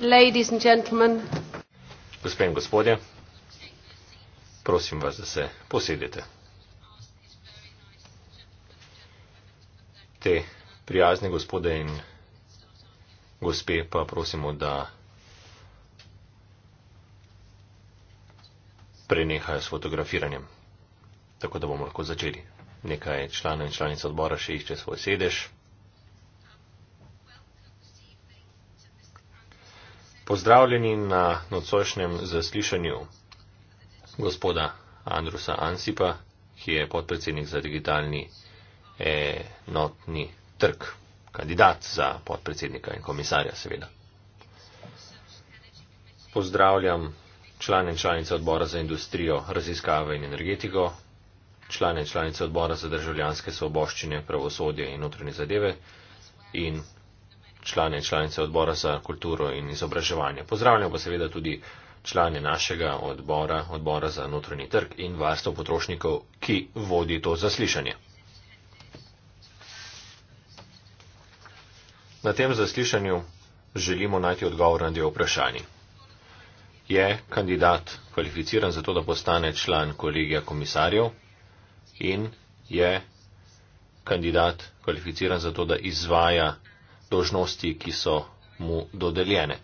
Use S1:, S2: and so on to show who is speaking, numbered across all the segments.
S1: ladies and gentlemen.
S2: Gospe in gospodje, prosim vas, da se posedete. Te prijazne gospode in gospe pa prosimo, da prenehajo s fotografiranjem, tako da bomo lahko začeli. Nekaj članov in članic odbora še išče svoj sedež. Pozdravljeni na nocojšnjem zaslišanju gospoda Andrusa Ansipa, ki je podpredsednik za digitalni enotni trg, kandidat za podpredsednika in komisarja seveda. Pozdravljam člane in članice odbora za industrijo, raziskave in energetiko, člane in članice odbora za državljanske svoboščine, pravosodje in notranje zadeve in člane in članice odbora za kulturo in izobraževanje. Pozdravljam pa seveda tudi člane našega odbora, odbora za notranji trg in varstvo potrošnikov, ki vodi to zaslišanje. Na tem zaslišanju želimo najti odgovor na dve vprašanji. Je kandidat kvalificiran za to, da postane član kolegija komisarjev in je kandidat kvalificiran za to, da izvaja dožnosti, ki so mu dodeljene.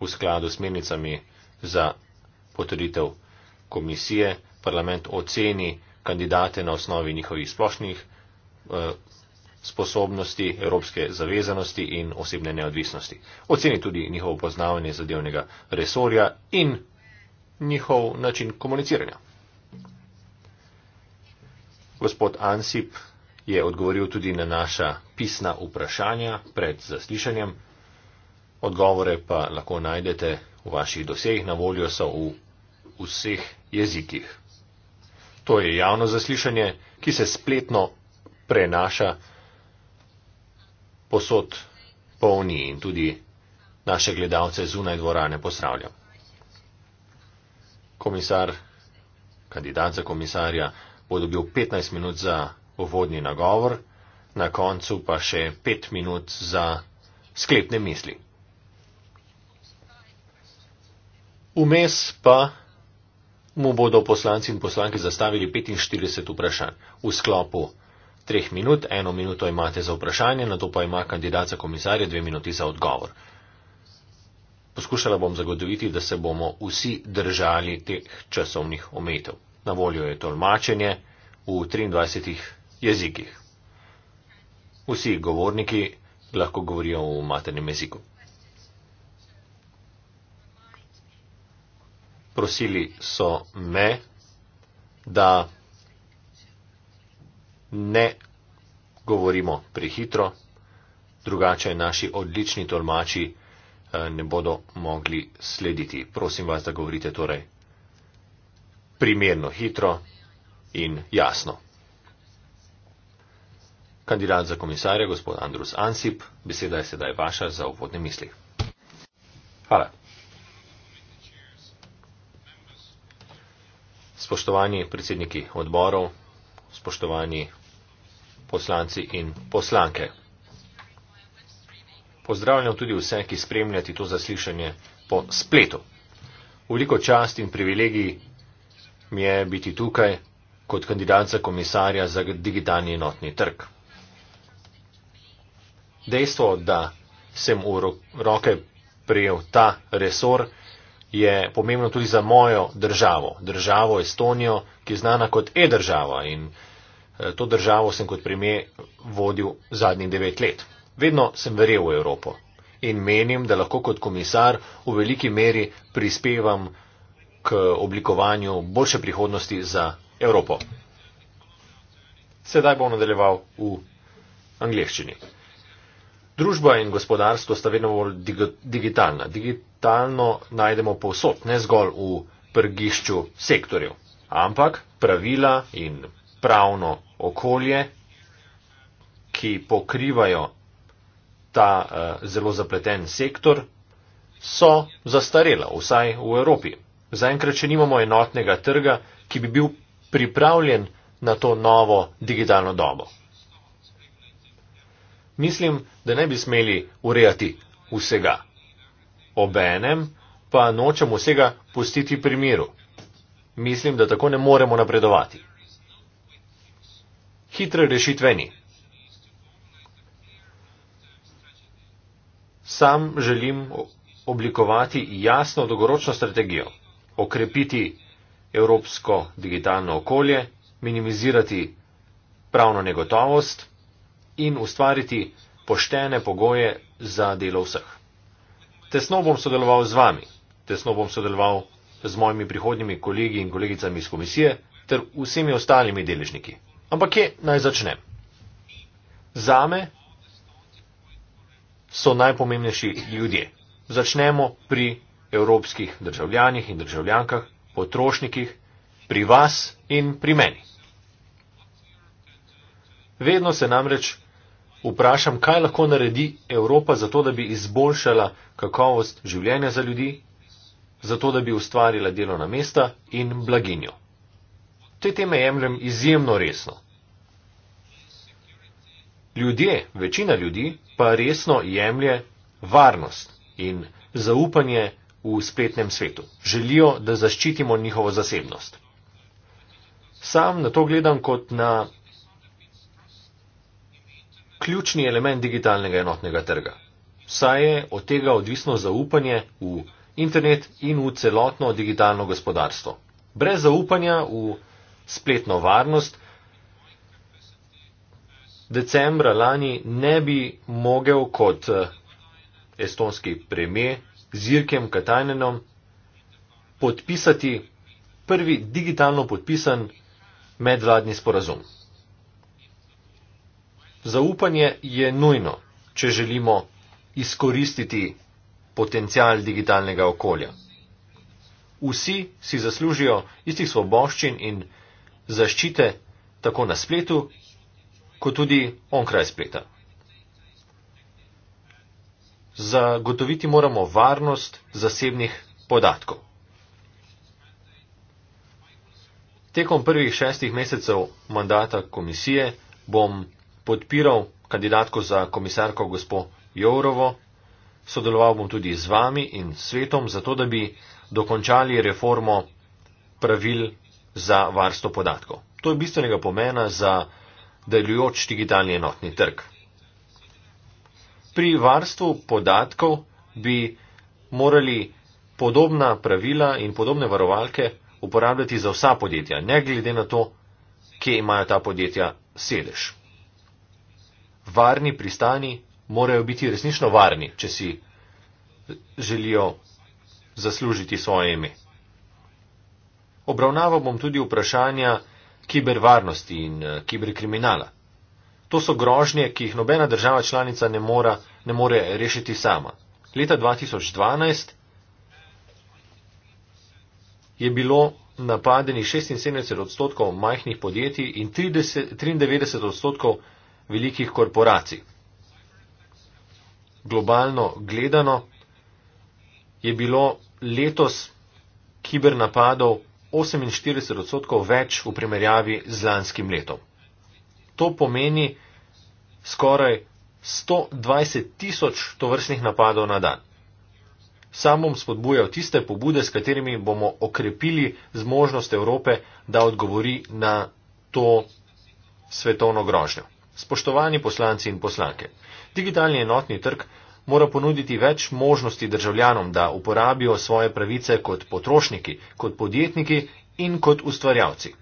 S2: V skladu s smernicami za potrditev komisije parlament oceni kandidate na osnovi njihovih splošnih eh, sposobnosti, evropske zavezanosti in osebne neodvisnosti. Oceni tudi njihovo poznavanje zadevnega resorja in njihov način komuniciranja. Gospod Ansip je odgovoril tudi na naša pisna vprašanja pred zaslišanjem. Odgovore pa lahko najdete v vaših dosejih, na voljo so v vseh jezikih. To je javno zaslišanje, ki se spletno prenaša posod polni in tudi naše gledalce zunaj dvorane posravlja. Komisar, kandidat za komisarja, bo dobil 15 minut za uvodni nagovor, na koncu pa še pet minut za sklepne misli. Vmes pa mu bodo poslanci in poslanke zastavili 45 vprašanj. V sklopu treh minut, eno minuto imate za vprašanje, na to pa ima kandidat za komisarje dve minuti za odgovor. Poskušala bom zagotoviti, da se bomo vsi držali teh časovnih omejitev. Na voljo je tolmačenje v 23 jezikih. Vsi govorniki lahko govorijo v maternem jeziku. Prosili so me, da ne govorimo prehitro, drugače naši odlični tolmači eh, ne bodo mogli slediti. Prosim vas, da govorite torej primerno hitro in jasno. Kandidat za komisarja, gospod Andrus Ansip, beseda je sedaj vaša za uvodne misli. Hvala. Spoštovani predsedniki odborov, spoštovani poslanci in poslanke. Pozdravljam tudi vse, ki spremljate to zaslišanje po spletu. Veliko čast in privilegij mi je biti tukaj kot kandidat za komisarja za digitalni enotni trg. Dejstvo, da sem v roke prijel ta resor, je pomembno tudi za mojo državo, državo Estonijo, ki je znana kot e-država in eh, to državo sem kot premijer vodil zadnjih devet let. Vedno sem verjel v Evropo in menim, da lahko kot komisar v veliki meri prispevam k oblikovanju boljše prihodnosti za Evropo. Sedaj bom nadaljeval v angleščini. Družba in gospodarstvo sta vedno bolj digitalna. Digitalno najdemo povsod, ne zgolj v prgišču sektorjev, ampak pravila in pravno okolje, ki pokrivajo ta uh, zelo zapleten sektor, so zastarela, vsaj v Evropi. Zaenkrat še nimamo enotnega trga, ki bi bil pripravljen na to novo digitalno dobo mislim, da ne bi smeli urejati vsega. Obenem pa nočem vsega pustiti pri miru. Mislim, da tako ne moremo napredovati. Hitre rešitve ni. Sam želim oblikovati jasno dolgoročno strategijo, okrepiti evropsko digitalno okolje, minimizirati pravno negotovost in ustvariti poštene pogoje za delo vseh. Tesno bom sodeloval z vami, tesno bom sodeloval z mojimi prihodnjimi kolegi in kolegicami iz komisije ter vsemi ostalimi deležniki. Ampak kje naj začnem? Zame so najpomembnejši ljudje. Začnemo pri evropskih državljanih in državljankah, potrošnikih, pri vas in pri meni. Vedno se namreč vprašam, kaj lahko naredi Evropa za to, da bi izboljšala kakovost življenja za ljudi, za to, da bi ustvarila delovna mesta in blaginjo. Te teme jemljem izjemno resno. Ljudje, večina ljudi pa resno jemlje varnost in zaupanje v spletnem svetu. Želijo, da zaščitimo njihovo zasebnost. Sam na to gledam kot na ključni element digitalnega enotnega trga. Saj je od tega odvisno zaupanje v internet in v celotno digitalno gospodarstvo. Brez zaupanja v spletno varnost decembra lani ne bi mogel kot eh, estonski premije z Irkem Katajnenom podpisati prvi digitalno podpisan medvladni sporazum. Zaupanje je nujno, če želimo izkoristiti potencial digitalnega okolja. Vsi si zaslužijo istih svoboščin in zaščite tako na spletu, kot tudi onkraj spleta. Zagotoviti moramo varnost zasebnih podatkov. Tekom prvih šestih mesecev mandata komisije bom podpiral kandidatko za komisarko gospo Jourovo, sodeloval bom tudi z vami in svetom, zato da bi dokončali reformo pravil za varsto podatkov. To je bistvenega pomena za delujoč digitalni enotni trg. Pri varstvu podatkov bi morali podobna pravila in podobne varovalke uporabljati za vsa podjetja, ne glede na to, kje imajo ta podjetja sedež varni pristani morajo biti resnično varni, če si želijo zaslužiti svoje ime. Obravnaval bom tudi vprašanja kibervarnosti in eh, kiberkriminala. To so grožnje, ki jih nobena država članica ne, mora, ne more rešiti sama. Leta 2012 je bilo napadenih 76 odstotkov majhnih podjetij in 30, 93 odstotkov velikih korporacij. Globalno gledano je bilo letos kibernapadov 48 odstotkov več v primerjavi z lanskim letom. To pomeni skoraj 120 tisoč tovrstnih napadov na dan. Sam bom spodbujal tiste pobude, s katerimi bomo okrepili zmožnost Evrope, da odgovori na to svetovno grožnjo. Spoštovani poslanci in poslanke, digitalni enotni trg mora ponuditi več možnosti državljanom, da uporabijo svoje pravice kot potrošniki, kot podjetniki in kot ustvarjavci.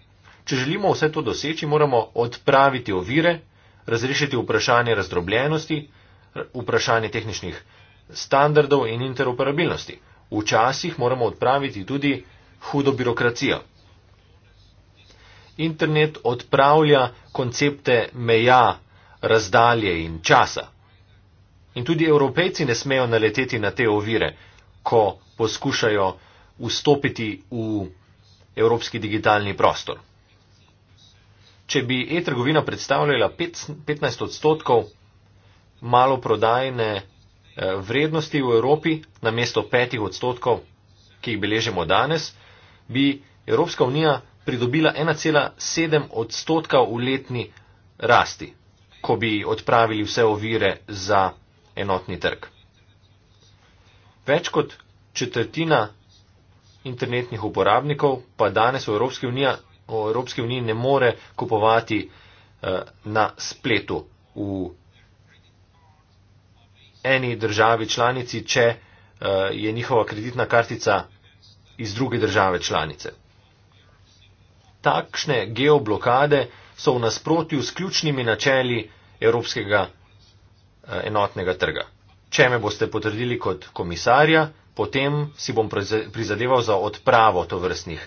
S2: Če želimo vse to doseči, moramo odpraviti ovire, razrešiti vprašanje razdrobljenosti, vprašanje tehničnih standardov in interoperabilnosti. Včasih moramo odpraviti tudi hudo birokracijo internet odpravlja koncepte meja, razdalje in časa. In tudi evropejci ne smejo naleteti na te ovire, ko poskušajo vstopiti v evropski digitalni prostor. Če bi e-trgovina predstavljala 15 odstotkov malo prodajne eh, vrednosti v Evropi namesto 5 odstotkov, ki jih beležemo danes, bi Evropska unija pridobila 1,7 odstotka v letni rasti, ko bi odpravili vse ovire za enotni trg. Več kot četrtina internetnih uporabnikov pa danes v Evropski uniji, v Evropski uniji ne more kupovati eh, na spletu v eni državi članici, če eh, je njihova kreditna kartica iz druge države članice takšne geoblokade so v nasprotju s ključnimi načeli Evropskega eh, enotnega trga. Če me boste potrdili kot komisarja, potem si bom prizadeval za odpravo to vrstnih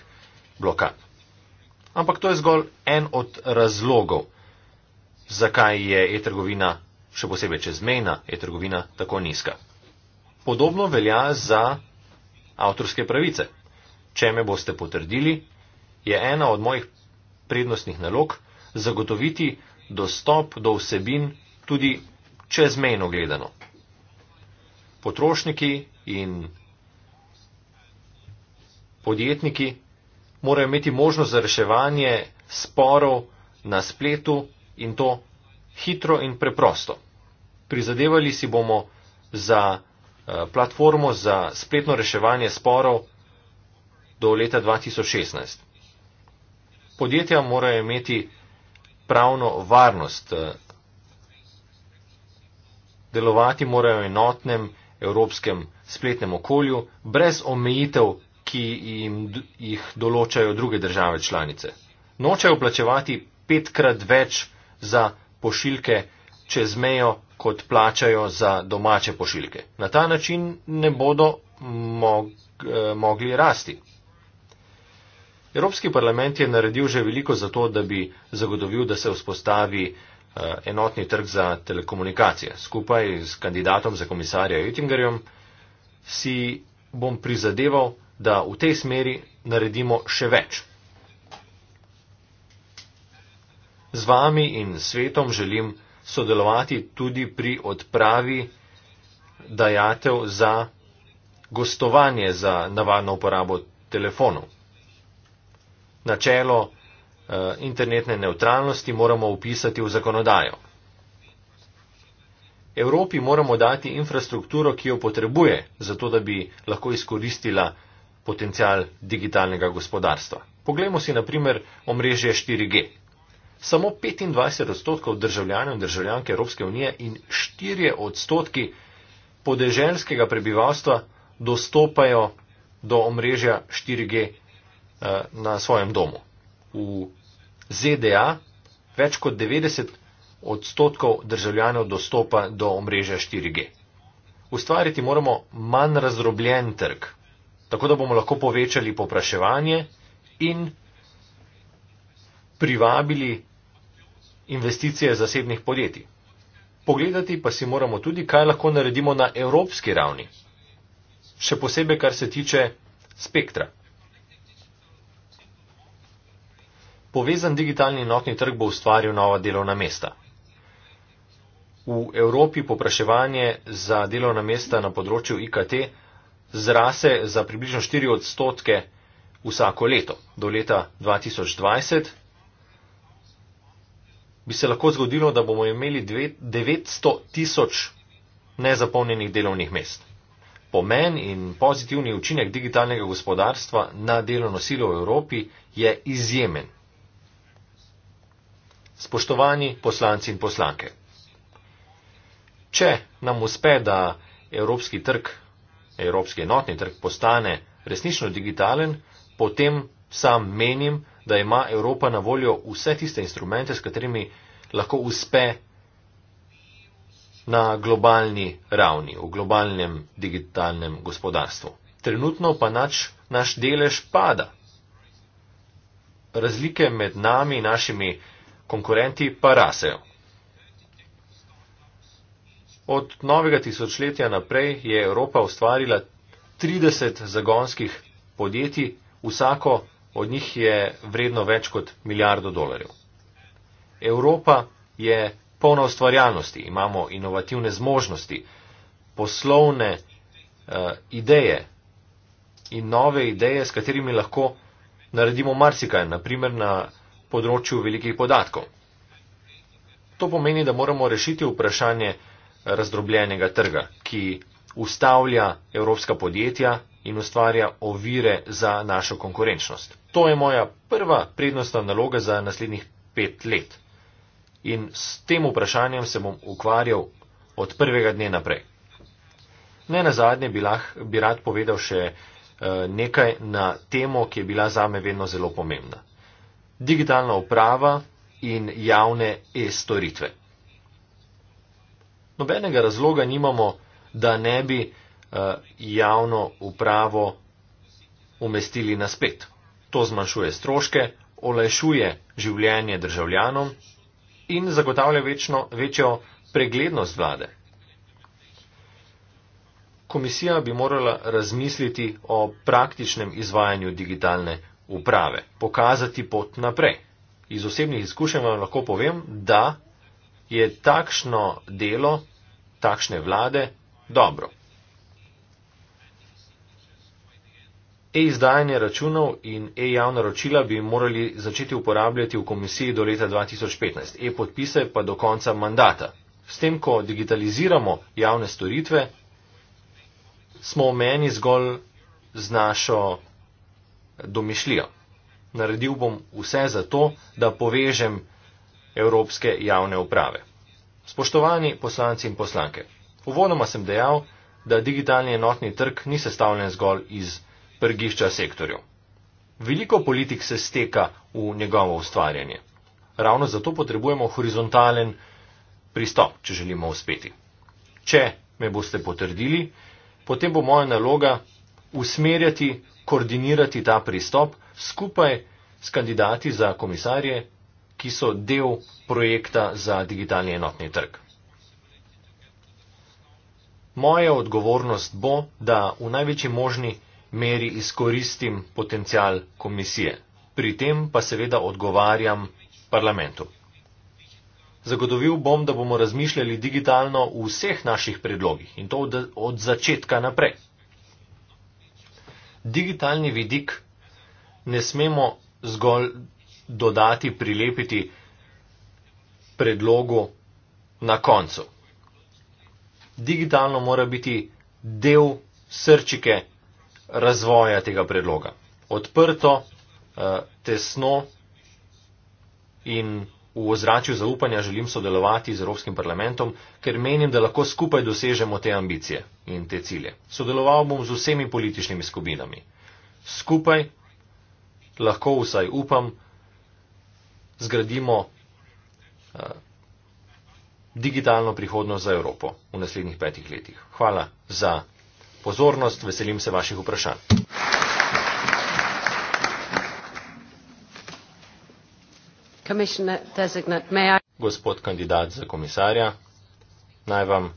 S2: blokad. Ampak to je zgolj en od razlogov, zakaj je e-trgovina, še posebej čezmejna e-trgovina, tako nizka. Podobno velja za avtorske pravice. Če me boste potrdili, je ena od mojih prednostnih nalog zagotoviti dostop do vsebin tudi čezmejno gledano. Potrošniki in podjetniki morajo imeti možnost za reševanje sporov na spletu in to hitro in preprosto. Prizadevali si bomo za eh, platformo za spletno reševanje sporov do leta 2016. Podjetja morajo imeti pravno varnost, delovati morajo v enotnem evropskem spletnem okolju, brez omejitev, ki jim, jih določajo druge države članice. Nočejo plačevati petkrat več za pošiljke čez mejo, kot plačajo za domače pošiljke. Na ta način ne bodo mog, eh, mogli rasti. Evropski parlament je naredil že veliko za to, da bi zagotovil, da se vzpostavi eh, enotni trg za telekomunikacije. Skupaj s kandidatom za komisarja Jutingerjem si bom prizadeval, da v tej smeri naredimo še več. Z vami in svetom želim sodelovati tudi pri odpravi dajatev za gostovanje za navadno uporabo telefonov načelo eh, internetne neutralnosti moramo upisati v zakonodajo. Evropi moramo dati infrastrukturo, ki jo potrebuje, zato da bi lahko izkoristila potencial digitalnega gospodarstva. Poglejmo si naprimer omrežje 4G. Samo 25 odstotkov državljanov in državljank Evropske unije in 4 odstotki podeželskega prebivalstva dostopajo do omrežja 4G Eh, na svojem domu. V ZDA več kot 90 odstotkov državljanov dostopa do omrežja 4G. Ustvariti moramo manj razdrobljen trg, tako da bomo lahko povečali popraševanje in privabili investicije zasebnih podjetij. Pogledati pa si moramo tudi, kaj lahko naredimo na evropski ravni, še posebej kar se tiče spektra. Povezan digitalni enotni trg bo ustvaril nova delovna mesta. V Evropi popraševanje za delovna mesta na področju IKT zrase za približno 4 odstotke vsako leto. Do leta 2020 bi se lahko zgodilo, da bomo imeli 900 tisoč nezapolnjenih delovnih mest. Pomen in pozitivni učinek digitalnega gospodarstva na delovno silo v Evropi je izjemen spoštovani poslanci in poslanke. Če nam uspe, da evropski trg, evropski enotni trg postane resnično digitalen, potem sam menim, da ima Evropa na voljo vse tiste instrumente, s katerimi lahko uspe na globalni ravni, v globalnem digitalnem gospodarstvu. Trenutno pa nač, naš delež pada. Razlike med nami in našimi konkurenti pa rasejo. Od novega tisočletja naprej je Evropa ustvarila 30 zagonskih podjetij, vsako od njih je vredno več kot milijardo dolarjev. Evropa je polna ustvarjalnosti, imamo inovativne zmožnosti, poslovne uh, ideje in nove ideje, s katerimi lahko naredimo marsikaj, naprimer na področju velikih podatkov. To pomeni, da moramo rešiti vprašanje razdrobljenega trga, ki ustavlja evropska podjetja in ustvarja ovire za našo konkurenčnost. To je moja prva prednostna naloga za naslednjih pet let. In s tem vprašanjem se bom ukvarjal od prvega dne naprej. Ne na zadnje bi, lahko, bi rad povedal še eh, nekaj na temo, ki je bila zame vedno zelo pomembna digitalna uprava in javne e-storitve. Nobenega razloga nimamo, da ne bi eh, javno upravo umestili na spet. To zmanjšuje stroške, olajšuje življenje državljanom in zagotavlja večno, večjo preglednost vlade. Komisija bi morala razmisliti o praktičnem izvajanju digitalne uprave, pokazati pot naprej. Iz osebnih izkušenj vam lahko povem, da je takšno delo takšne vlade dobro. E-izdajanje računov in e-javna ročila bi morali začeti uporabljati v komisiji do leta 2015, e-podpise pa do konca mandata. S tem, ko digitaliziramo javne storitve, smo v meni zgolj z našo domišljijo. Naredil bom vse za to, da povežem evropske javne uprave. Spoštovani poslanci in poslanke, uvodoma sem dejal, da digitalni enotni trg ni sestavljen zgolj iz prgišča sektorjev. Veliko politik se steka v njegovo ustvarjanje. Ravno zato potrebujemo horizontalen pristop, če želimo uspeti. Če me boste potrdili, potem bo moja naloga usmerjati koordinirati ta pristop skupaj s kandidati za komisarje, ki so del projekta za digitalni enotni trg. Moja odgovornost bo, da v največji možni meri izkoristim potencial komisije. Pri tem pa seveda odgovarjam parlamentu. Zagotovil bom, da bomo razmišljali digitalno v vseh naših predlogih in to od začetka naprej digitalni vidik ne smemo zgolj dodati, prilepiti predlogu na koncu. Digitalno mora biti del srčike razvoja tega predloga. Odprto, eh, tesno in V ozračju zaupanja želim sodelovati z Evropskim parlamentom, ker menim, da lahko skupaj dosežemo te ambicije in te cilje. Sodeloval bom z vsemi političnimi skupinami. Skupaj lahko vsaj upam, zgradimo uh, digitalno prihodnost za Evropo v naslednjih petih letih. Hvala za pozornost, veselim se vaših vprašanj. Gospod kandidat za komisarja, naj vam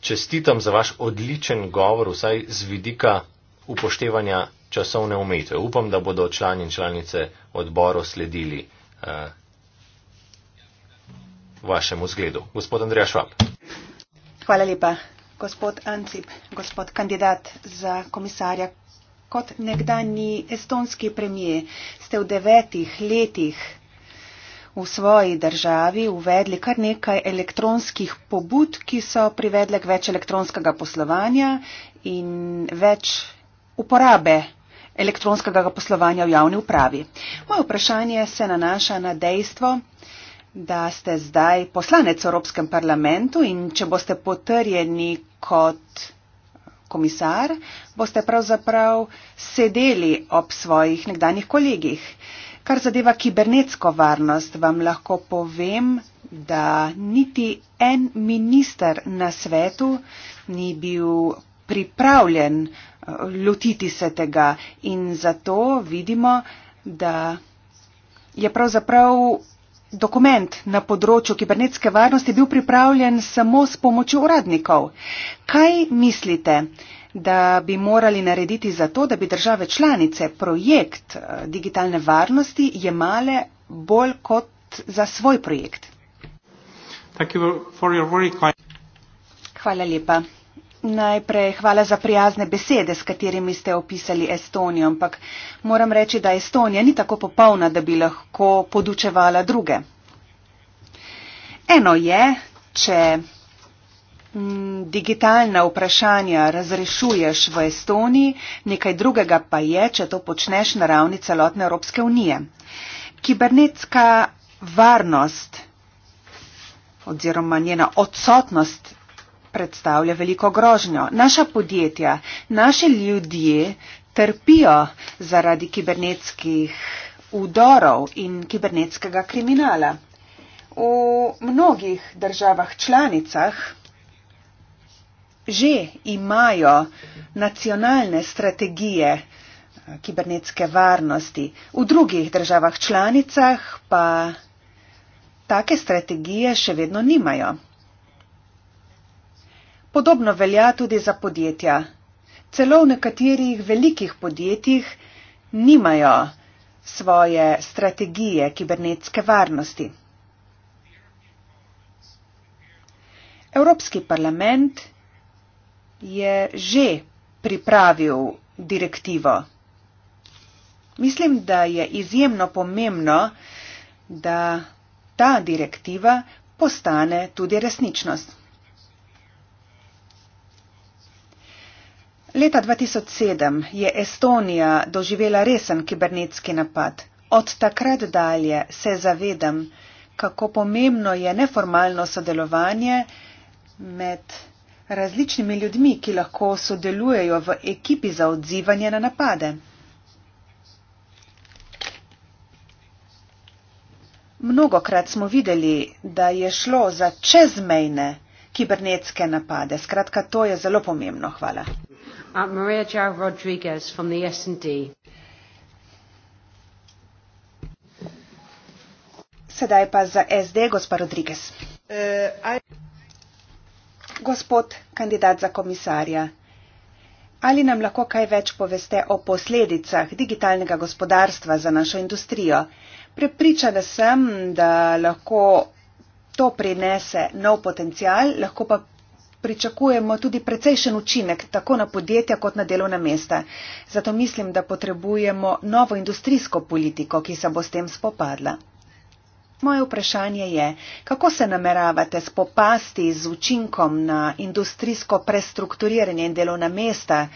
S2: čestitam za vaš odličen govor, vsaj z vidika upoštevanja časovne umetve. Upam, da bodo člani in članice odboru sledili uh, vašemu zgledu. Gospod Andrija Švab.
S3: Hvala lepa. Gospod Ancip, gospod kandidat za komisarja Kot nekdani estonski premije ste v devetih letih v svoji državi uvedli kar nekaj elektronskih pobud, ki so privedle k več elektronskega poslovanja in več uporabe elektronskega poslovanja v javni upravi. Moje vprašanje se nanaša na dejstvo, da ste zdaj poslanec v Evropskem parlamentu in če boste potrjeni kot komisar, boste pravzaprav sedeli ob svojih nekdanjih kolegih. Kar zadeva kibernetsko varnost, vam lahko povem, da niti en minister na svetu ni bil pripravljen eh, lotiti se tega in zato vidimo, da je pravzaprav dokument na področju kibernetske varnosti bil pripravljen samo s pomočjo uradnikov. Kaj mislite, da bi morali narediti za to, da bi države članice projekt eh, digitalne varnosti jemale bolj kot za svoj projekt? Hvala lepa. Najprej hvala za prijazne besede, s katerimi ste opisali Estonijo, ampak moram reči, da Estonija ni tako popolna, da bi lahko podučevala druge. Eno je, če m, mm, digitalna vprašanja razrešuješ v Estoniji, nekaj drugega pa je, če to počneš na ravni celotne Evropske unije. Kibernetska varnost oziroma njena odsotnost predstavlja veliko grožnjo. Naša podjetja, naše ljudje trpijo zaradi kibernetskih udorov in kibernetskega kriminala. V mnogih državah članicah že imajo nacionalne strategije eh, kibernetske varnosti, v drugih državah članicah pa take strategije še vedno nimajo. Podobno velja tudi za podjetja. Celo v nekaterih velikih podjetjih nimajo svoje strategije kibernetske varnosti. Evropski parlament je že pripravil direktivo. Mislim, da je izjemno pomembno, da ta direktiva postane tudi resničnost. Leta 2007 je Estonija doživela resen kibernetski napad. Od takrat dalje se zavedam, kako pomembno je neformalno sodelovanje med različnimi ljudmi, ki lahko sodelujejo v ekipi za odzivanje na napade. Mnogokrat smo videli, da je šlo za čezmejne kibernetske napade. Skratka, to je zelo pomembno. Hvala
S1: at Maria Jo Rodriguez from the S&D.
S3: Sedaj pa za SD, gospod Rodriguez. Uh, eh, I... Gospod kandidat za komisarja, ali nam lahko kaj več poveste o posledicah digitalnega gospodarstva za našo industrijo? Prepričana sem, da lahko to prinese nov potencial, lahko pa pričakujemo tudi precejšen učinek tako na podjetja kot na delovna mesta. Zato mislim, da potrebujemo novo industrijsko politiko, ki se bo s tem spopadla. Moje vprašanje je, kako se nameravate spopasti z učinkom na industrijsko prestrukturiranje in delovna mesta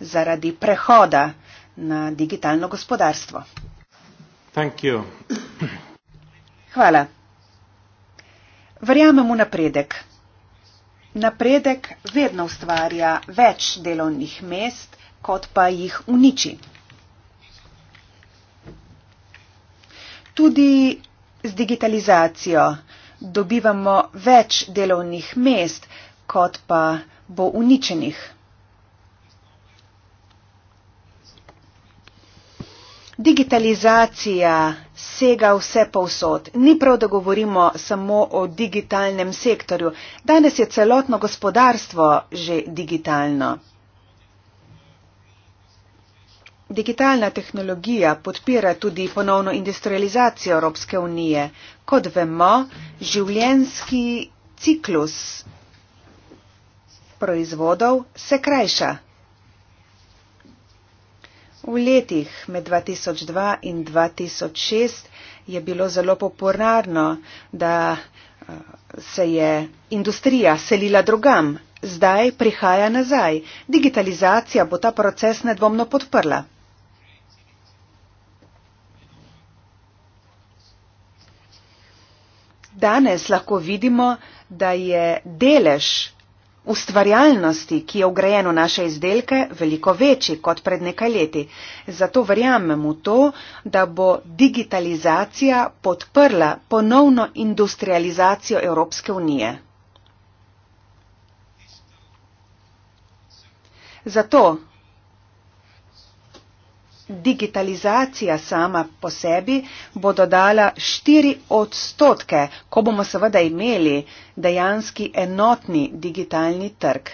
S3: zaradi prehoda na digitalno gospodarstvo? Hvala. Verjamem v napredek. Napredek vedno ustvarja več delovnih mest, kot pa jih uniči. Tudi z digitalizacijo dobivamo več delovnih mest, kot pa bo uničenih. Digitalizacija sega vse povsod. Ni prav, da govorimo samo o digitalnem sektorju. Danes je celotno gospodarstvo že digitalno. Digitalna tehnologija podpira tudi ponovno industrializacijo Evropske unije. Kot vemo, življenski ciklus proizvodov se krajša. V letih med 2002 in 2006 je bilo zelo popularno, da eh, se je industrija selila drugam. Zdaj prihaja nazaj. Digitalizacija bo ta proces nedvomno podprla. Danes lahko vidimo, da je delež ustvarjalnosti, ki je vgrajeno v naše izdelke, veliko večji kot pred nekaj leti. Zato verjamem v to, da bo digitalizacija podprla ponovno industrializacijo Evropske unije. Zato digitalizacija sama po sebi bo dodala 4 odstotke, ko bomo seveda imeli dejanski enotni digitalni trg.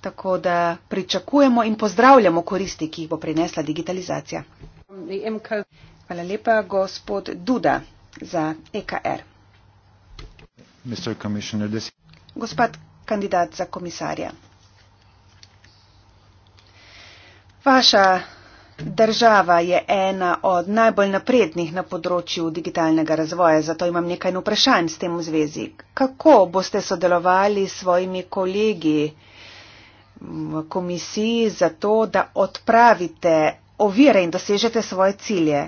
S3: Tako da pričakujemo in pozdravljamo koristi, ki jih bo prinesla digitalizacija. Hvala lepa, gospod Duda, za EKR. Gospod kandidat za komisarja. Vaša Država je ena od najbolj naprednih na področju digitalnega razvoja, zato imam nekaj vprašanj s tem v zvezi. Kako boste sodelovali s svojimi kolegi v komisiji za to, da odpravite ovire in dosežete svoje cilje?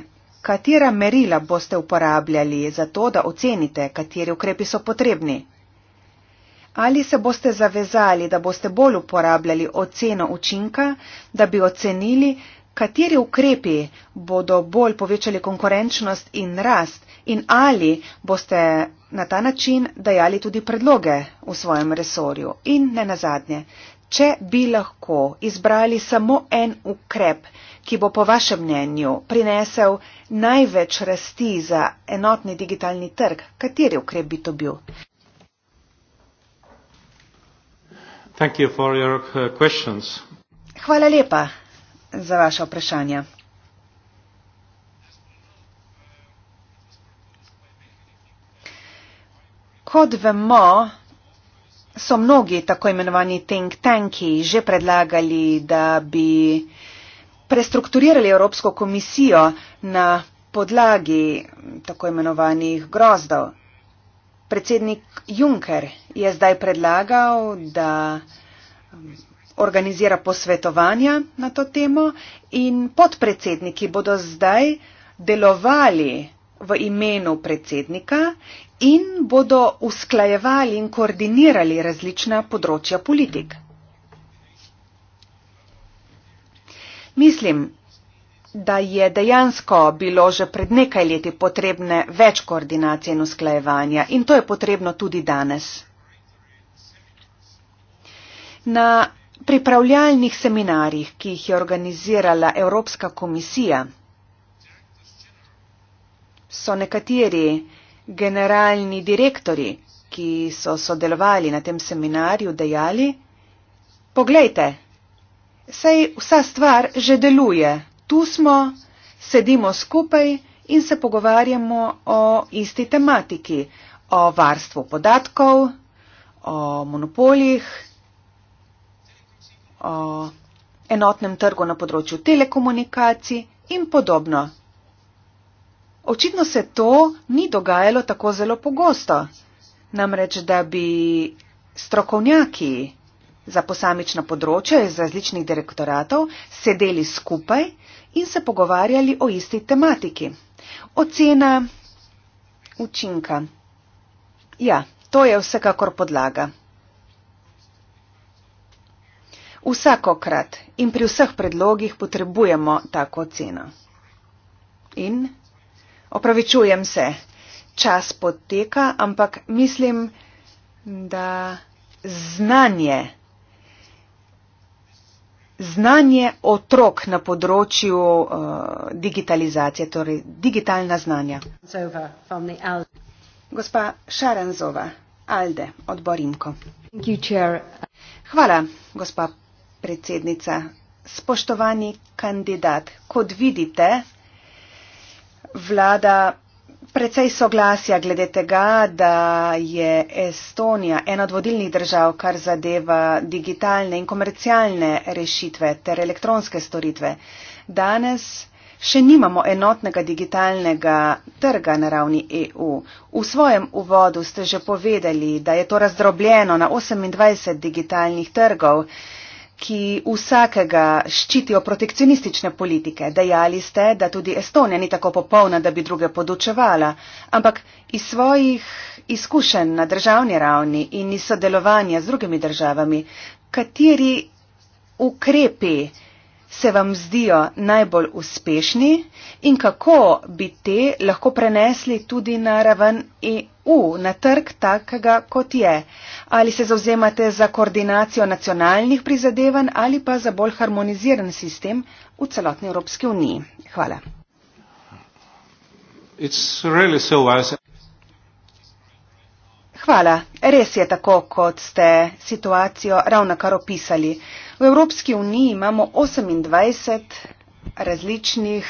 S3: Katera merila boste uporabljali za to, da ocenite, kateri ukrepi so potrebni? Ali se boste zavezali, da boste bolj uporabljali oceno učinka, da bi ocenili, Kateri ukrepi bodo bolj povečali konkurenčnost in rast in ali boste na ta način dajali tudi predloge v svojem resorju? In ne nazadnje, če bi lahko izbrali samo en ukrep, ki bo po vašem mnenju prinesel največ rasti za enotni digitalni trg, kateri ukrep bi to bil?
S4: Uh,
S3: Hvala lepa za vaše vprašanje. Kot vemo, so mnogi tako imenovani think tanki že predlagali, da bi prestrukturirali Evropsko komisijo na podlagi tako imenovanih grozdov. Predsednik Juncker je zdaj predlagal, da organizira posvetovanja na to temo in podpredsedniki bodo zdaj delovali v imenu predsednika in bodo usklajevali in koordinirali različna področja politik. Mislim, da je dejansko bilo že pred nekaj leti potrebne več koordinacije in usklajevanja in to je potrebno tudi danes. Na pripravljalnih seminarjih, ki jih je organizirala Evropska komisija, so nekateri generalni direktori, ki so sodelovali na tem seminarju, dejali, poglejte, sej vsa stvar že deluje, tu smo, sedimo skupaj in se pogovarjamo o isti tematiki, o varstvu podatkov, o monopolih, enotnem trgu na področju telekomunikacij in podobno. Očitno se to ni dogajalo tako zelo pogosto, namreč da bi strokovnjaki za posamična področja iz različnih direktoratov sedeli skupaj in se pogovarjali o isti tematiki. Ocena učinka. Ja, to je vsekakor podlaga vsakokrat in pri vseh predlogih potrebujemo tako oceno. In opravičujem se, čas poteka, ampak mislim, da znanje, znanje otrok na področju uh, digitalizacije, torej digitalna znanja. Gospa Šaranzova, Alde, odbor Imko. Hvala, gospa predsednica. Spoštovani kandidat, kot vidite, vlada precej soglasja glede tega, da je Estonija ena od vodilnih držav, kar zadeva digitalne in komercialne rešitve ter elektronske storitve. Danes še nimamo enotnega digitalnega trga na ravni EU. V svojem uvodu ste že povedali, da je to razdrobljeno na 28 digitalnih trgov ki vsakega ščitijo protekcionistične politike. Dejali ste, da tudi Estonija ni tako popolna, da bi druge podučevala, ampak iz svojih izkušenj na državni ravni in iz sodelovanja z drugimi državami, kateri ukrepi se vam zdijo najbolj uspešni in kako bi te lahko prenesli tudi na raven EU, na trg takega, kot je? Ali se zauzemate za koordinacijo nacionalnih prizadevanj ali pa za bolj harmoniziran sistem v celotni Evropski uniji? Hvala.
S4: Really so
S3: Hvala. Res je tako, kot ste situacijo ravno kar opisali. V Evropski uniji imamo 28 različnih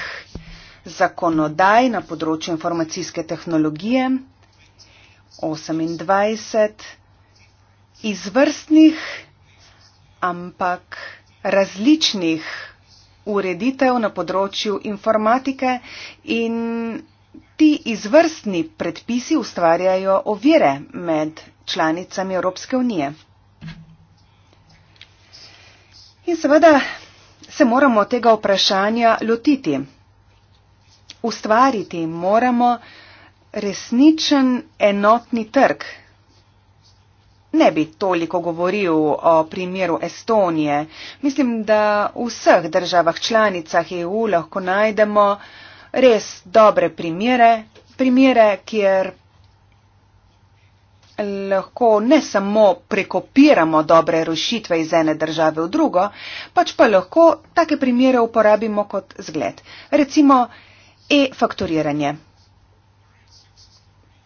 S3: zakonodaj na področju informacijske tehnologije, 28 izvrstnih, ampak različnih ureditev na področju informatike in ti izvrstni predpisi ustvarjajo ovire med članicami Evropske unije. In seveda se moramo tega vprašanja lotiti. Ustvariti moramo resničen enotni trg. Ne bi toliko govoril o primeru Estonije. Mislim, da v vseh državah članicah EU lahko najdemo res dobre primere, primere, kjer lahko ne samo prekopiramo dobre rešitve iz ene države v drugo, pač pa lahko take primere uporabimo kot zgled. Recimo e-fakturiranje.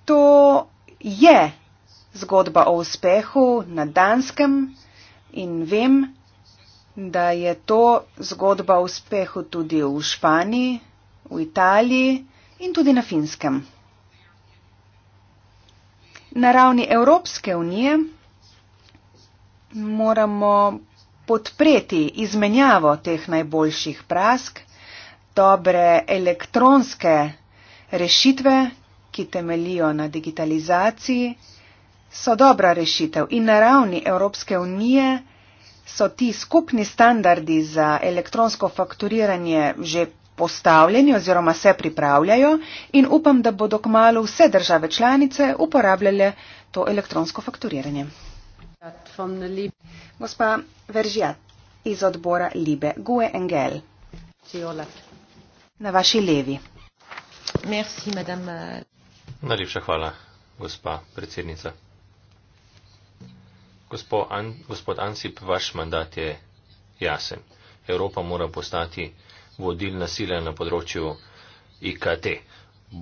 S3: To je zgodba o uspehu na Danskem in vem, da je to zgodba o uspehu tudi v Španiji, v Italiji in tudi na Finskem. Na ravni Evropske unije moramo podpreti izmenjavo teh najboljših prask, dobre elektronske rešitve, ki temelijo na digitalizaciji, so dobra rešitev. In na ravni Evropske unije so ti skupni standardi za elektronsko fakturiranje že postavljeni oziroma se pripravljajo in upam, da bodo kmalo vse države članice uporabljale to elektronsko fakturiranje. Gospa Veržjat iz odbora Libe Gue Engel. Na vaši levi.
S1: Merci, madame...
S2: Najlepša hvala, gospa predsednica. Gospod Ansip, vaš mandat je jasen. Evropa mora postati vodilna sila na področju IKT.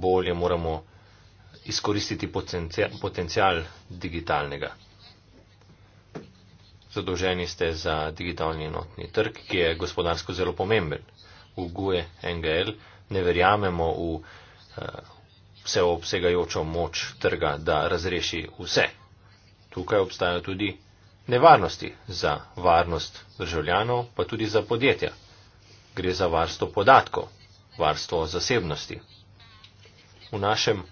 S2: Bolje moramo izkoristiti potencial digitalnega. Zadolženi ste za digitalni enotni trg, ki je gospodarsko zelo pomemben. V GUE NGL ne verjamemo v eh, vseobsegajočo moč trga, da razreši vse. Tukaj obstajajo tudi nevarnosti za varnost državljanov, pa tudi za podjetja gre za varstvo podatkov, varstvo zasebnosti. V našem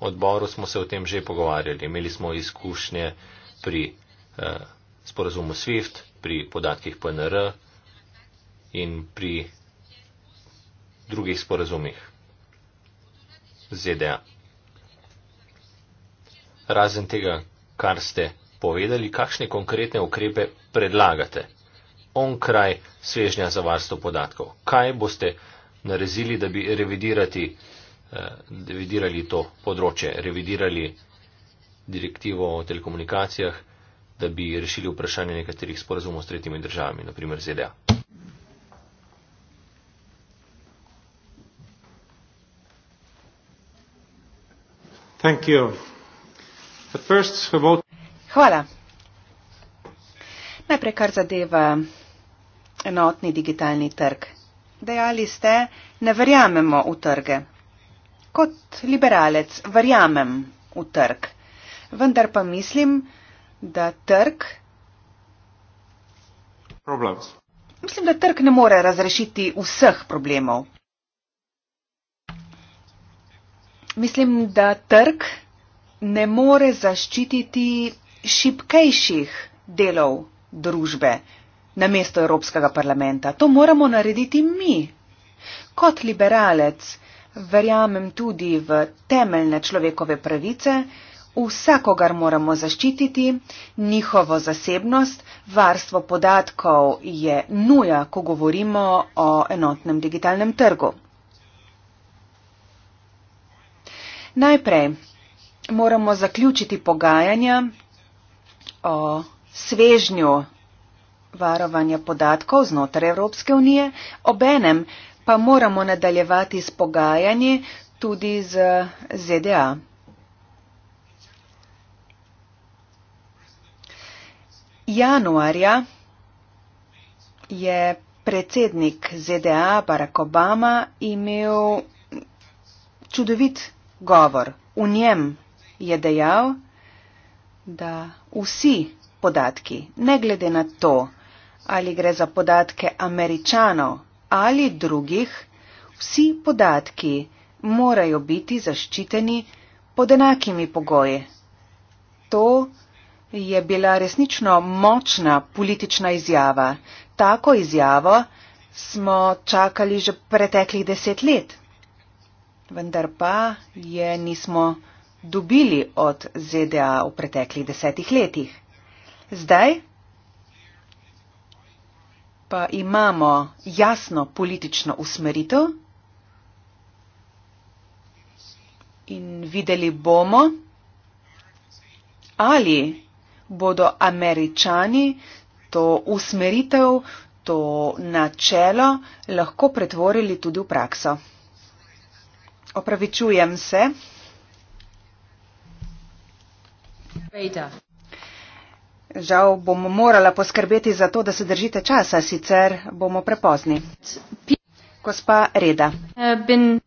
S2: odboru smo se o tem že pogovarjali. Imeli smo izkušnje pri eh, sporazumu SWIFT, pri podatkih PNR in pri drugih sporazumih ZDA. Razen tega, kar ste povedali, kakšne konkretne ukrepe predlagate? onkraj svežnja za varstvo podatkov. Kaj boste naredili, da bi revidirati, eh, revidirali to področje, revidirali direktivo o telekomunikacijah, da bi rešili vprašanje nekaterih sporazumov s tretjimi državami, naprimer ZDA?
S3: Hvala. Najprej kar zadeva enotni digitalni trg. Dejali ste, ne verjamemo v trge. Kot liberalec verjamem v trg, vendar pa mislim, da trg. Problems. Mislim, da trg ne more razrešiti vseh problemov. Mislim, da trg ne more zaščititi šipkejših delov družbe, na mesto Evropskega parlamenta. To moramo narediti mi. Kot liberalec verjamem tudi v temeljne človekove pravice, vsakogar moramo zaščititi, njihovo zasebnost, varstvo podatkov je nuja, ko govorimo o enotnem digitalnem trgu. Najprej moramo zaključiti pogajanja o svežnju varovanja podatkov znotraj Evropske unije, obenem pa moramo nadaljevati s pogajanji tudi z ZDA. Januarja je predsednik ZDA Barack Obama imel čudovit govor. V njem je dejal, da vsi podatki, ne glede na to, ali gre za podatke američanov ali drugih, vsi podatki morajo biti zaščiteni pod enakimi pogoji. To je bila resnično močna politična izjava. Tako izjavo smo čakali že preteklih deset let, vendar pa je nismo dobili od ZDA v preteklih desetih letih. Zdaj pa imamo jasno politično usmeritev in videli bomo, ali bodo američani to usmeritev, to načelo lahko pretvorili tudi v prakso. Opravičujem se. Beda. Žal bom morala poskrbeti za to, da se držite časa, sicer bomo prepozni. Gospa Reda. Eh,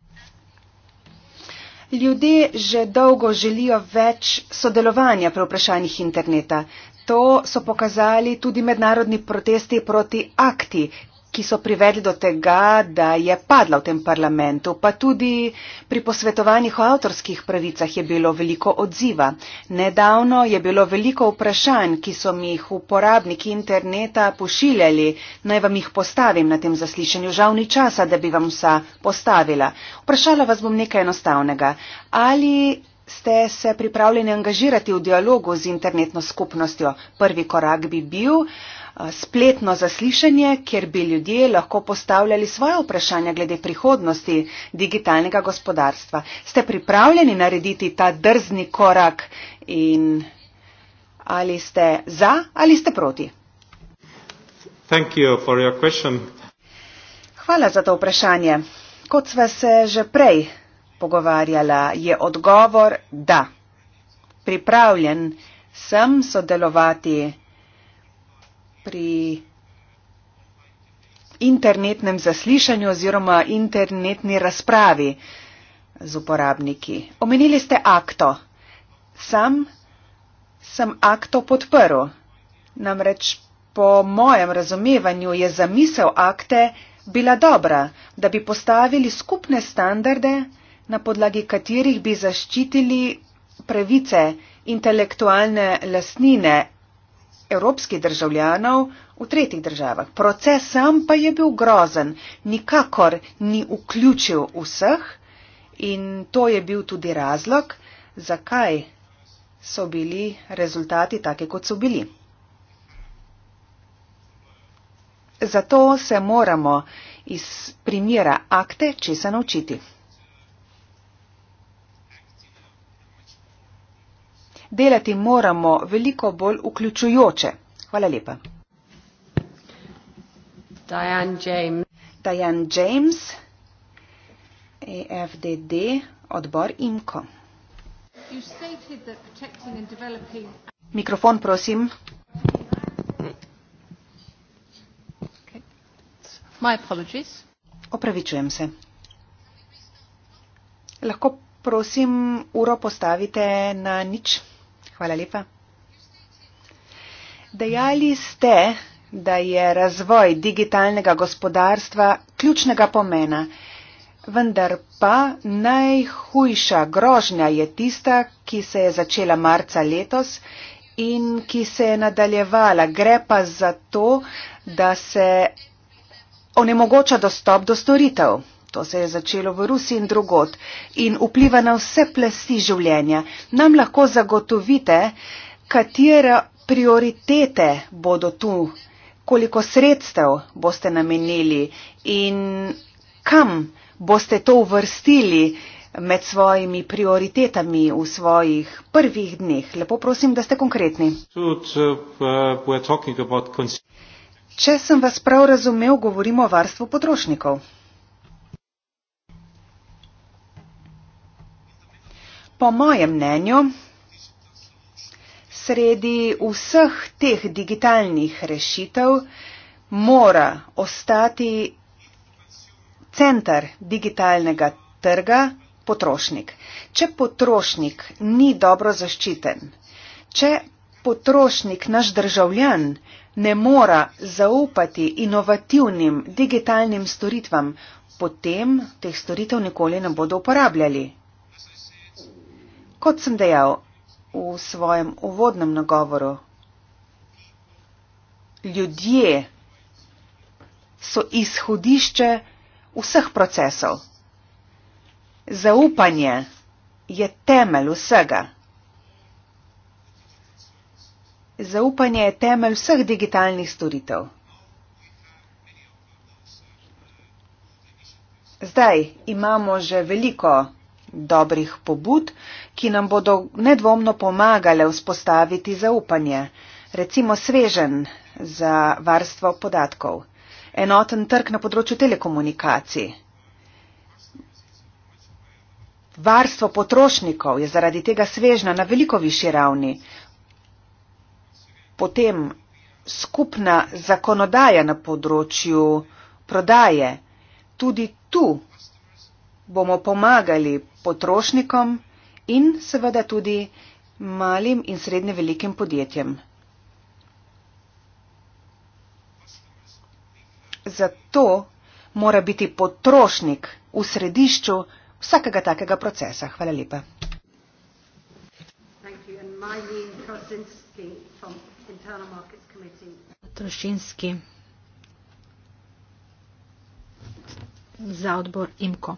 S3: Ljudje že dolgo želijo več sodelovanja pri vprašanjih interneta. To so pokazali tudi mednarodni protesti proti akti, ki so privedli do tega, da je padla v tem parlamentu, pa tudi pri posvetovanjih o avtorskih pravicah je bilo veliko odziva. Nedavno je bilo veliko vprašanj, ki so mi jih uporabniki interneta pošiljali. Naj vam jih postavim na tem zaslišanju. Žal ni časa, da bi vam vsa postavila. Vprašala vas bom nekaj enostavnega. Ali ste se pripravljeni angažirati v dialogu z internetno skupnostjo? Prvi korak bi bil spletno zaslišanje, kjer bi ljudje lahko postavljali svoje vprašanja glede prihodnosti digitalnega gospodarstva. Ste pripravljeni narediti ta drzni korak in ali ste za ali ste proti? Hvala za to vprašanje. Kot sva se že prej pogovarjala, je odgovor da. Pripravljen sem sodelovati pri internetnem zaslišanju oziroma internetni razpravi z uporabniki. Omenili ste akto. Sam sem akto podprl. Namreč po mojem razumevanju je zamisel akte bila dobra, da bi postavili skupne standarde, na podlagi katerih bi zaščitili pravice intelektualne lasnine evropskih državljanov v tretjih državah. Proces sam pa je bil grozen, nikakor ni vključil vseh in to je bil tudi razlog, zakaj so bili rezultati take, kot so bili. Zato se moramo iz primjera akte česa naučiti. delati moramo veliko bolj vključujoče. Hvala lepa. Diane James, Diane James AFDD, e odbor IMCO. Mikrofon, prosim. My apologies. Opravičujem se. Lahko prosim uro postavite na nič. Hvala lepa. Dejali ste, da je razvoj digitalnega gospodarstva ključnega pomena, vendar pa najhujša grožnja je tista, ki se je začela marca letos in ki se je nadaljevala. Gre pa za to, da se onemogoča dostop do storitev. To se je začelo v Rusiji in drugot in vpliva na vse plasti življenja. Nam lahko zagotovite, katere prioritete bodo tu, koliko sredstev boste namenili in kam boste to uvrstili med svojimi prioritetami v svojih prvih dneh. Lepo prosim, da ste konkretni.
S4: Eh,
S3: Če sem vas prav razumel, govorimo o varstvu potrošnikov. Po mojem mnenju, sredi vseh teh digitalnih rešitev mora ostati centar digitalnega trga potrošnik. Če potrošnik ni dobro zaščiten, če potrošnik, naš državljan, ne mora zaupati inovativnim digitalnim storitvam, potem teh storitev nikoli ne bodo uporabljali. Kot sem dejal v svojem uvodnem nagovoru, ljudje so izhodišče vseh procesov. Zaupanje je temelj vsega. Zaupanje je temelj vseh digitalnih storitev. Zdaj imamo že veliko dobrih pobud, ki nam bodo nedvomno pomagale vzpostaviti zaupanje, recimo svežen za varstvo podatkov, enoten trg na področju telekomunikacij. Varstvo potrošnikov je zaradi tega svežna na veliko višji ravni. Potem skupna zakonodaja na področju prodaje. Tudi tu bomo pomagali potrošnikom in seveda tudi malim in srednje velikim podjetjem. Zato mora biti potrošnik v središču vsakega takega procesa. Hvala lepa.
S1: Trošinski za odbor IMKO.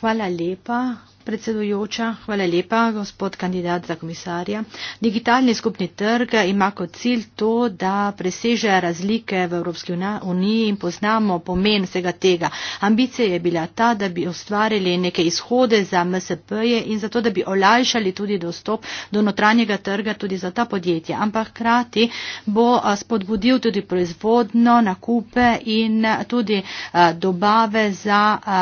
S1: Hvala lepa. Predsedujoča, hvala lepa, gospod kandidat za komisarja. Digitalni skupni trg ima kot cilj to, da preseže razlike v Evropski uniji in poznamo pomen vsega tega. Ambicija je bila ta, da bi ustvarili neke izhode za MSP-je in zato, da bi olajšali tudi dostop do notranjega trga tudi za ta podjetja. Ampak krati bo spodbudil tudi proizvodno, nakupe in tudi dobave za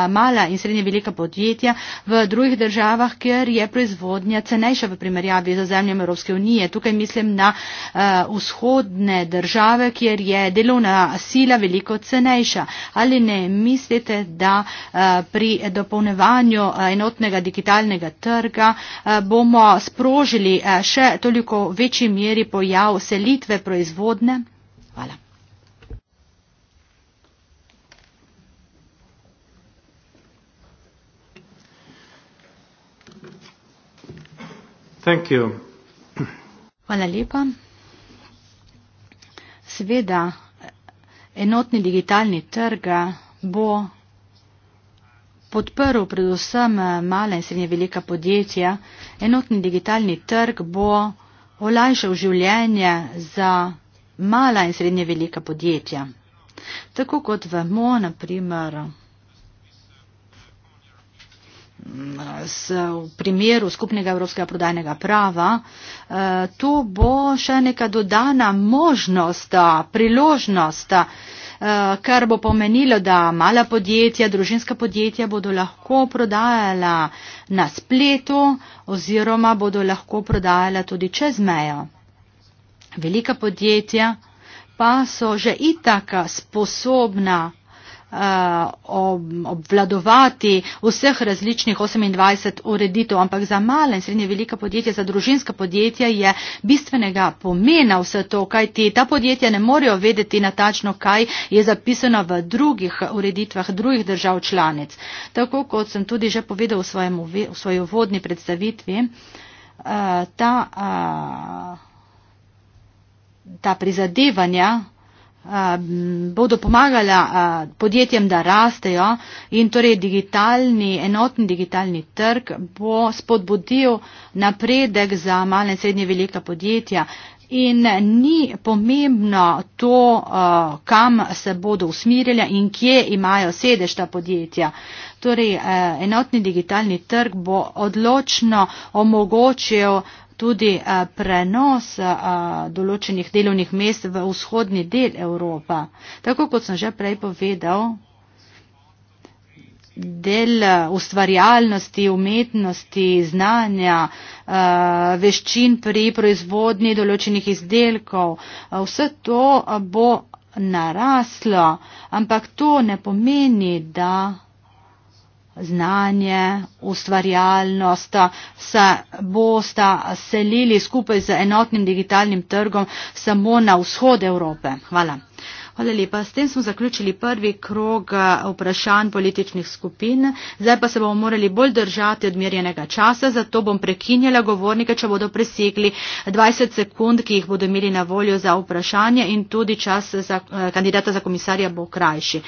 S1: mala in srednje velika podjetja v drugih drugih državah, kjer je proizvodnja cenejša v primerjavi z zemljami Evropske unije. Tukaj mislim na uh, vzhodne države, kjer je delovna sila veliko cenejša. Ali ne mislite, da uh, pri dopolnevanju uh, eh, enotnega digitalnega trga uh, bomo sprožili uh, še toliko večji meri pojav selitve proizvodnje? Thank you. Hvala lepa. Seveda, enotni digitalni trg bo podprl predvsem mala in srednje velika podjetja. Enotni digitalni trg bo olajšal življenje za mala in srednje velika podjetja. Tako kot vemo, na primer, s, v primeru skupnega evropskega prodajnega prava, eh, to bo še neka dodana možnost, eh, priložnost, eh, kar bo pomenilo, da mala podjetja, družinska podjetja bodo lahko prodajala na spletu oziroma bodo lahko prodajala tudi čez mejo. Velika podjetja pa so že itak sposobna Eh, obvladovati vseh različnih 28 ureditev, ampak za male in srednje velika podjetja, za družinska podjetja je bistvenega pomena vse to, kaj ti ta podjetja ne morejo vedeti natačno, kaj je zapisano v drugih ureditvah drugih držav članic. Tako kot sem tudi že povedal v, svojem, v svoji uvodni predstavitvi, eh, ta, eh, ta prizadevanja, bodo pomagala podjetjem, da rastejo in torej digitalni, enotni digitalni trg bo spodbudil napredek za male in srednje velika podjetja. In ni pomembno to, kam se bodo usmirjali in kje imajo sedež ta podjetja. Torej, enotni digitalni trg bo odločno omogočil tudi eh, prenos eh, določenih delovnih mest v vzhodni del Evropa. Tako kot sem že prej povedal, del eh, ustvarjalnosti, umetnosti, znanja, veščin pri proizvodnji določenih izdelkov, vse to bo naraslo, ampak to ne pomeni, da znanje, ustvarjalnost, se bosta selili skupaj z enotnim digitalnim trgom samo na vzhod Evrope. Hvala. Hvala lepa. S tem smo zaključili prvi krog eh, vprašanj političnih skupin. Zdaj pa se bomo morali bolj držati odmerjenega časa, zato bom prekinjala govornike, če bodo presegli 20 sekund, ki jih bodo imeli na voljo za vprašanje in tudi čas za eh, kandidata za komisarja bo krajši.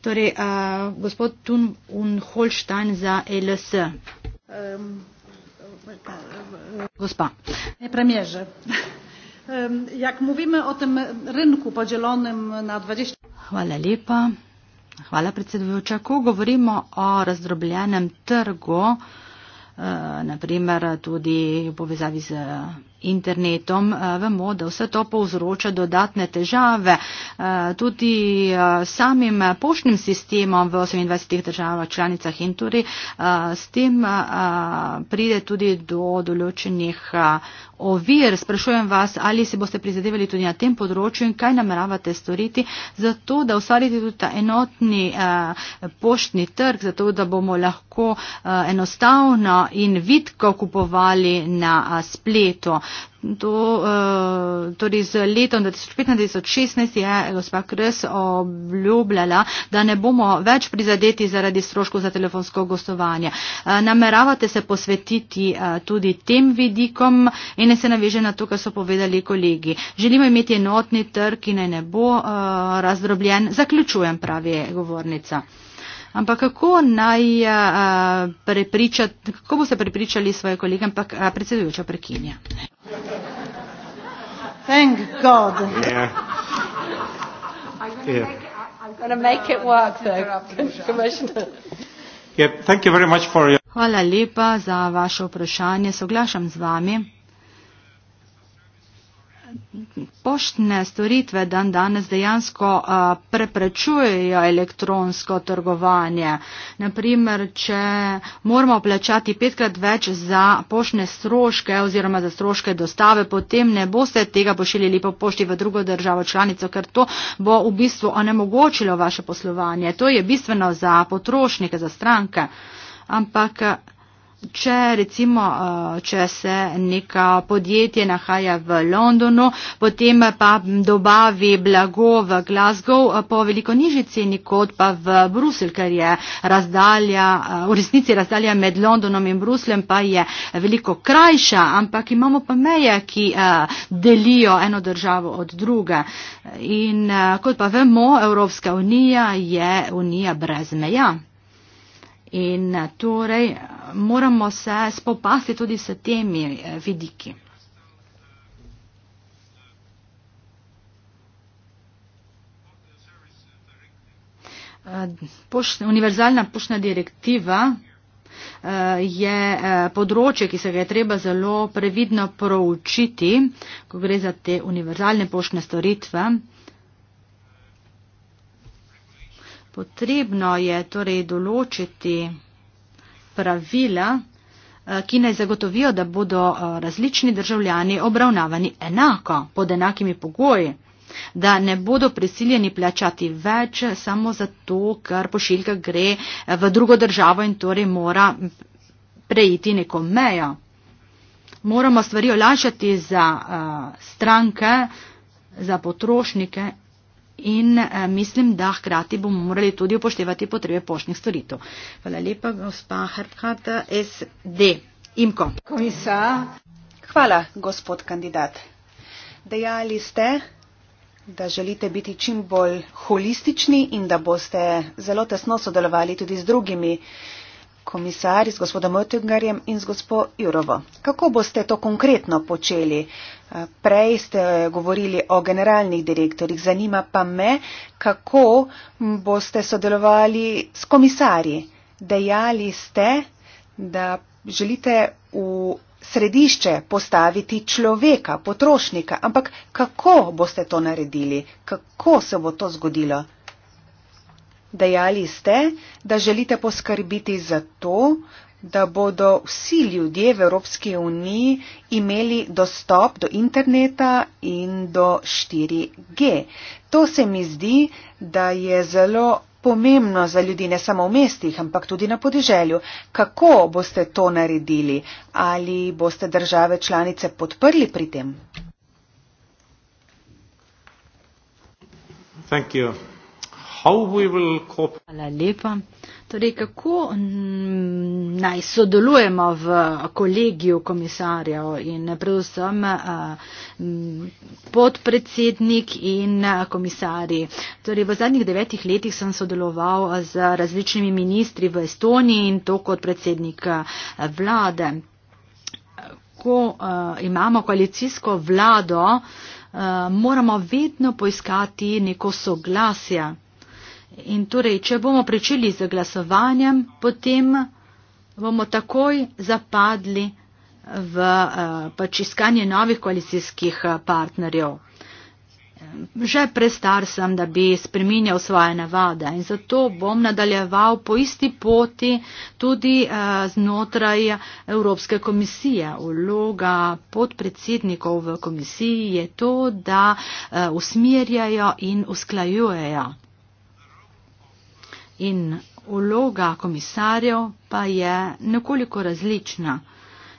S1: Torej, uh, gospod Tun Unholstein za LS. Um, gospa. Ne premježe.
S3: Jak mówimy o tym rynku podzielonym na 20.
S1: Hvala lepa. Hvala predsedujoča. Ko govorimo o razdrobljenem trgu, eh, na primer tudi v povezavi z internetom. Eh, vemo, da vse to povzroča dodatne težave eh, tudi eh, samim poštnim sistemom v 28 državah članicah in tudi s tem pride tudi do določenih ovir. Sprašujem vas, ali se boste prizadevali tudi na tem področju in kaj nameravate storiti za to, da ustvarite tudi ta enotni poštni trg, zato da bomo lahko enostavno in vitko kupovali na spletu. Do, uh, tudi z letom 2015-2016 je eh, gospa Kres obljubljala, da ne bomo več prizadeti zaradi stroškov za telefonsko gostovanje. Uh, nameravate se posvetiti uh, tudi tem vidikom in ne se naveže na to, kar so povedali kolegi. Želimo imeti enotni trg in ne bo uh, razdrobljen. Zaključujem, pravi govornica. Ampak kako naj uh, prepričati, kako bo se prepričali svoje kolege, ampak uh, predsedujoča prekinja. Thank God. Yeah.
S4: I'm
S1: going to make it work, though, Commissioner.
S4: Yeah, thank you very much for your...
S1: Hvala lepa za vaše vprašanje. Soglašam z vami poštne storitve dan danes dejansko uh, preprečujejo elektronsko trgovanje. Naprimer, če moramo plačati petkrat več za poštne stroške oziroma za stroške dostave, potem ne boste tega pošiljali po pošti v drugo državo članico, ker to bo v bistvu onemogočilo vaše poslovanje. To je bistveno za potrošnike, za stranke. Ampak Če, recimo, eh, če se neka podjetje nahaja v Londonu, potem pa dobavi blago v Glasgow eh, po veliko nižji ceni kot pa v Brusel, ker je razdalja, eh, v resnici razdalja med Londonom in Bruslem pa je veliko krajša, ampak imamo pa meje, ki delijo eno državo od druge. In kot pa vemo, Evropska unija je unija brez meja. In eh, torej moramo se spopasti tudi s temi eh, vidiki. Eh, Pošne, univerzalna poštna direktiva je področje, ki se ga je treba zelo previdno proučiti, ko gre za te univerzalne poštne storitve. Potrebno je torej določiti pravila, eh, ki naj zagotovijo, da bodo eh, različni državljani obravnavani enako, pod enakimi pogoji, da ne bodo prisiljeni plačati več samo zato, ker pošiljka gre eh, v drugo državo in torej mora prejiti neko mejo. Moramo stvari olajšati za stranke, za potrošnike in eh, mislim, da hkrati bomo morali tudi upoštevati potrebe poštnih storitev. Hvala lepa, gospa Hrthat, SD. Imko. Komisa. Hvala, gospod kandidat.
S3: Dejali ste, da želite biti čim bolj holistični in da boste zelo tesno sodelovali tudi z drugimi komisarji, z gospodom Otengarjem in z gospod Jurovo. Kako boste to konkretno počeli? Prej ste eh, govorili o generalnih direktorjih, zanima pa me, kako boste sodelovali s komisarji. Dejali ste, da želite v središče postaviti človeka, potrošnika, ampak kako boste to naredili, kako se bo to zgodilo? Dejali ste, da želite poskrbiti za to, da bodo vsi ljudje v Evropski uniji imeli dostop do interneta in do 4G. To se mi zdi, da je zelo pomembno za ljudi ne samo v mestih, ampak tudi na podeželju. Kako boste to naredili? Ali boste države članice podprli pri tem?
S4: Hvala lepa.
S1: Torej, kako naj sodelujemo v kolegiju komisarjev in predvsem podpredsednik in komisarji. Torej, v zadnjih devetih letih sem sodeloval z različnimi ministri v Estoniji in to kot predsednik vlade. Ko imamo koalicijsko vlado, moramo vedno poiskati neko soglasje. In torej, če bomo pričeli z glasovanjem, potem bomo takoj zapadli v eh, pač iskanje novih koalicijskih eh, partnerjev. Že prestar sem, da bi spreminjal svoje navade in zato bom nadaljeval po isti poti tudi eh, znotraj Evropske komisije. Uloga podpredsednikov v komisiji je to, da usmerjajo in usklajujejo in vloga komisarjev pa je nekoliko različna.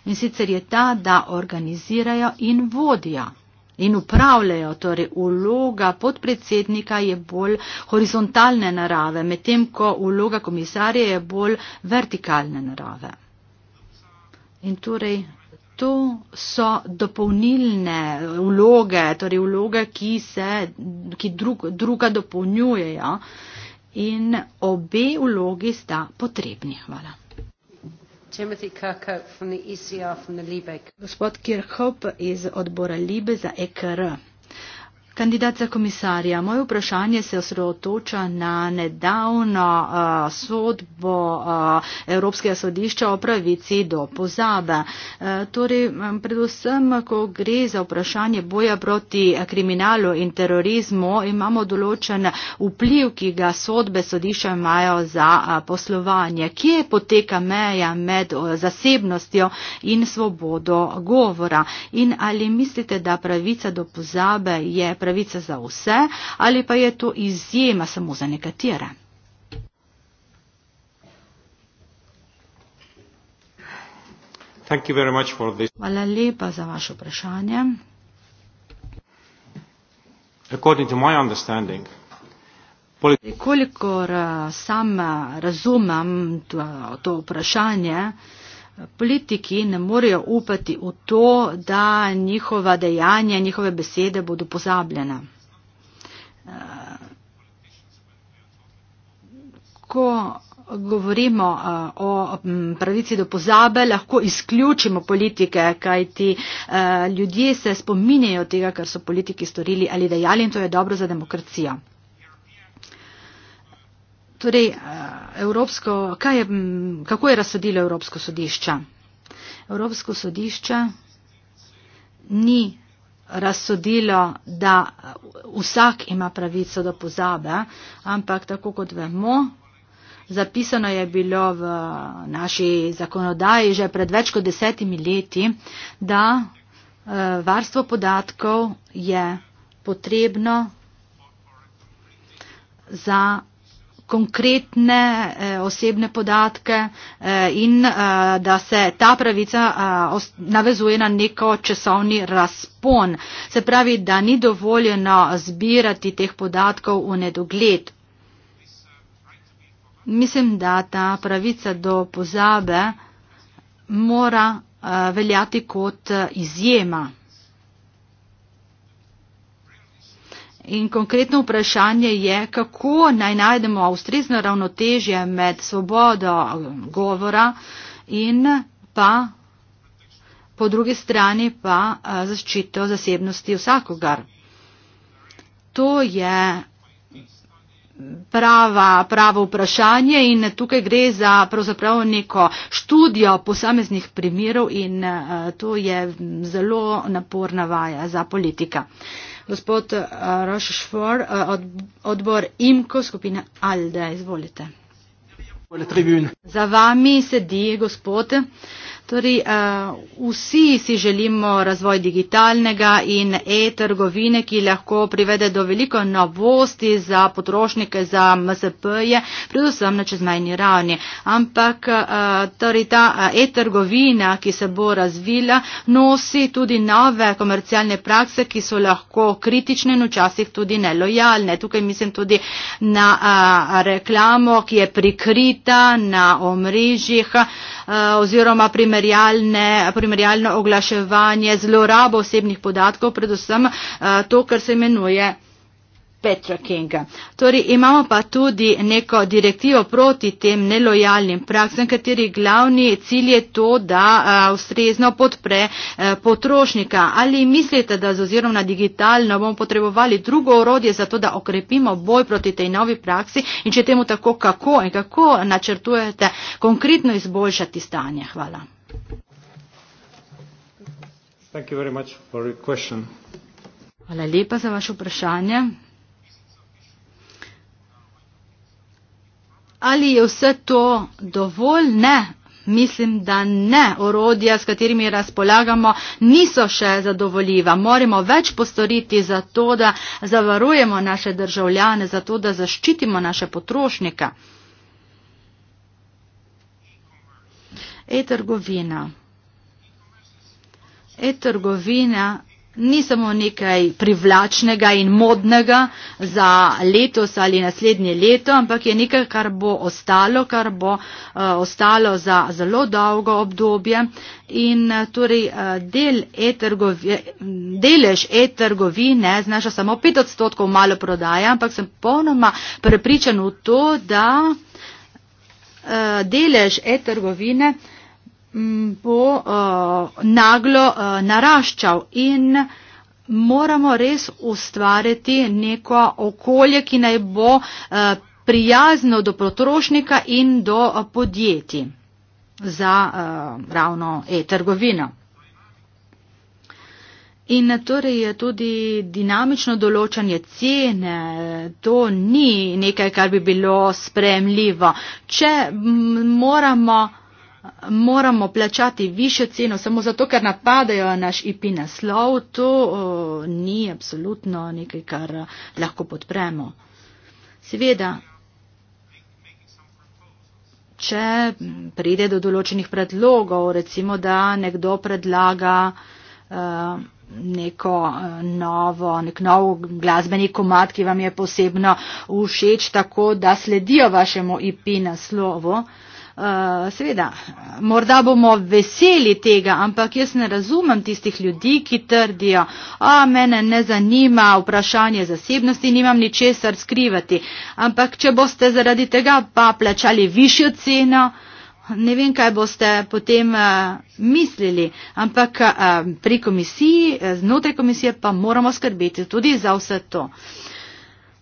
S1: In sicer je ta, da organizirajo in vodijo in upravljajo. Torej, vloga podpredsednika je bolj horizontalne narave, medtem ko vloga komisarja je bolj vertikalne narave. In torej, to so dopolnilne vloge, torej vloge, ki, se, ki drug, druga dopolnjujejo in obe vlogi sta potrebni. Hvala. Timothy Kirkhope from the ECR from the Libe. Gospod Kirkhope iz odbora Libe za EKR. Kandidat za komisarja, moje vprašanje se osredotoča na nedavno uh, sodbo uh, Evropskega sodišča o pravici do pozabe. Uh, torej, um, predvsem, ko gre za vprašanje boja proti kriminalu in terorizmu, imamo določen vpliv, ki ga sodbe sodišča imajo za uh, poslovanje. Kje poteka meja med uh, zasebnostjo in svobodo govora? In ali mislite, da pravica do pozabe je pravica za vse ali pa je to izjema samo za nekatere. Hvala lepa za vaše vprašanje. Kolikor eh, sam eh, razumem to, eh, to vprašanje, politiki ne morejo upati v to, da njihova dejanja, njihove besede bodo pozabljene. Eh, ko govorimo eh, o mm, pravici do pozabe, lahko izključimo politike, kajti eh, ljudje se spominjajo tega, kar so politiki storili ali dejali in to je dobro za demokracijo. Torej, eh, Evropsko, kaj je, kako je razsodilo Evropsko sodišče? Evropsko sodišče ni razsodilo, da vsak ima pravico do pozabe, ampak tako kot vemo, zapisano je bilo v naši zakonodaji že pred več kot desetimi leti, da eh, varstvo podatkov je potrebno za konkretne eh, osebne podatke eh, in eh, da se ta pravica eh, os, navezuje na neko časovni razpon. Se pravi, da ni dovoljeno zbirati teh podatkov v nedogled. Mislim, da ta pravica do pozabe mora eh, veljati kot eh, izjema. In konkretno vprašanje je, kako naj najdemo ustrezno ravnotežje med svobodo um, govora in pa po drugi strani pa uh, zaščito zasebnosti vsakogar. To je prava, pravo vprašanje in tukaj gre za pravzaprav neko študijo posameznih primerov in uh, to je zelo naporna vaja za politika. Gospod eh, Rošfor, eh, odbor IMKO, skupina ALDE, izvolite. Za vami sedi gospod. Torej, uh, vsi si želimo razvoj digitalnega in e-trgovine, ki lahko privede do veliko novosti za potrošnike, za MSP-je, predvsem na čezmejni ravni. Ampak uh, torej, ta eh, e-trgovina, ki se bo razvila, nosi tudi nove komercialne prakse, ki so lahko kritične in včasih tudi nelojalne. Tukaj mislim tudi na uh, reklamo, ki je prikrita na omrežjih. Uh, Eh, oziroma primerjalno oglaševanje zlorabo osebnih podatkov predvsem eh, to kar se imenuje. Petra Kinga. Torej imamo pa tudi neko direktivo proti tem nelojalnim praksam, kateri glavni cilj je to, da a, ustrezno podpre a, potrošnika. Ali mislite, da z ozirom na digitalno bomo potrebovali drugo orodje za to, da okrepimo boj proti tej novi praksi in če temu tako kako in kako načrtujete konkretno izboljšati stanje? Hvala. Hvala lepa za vaše vprašanje. Ali je vse to dovolj? Ne. Mislim, da ne. Orodja, s katerimi razpolagamo, niso še zadovoljiva. Moramo več postoriti za to, da zavarujemo naše državljane, za to, da zaščitimo naše potrošnike. E-trgovina. E-trgovina ni samo nekaj privlačnega in modnega za letos ali naslednje leto, ampak je nekaj, kar bo ostalo, kar bo uh, ostalo za zelo dolgo obdobje. In uh, torej eh, del e-trgovi, delež e-trgovine znaša samo 5 odstotkov malo prodaja, ampak sem ponoma prepričan v to, da uh, delež e-trgovine uh, bo uh, naglo uh, naraščal in moramo res ustvariti neko okolje, ki naj bo uh, prijazno do potrošnika in do uh, podjetij za uh, ravno e-trgovino. In torej je tudi dinamično določanje cene, to ni nekaj, kar bi bilo spremljivo. Če moramo moramo plačati više ceno samo zato, ker napadajo naš IP naslov, to o, ni absolutno nekaj, kar lahko podpremo. Seveda, če pride do določenih predlogov, recimo, da nekdo predlaga uh, neko e, novo, nek nov glasbeni komad, ki vam je posebno všeč, tako da sledijo vašemu IP naslovu, uh, Eh, seveda, morda bomo veseli tega, ampak jaz ne razumem tistih ljudi, ki trdijo, a mene ne zanima vprašanje zasebnosti, nimam ničesar skrivati. Ampak, če boste zaradi tega pa plačali višjo ceno, ne vem, kaj boste potem a, eh, mislili. Ampak a, eh, pri komisiji, znotraj komisije pa moramo skrbeti tudi za vse to.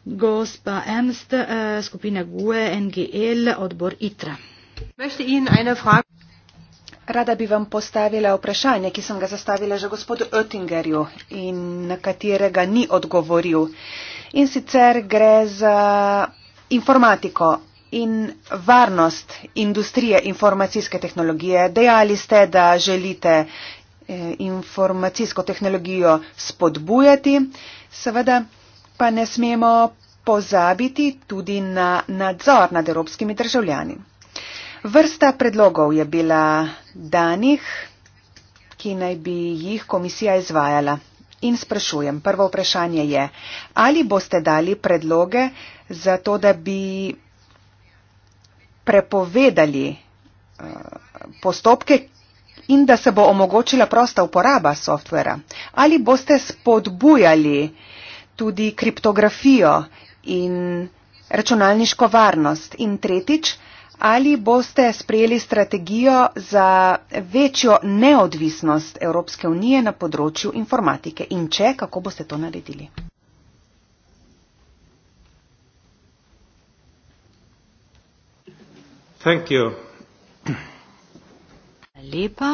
S1: Gospa Emst, skupina GUE, NGL, odbor ITRA. Rada bi vam
S3: postavila vprašanje, ki sem ga zastavila že gospodu Oettingerju in na katerega ni odgovoril. In sicer gre za informatiko in varnost industrije informacijske tehnologije. Dejali ste, da želite eh, informacijsko tehnologijo spodbujati, seveda pa ne smemo pozabiti tudi na nadzor nad evropskimi državljani. Vrsta predlogov je bila danih, ki naj bi jih komisija izvajala. In sprašujem, prvo vprašanje je, ali boste dali predloge za to, da bi prepovedali eh, postopke in da se bo omogočila prosta uporaba softvera. Ali boste spodbujali tudi kriptografijo in računalniško varnost. In tretjič, Ali boste sprejeli strategijo za večjo neodvisnost Evropske unije na področju informatike in če, kako boste to naredili?
S1: Lepa.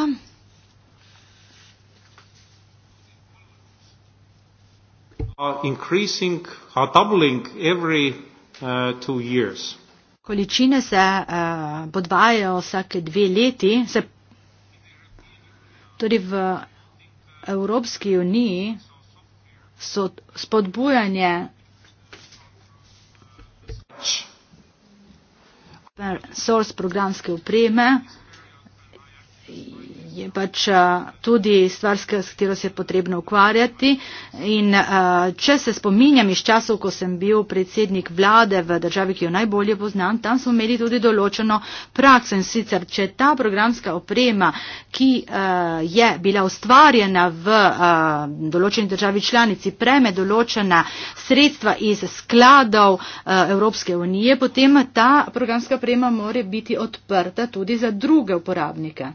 S4: Uh, increasing, uh, doubling every uh, two years.
S1: Količine se uh, podvajajo vsake dve leti. Se, torej v Evropski uniji so spodbujanje source programske opreme je pač tudi stvar, s katero se je potrebno ukvarjati. In če se spominjam iz časov, ko sem bil predsednik vlade v državi, ki jo najbolje poznam, tam smo imeli tudi določeno prakso. In sicer, če ta programska oprema, ki je bila ustvarjena v določeni državi članici, preme določena sredstva iz skladov Evropske unije, potem ta programska oprema mora biti odprta tudi za druge uporabnike.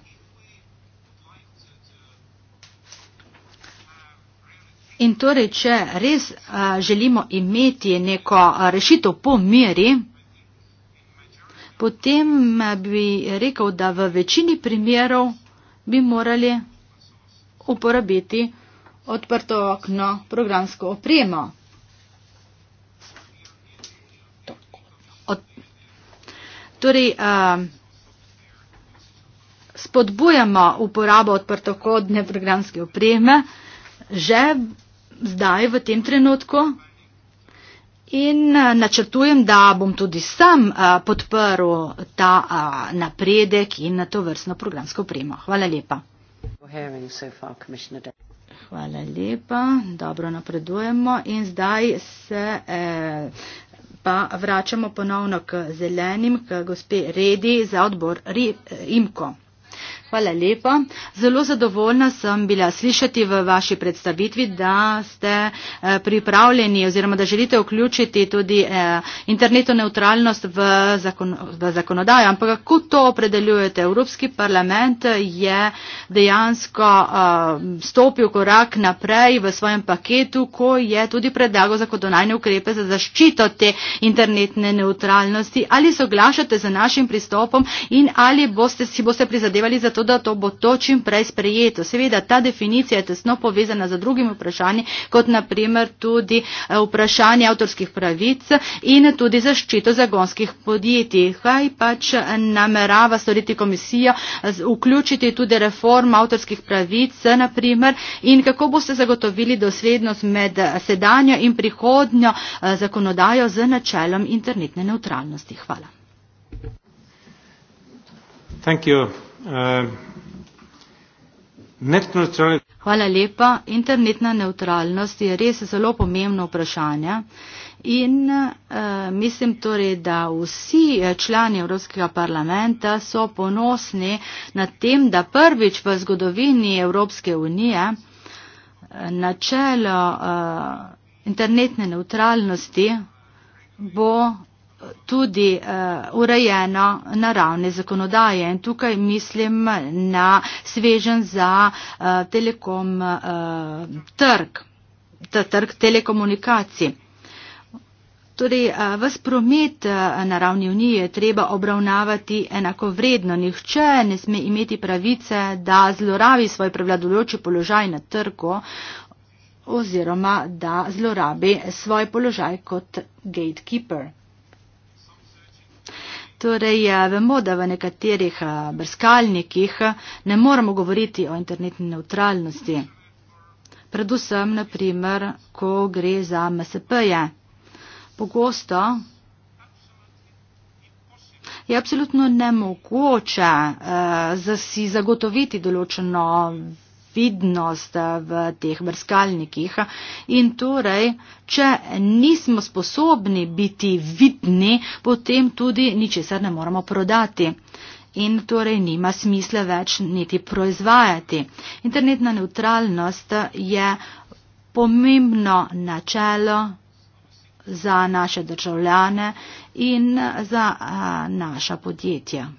S1: In torej, če res a, želimo imeti neko rešitev po meri, potem bi rekel, da v večini primerov bi morali uporabiti odprto okno programsko opremo. Od, torej, a, spodbujamo uporabo odprtokodne programske opreme, že zdaj v tem trenutku. In eh, načrtujem, da bom tudi sam eh, podprl ta eh, napredek in to vrstno programsko opremo. Hvala lepa. Hvala lepa, dobro napredujemo in zdaj se eh, pa vračamo ponovno k zelenim, k gospe Redi za odbor RIMKO. Ri, Hvala lepa. Zelo zadovoljna sem bila slišati v vaši predstavitvi, da ste eh, pripravljeni oziroma da želite vključiti tudi eh, internetno neutralnost v, zakon, v zakonodajo. Ampak kako to opredeljujete? Evropski parlament je dejansko eh, stopil korak naprej v svojem paketu, ko je tudi predlagal zakonodajne ukrepe za zaščito te internetne neutralnosti. Ali soglašate z našim pristopom in ali boste, si boste prizadevali za to? zato, da to bo to čim prej sprejeto. Seveda, ta definicija je tesno povezana z drugimi vprašanji, kot naprimer tudi eh, vprašanje avtorskih pravic in tudi zaščito zagonskih podjetij. Kaj pač eh, namerava storiti komisija, eh, vključiti tudi reform avtorskih pravic, naprimer, in kako boste zagotovili doslednost med sedanjo in prihodnjo zakonodajo z načelom internetne neutralnosti. Hvala. Thank you. Hvala lepa. Internetna neutralnost je res zelo pomembno vprašanje in eh, mislim torej, da vsi eh, člani Evropskega parlamenta so ponosni na tem, da prvič v zgodovini Evropske unije eh, načelo eh, internetne neutralnosti bo tudi uh, urejeno na ravni zakonodaje. In tukaj mislim na svežen za uh, telekom uh, trg, ta trg telekomunikacij. Torej, ves promet na ravni unije je treba obravnavati enako vredno. Nihče ne sme imeti pravice, da zlorabi svoj prevladujoči položaj na trgu oziroma da zlorabi svoj položaj kot gatekeeper. Torej, ja, vemo, da v nekaterih eh, brskalnikih eh, ne moramo govoriti o internetni neutralnosti. Predvsem, naprimer, ko gre za MSP-je. Pogosto je absolutno nemogoče uh, za si zagotoviti določeno vidnost eh, v teh brskalnikih. In torej, če nismo sposobni biti vidni, potem tudi ničesar ne moremo prodati. In torej nima smisla več niti proizvajati. Internetna neutralnost je pomembno načelo za naše državljane in za a, eh, naša podjetja.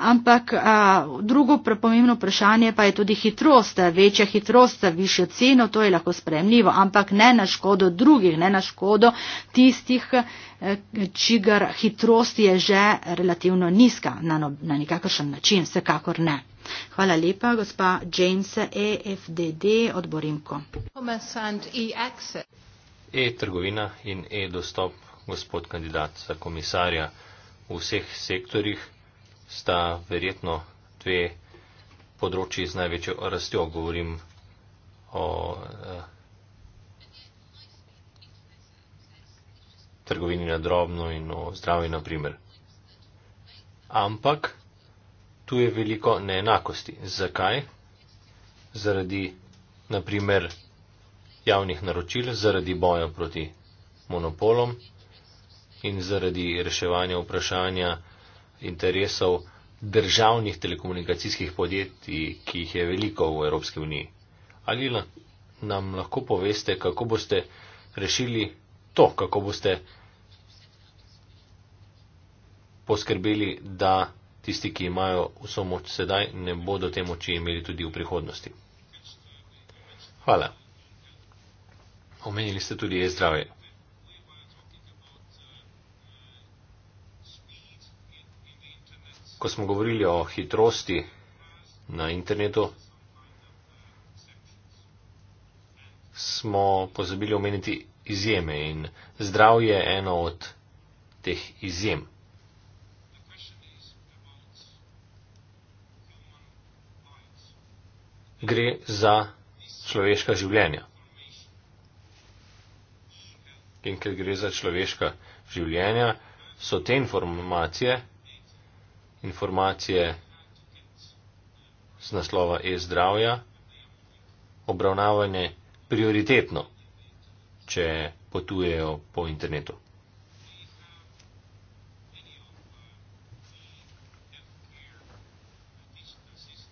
S1: Ampak a, drugo prepomembno vprašanje pa je tudi hitrost. Večja hitrost, višjo ceno, to je lahko spremljivo, ampak ne na škodo drugih, ne na škodo tistih, e, čigar hitrost je že relativno nizka na, no, na nekakšen način, vsekakor ne. Hvala lepa, gospa James EFDD od Borimko.
S2: E-trgovina in e-dostop, gospod kandidat za komisarja v vseh sektorjih sta verjetno dve področji z največjo rastjo. Govorim o eh, trgovini na drobno in o zdravju, na primer. Ampak tu je veliko neenakosti. Zakaj? Zaradi, na primer, javnih naročil, zaradi boja proti monopolom in zaradi reševanja vprašanja, interesov državnih telekomunikacijskih podjetij, ki jih je veliko v Evropski uniji. Ali nam lahko poveste, kako boste rešili to, kako boste poskrbeli, da tisti, ki imajo vso moč sedaj, ne bodo te moči imeli tudi v prihodnosti. Hvala. Omenili ste tudi e-zdravje. ko smo govorili o hitrosti na internetu, smo pozabili omeniti izjeme in zdrav je eno od teh izjem. Gre za človeška življenja. In ker gre za človeška življenja, so te informacije informacije z naslova e-zdravja, obravnavanje prioritetno, če potujejo po internetu.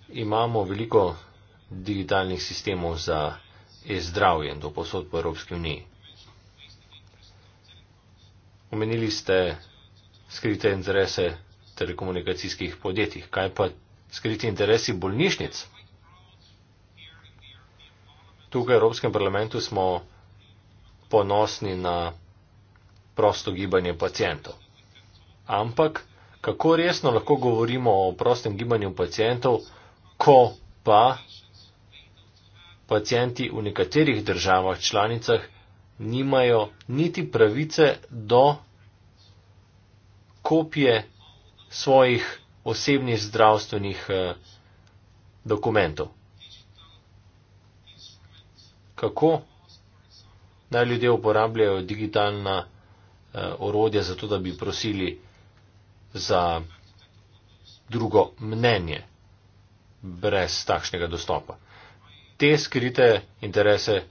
S2: Imamo veliko digitalnih sistemov za e-zdravje in to posod po Evropski uniji. Omenili ste skrite interese telekomunikacijskih podjetjih. Kaj pa skriti interesi bolnišnic? Tukaj v Evropskem parlamentu smo ponosni na prosto gibanje pacijentov. Ampak kako resno lahko govorimo o prostem gibanju pacijentov, ko pa pacijenti v nekaterih državah članicah nimajo niti pravice do kopije svojih osebnih zdravstvenih eh, dokumentov. Kako naj ljudje uporabljajo digitalna eh, orodja za to, da bi prosili za drugo mnenje brez takšnega dostopa. Te skrite interese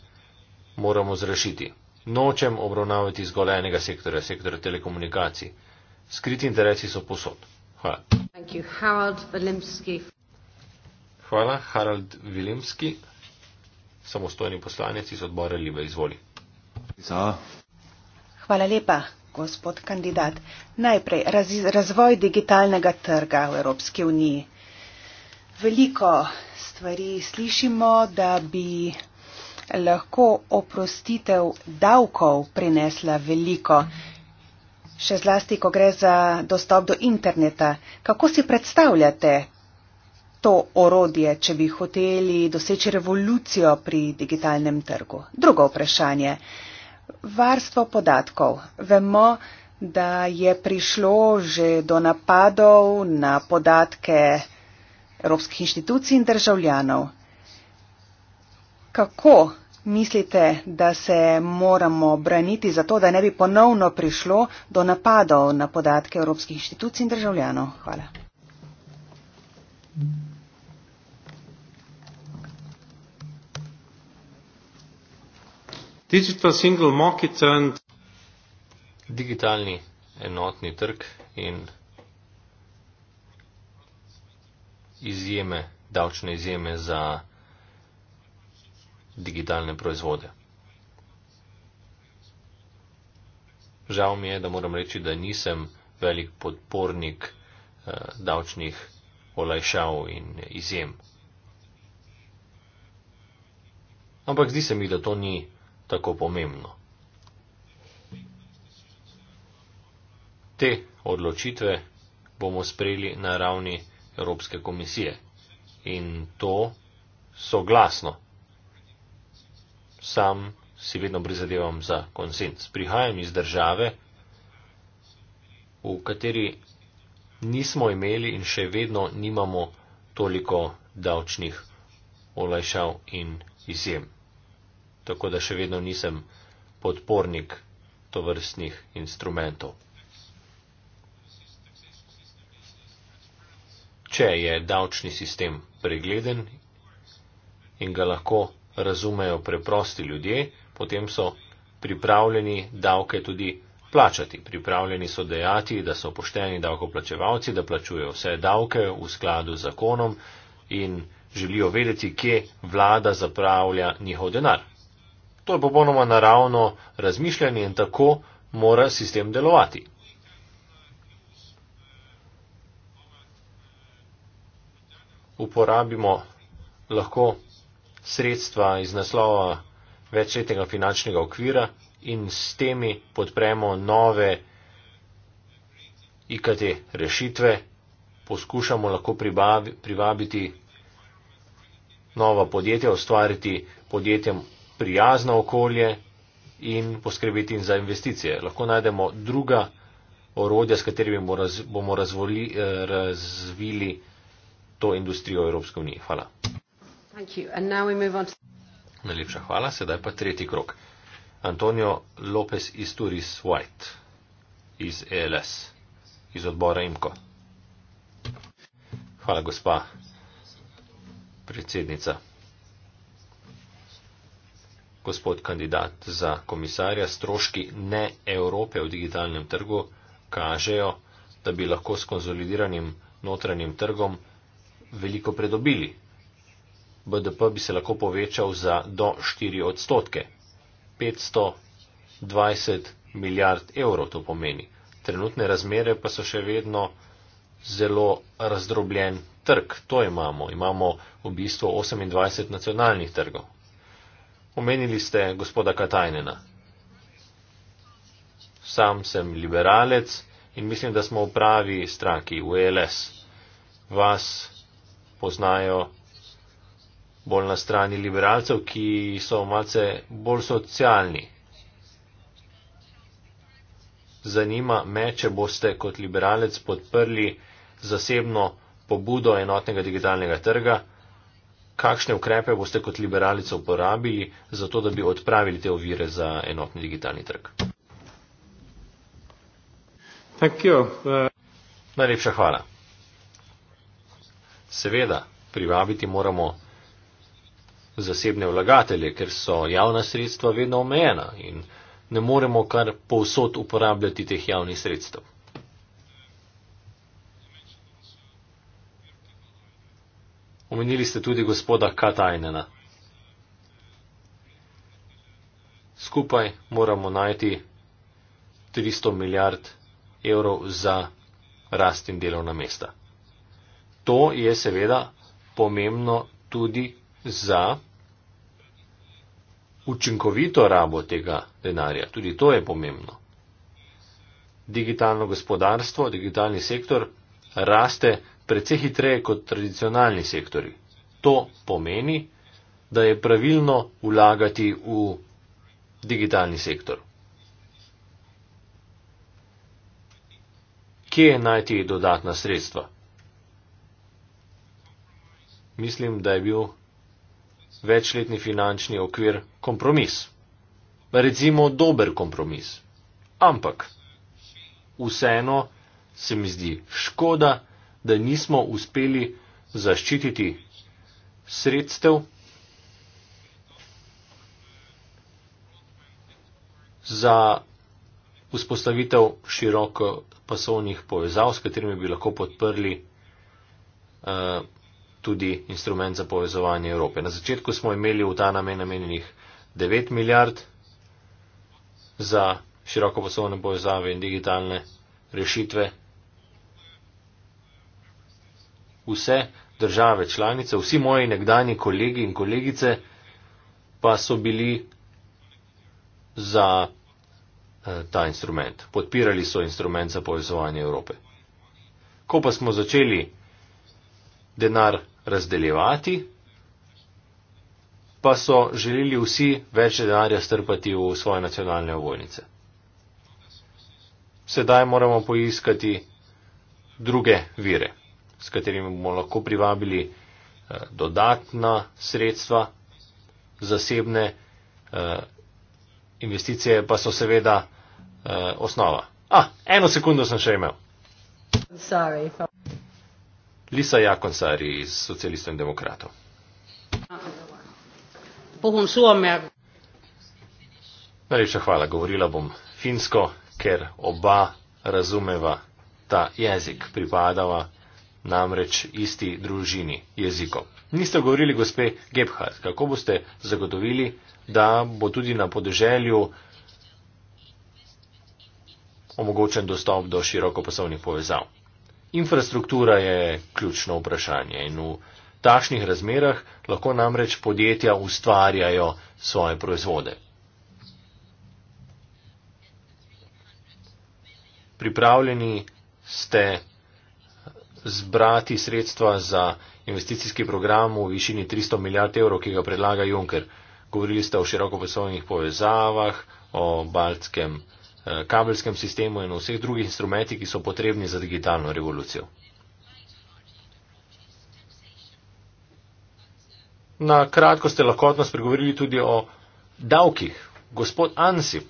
S2: moramo zrešiti. Nočem obravnavati zgolj enega sektora, sektora telekomunikacij skriti interesi so posod. Hvala. Hvala, Harald Vilimski, samostojni poslanec iz odbora Libe, izvoli. Za.
S3: Hvala lepa, gospod kandidat. Najprej raz, razvoj digitalnega trga v Evropski uniji. Veliko stvari slišimo, da bi lahko oprostitev davkov prinesla veliko. Mhm še zlasti, ko gre za dostop do interneta. Kako si predstavljate to orodje, če bi hoteli doseči revolucijo pri digitalnem trgu? Drugo vprašanje. Varstvo podatkov. Vemo, da je prišlo že do napadov na podatke evropskih inštitucij in državljanov. Kako mislite, da se moramo braniti zato, da ne bi ponovno prišlo do napadov na podatke evropskih inštitucij in
S4: državljanov? Hvala.
S2: Digitalni enotni trg in izjeme, davčne izjeme za digitalne proizvode. Žal mi je, da moram reči, da nisem velik podpornik eh, davčnih olajšav in izjem. Ampak zdi se mi, da to ni tako pomembno. Te odločitve bomo sprejeli na ravni Evropske komisije in to soglasno sam si vedno prizadevam za konsens. Prihajam iz države, v kateri nismo imeli in še vedno nimamo toliko davčnih olajšav in izjem. Tako da še vedno nisem podpornik tovrstnih instrumentov. Če je davčni sistem pregleden in ga lahko razumejo preprosti ljudje, potem so pripravljeni davke tudi plačati. Pripravljeni so dejati, da so pošteni davkoplačevalci, da plačujejo vse davke v skladu z zakonom in želijo vedeti, kje vlada zapravlja njihov denar. To je popolnoma naravno razmišljanje in tako mora sistem delovati. Uporabimo lahko sredstva iz naslova večletnega finančnega okvira in s temi podpremo nove IKT rešitve, poskušamo lahko privabiti nova podjetja, ustvariti podjetjem prijazno okolje in poskrbeti za investicije. Lahko najdemo druga orodja, s katerimi bomo eh, razvili to industrijo Evropske unije. Hvala.
S1: Najlepša
S2: hvala, sedaj pa tretji krok. Antonio Lopez Isturiz White iz ELS, iz odbora IMKO. Hvala, gospa predsednica. Gospod kandidat za komisarja, stroški ne Evrope v digitalnem trgu kažejo, da bi lahko s konsolidiranim notranjim trgom veliko predobili. BDP bi se lahko povečal za do 4 odstotke. 520 milijard evrov to pomeni. Trenutne razmere pa so še vedno zelo razdrobljen trg. To imamo. Imamo v bistvu 28 nacionalnih trgov. Omenili ste gospoda Katajnena. Sam sem liberalec in mislim, da smo v pravi straki, v ELS. Vas poznajo bolj na strani liberalcev, ki so malce bolj socialni. Zanima me, če boste kot liberalec podprli zasebno pobudo enotnega digitalnega trga, kakšne ukrepe boste kot liberalec uporabili za to, da bi odpravili te ovire za enotni digitalni trg.
S4: Uh, Najlepša
S2: hvala. Seveda, privabiti moramo zasebne vlagatelje, ker so javna sredstva vedno omejena in ne moremo kar povsod uporabljati teh javnih sredstev. Omenili ste tudi gospoda Katajnena. Skupaj moramo najti 300 milijard evrov za rast in delovna mesta. To je seveda pomembno tudi za učinkovito rabo tega denarja. Tudi to je pomembno. Digitalno gospodarstvo, digitalni sektor raste precej hitreje kot tradicionalni sektori. To pomeni, da je pravilno vlagati v digitalni sektor. Kje najti dodatna sredstva? Mislim, da je bil večletni finančni okvir kompromis. Recimo dober kompromis. Ampak vseeno se mi zdi škoda, da nismo uspeli zaščititi sredstev za vzpostavitev široko pasovnih povezav, s katerimi bi lahko podprli uh, tudi instrument za povezovanje Evrope. Na začetku smo imeli v ta namen namenjenih 9 milijard za široko poslovne povezave in digitalne rešitve. Vse države članice, vsi moji nekdani kolegi in kolegice pa so bili za eh, ta instrument. Podpirali so instrument za povezovanje Evrope. Ko pa smo začeli denar razdeljevati, pa so želeli vsi več denarja strpati v svoje nacionalne ovojnice. Sedaj moramo poiskati druge vire, s katerimi bomo lahko privabili eh, dodatna sredstva, zasebne eh, investicije pa so seveda eh, osnova. A, ah, eno sekundo sem še imel. Sorry. Lisa Jakonsari iz Socialistov in demokratov.
S4: Puhun Suomea.
S2: Najlepša hvala. Govorila bom finsko, ker oba razumeva ta jezik. Pripadava namreč isti družini jezikov. Niste govorili, gospe Gebhardt, kako boste zagotovili, da bo tudi na podeželju omogočen dostop do široko poslovnih povezav. Infrastruktura je ključno vprašanje in v takšnih razmerah lahko namreč podjetja ustvarjajo svoje proizvode. Pripravljeni ste zbrati sredstva za investicijski program v višini 300 milijard evrov, ki ga predlaga Juncker. Govorili ste o širokopasovnih povezavah, o baltskem. Eh, kabelskem sistemu in vseh drugih instrumentih, ki so potrebni za digitalno revolucijo. Na kratko ste lahko odnos pregovorili tudi o davkih. Gospod Ansip,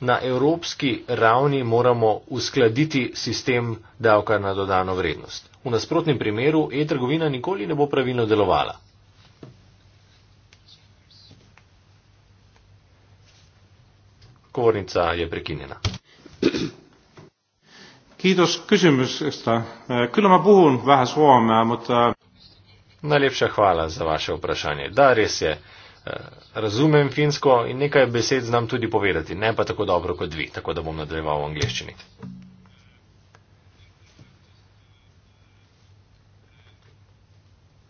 S2: na evropski ravni moramo uskladiti sistem davka na dodano vrednost. V nasprotnem primeru e-trgovina nikoli ne bo pravilno delovala. govornica je prekinjena.
S4: Kiitos kysymyksestä.
S2: Kyllä mä puhun vähän suomea, mutta... Najlepša hvala za vaše vprašanje. Da, res je. Razumem finsko in nekaj besed znam tudi povedati, ne pa tako dobro kot vi, tako da bom nadaljeval v angliščini.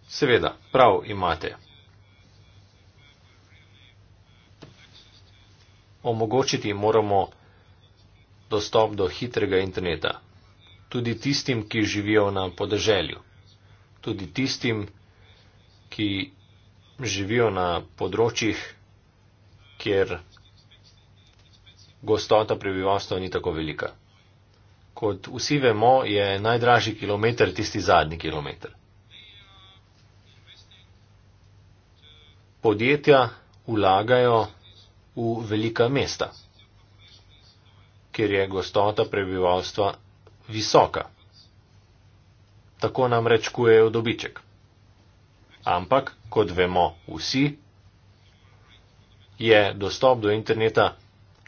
S2: Seveda, prav imate. omogočiti moramo dostop do hitrega interneta. Tudi tistim, ki živijo na podeželju. Tudi tistim, ki živijo na področjih, kjer gostota prebivalstva ni tako velika. Kot vsi vemo, je najdražji kilometr tisti zadnji kilometr. Podjetja vlagajo v velika mesta, kjer je gostota prebivalstva visoka. Tako nam rečkujejo dobiček. Ampak, kot vemo vsi, je dostop do interneta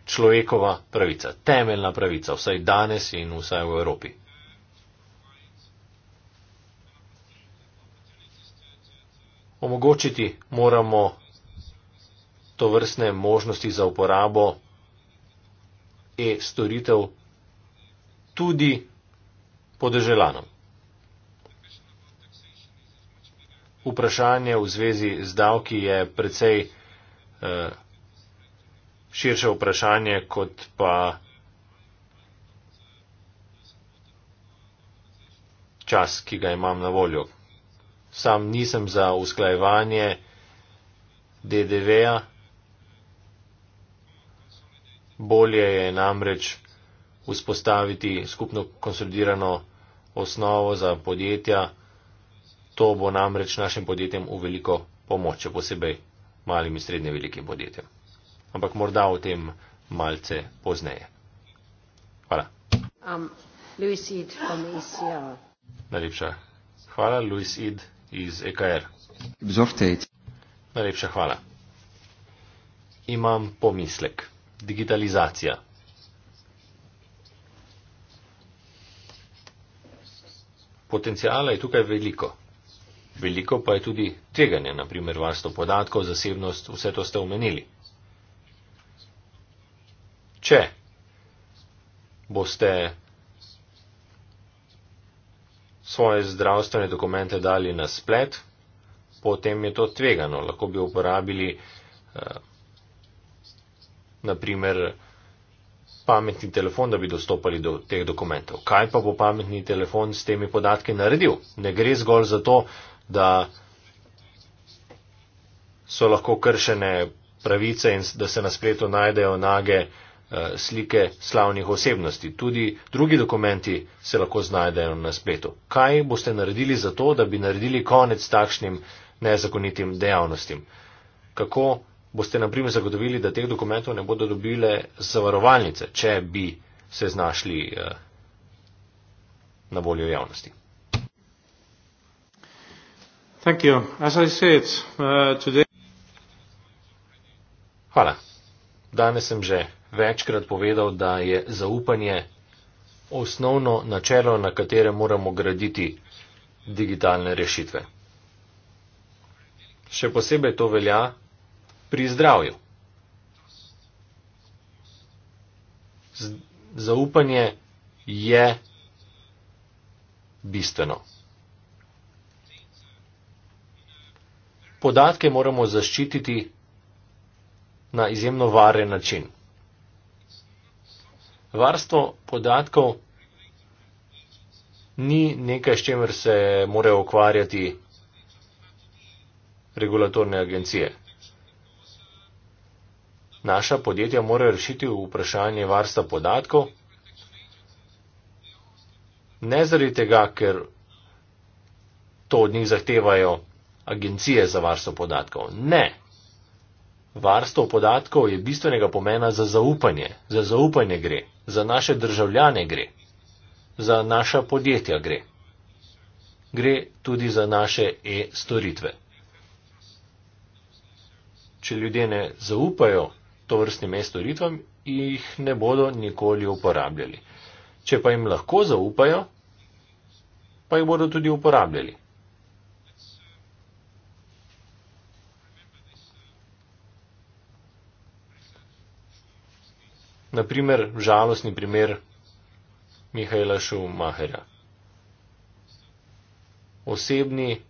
S2: človekova pravica, temeljna pravica, vsaj danes in vsaj v Evropi. Omogočiti moramo to vrstne možnosti za uporabo e-storitev tudi podeželanom. Vprašanje v zvezi z davki je precej eh, širše vprašanje kot pa čas, ki ga imam na voljo. Sam nisem za usklajevanje DDV-a. Bolje je namreč vzpostaviti skupno konsolidirano osnovo za podjetja. To bo namreč našim podjetjem v veliko pomoč, še posebej malim in srednje velikim podjetjem. Ampak morda o tem malce pozneje. Hvala.
S1: Um, e
S2: Najlepša hvala, Luis Id iz EKR. Najlepša hvala. Imam pomislek digitalizacija. Potencijala je tukaj veliko. Veliko pa je tudi tveganje, naprimer varstvo podatkov, zasebnost, vse to ste omenili. Če boste svoje zdravstvene dokumente dali na splet, potem je to tvegano. Lahko bi uporabili. Uh, naprimer pametni telefon, da bi dostopali do teh dokumentov. Kaj pa bo pametni telefon s temi podatki naredil? Ne gre zgolj za to, da so lahko kršene pravice in da se na spletu najdejo nage eh, slike slavnih osebnosti. Tudi drugi dokumenti se lahko znajdejo na spletu. Kaj boste naredili za to, da bi naredili konec takšnim nezakonitim dejavnostim? Kako boste na primer zagotovili, da teh dokumentov ne bodo dobile zavarovalnice, če bi se znašli eh, na voljo javnosti.
S4: Uh, Hvala. Danes sem že večkrat povedal,
S2: da je zaupanje osnovno načelo, na katerem moramo graditi digitalne rešitve. Še posebej to velja pri zdravju. Zaupanje je bistveno. Podatke moramo zaščititi na izjemno varen način. Varstvo podatkov ni nekaj, s čemer se morajo ukvarjati regulatorne agencije naša podjetja morajo rešiti vprašanje varstva podatkov. Ne zaradi tega, ker to od njih zahtevajo agencije za varstvo podatkov. Ne. Varstvo podatkov je bistvenega pomena za zaupanje. Za zaupanje gre. Za naše državljane gre. Za naša podjetja gre. Gre tudi za naše e-storitve. Če ljudje ne zaupajo to vrstni mesto ritvam, jih ne bodo nikoli uporabljali. Če pa jim lahko zaupajo, pa jih bodo tudi uporabljali. Naprimer, žalostni primer Mihajla Šumaherja. Osebni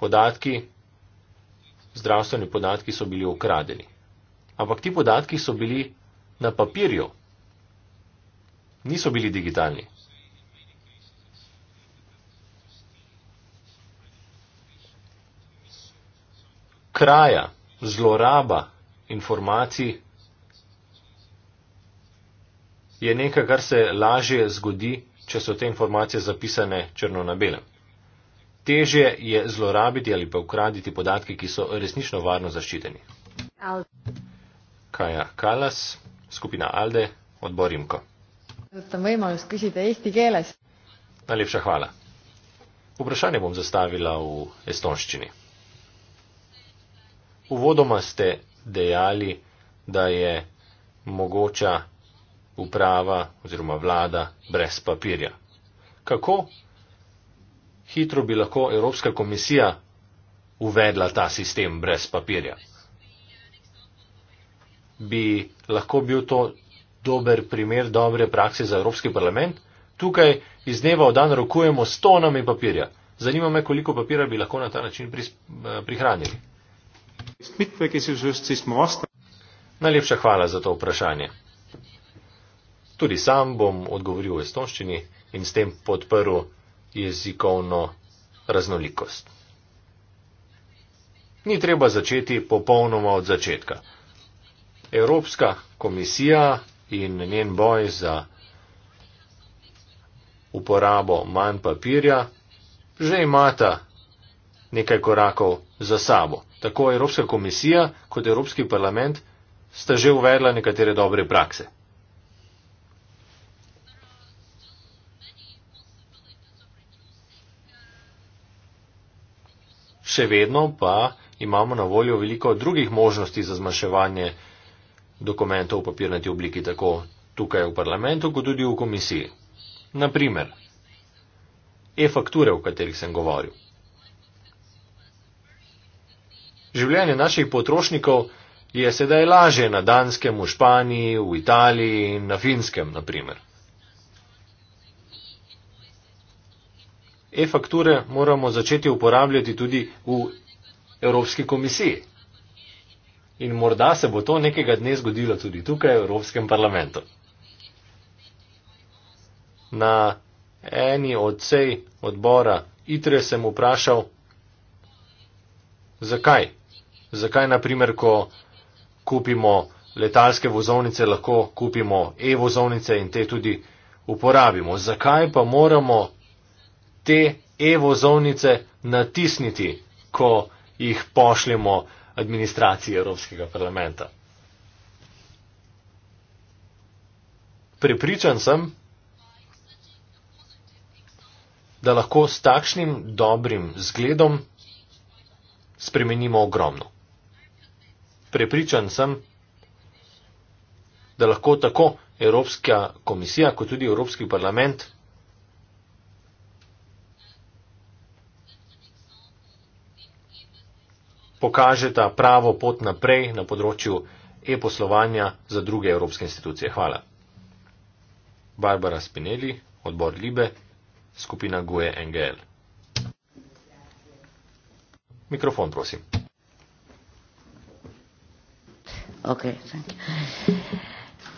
S2: podatki, zdravstveni podatki so bili ukradeni. Ampak ti podatki so bili na papirju, niso bili digitalni. Kraja, zloraba informacij je nekaj, kar se lažje zgodi, če so te informacije zapisane črno na belem. Teže je zlorabiti ali pa ukraditi podatke, ki so resnično varno zaščiteni. Al Kaja Kallas, skupina Alde, odbor Imko.
S1: on võimalus küsida eesti keeles.
S2: Najlepša hvala. Vprašanje bom zastavila v estonščini. Uvodoma ste dejali, da je mogoča uprava oziroma vlada brez papirja. Kako hitro bi lahko Evropska komisija uvedla ta sistem brez papirja? bi lahko bil to dober primer dobre prakse za Evropski parlament. Tukaj iz dneva v dan rokujemo s tonami papirja. Zanima me, koliko papira bi lahko na ta način eh, prihranili. Najlepša hvala za to vprašanje. Tudi sam bom odgovoril v estonščini in s tem podprl jezikovno raznolikost. Ni treba začeti popolnoma od začetka. Evropska komisija in njen boj za uporabo manj papirja že imata nekaj korakov za sabo. Tako Evropska komisija kot Evropski parlament sta že uvedla nekatere dobre prakse. Še vedno pa imamo na voljo veliko drugih možnosti za zmanjševanje dokumentov v papirnati obliki tako tukaj v parlamentu, kot tudi v komisiji. Naprimer, e-fakture, o katerih sem govoril. Življenje naših potrošnikov je sedaj lažje na Danskem, v Španiji, v Italiji in na Finskem, naprimer. E-fakture moramo začeti uporabljati tudi v Evropski komisiji in morda se bo to nekega dne zgodilo tudi tukaj v Evropskem parlamentu. Na eni od sej odbora ITRE sem vprašal, zakaj? Zakaj, na primer, ko kupimo letalske vozovnice, lahko kupimo e-vozovnice in te tudi uporabimo? Zakaj pa moramo te e-vozovnice natisniti, ko jih pošljemo administraciji Evropskega parlamenta. Prepričan sem, da lahko s takšnim dobrim zgledom spremenimo ogromno. Prepričan sem, da lahko tako Evropska komisija kot tudi Evropski parlament pokažeta pravo pot naprej na področju e-poslovanja za druge evropske institucije. Hvala. Barbara Spinelli, odbor Libe, skupina GUE NGL. Mikrofon, prosim. Ok,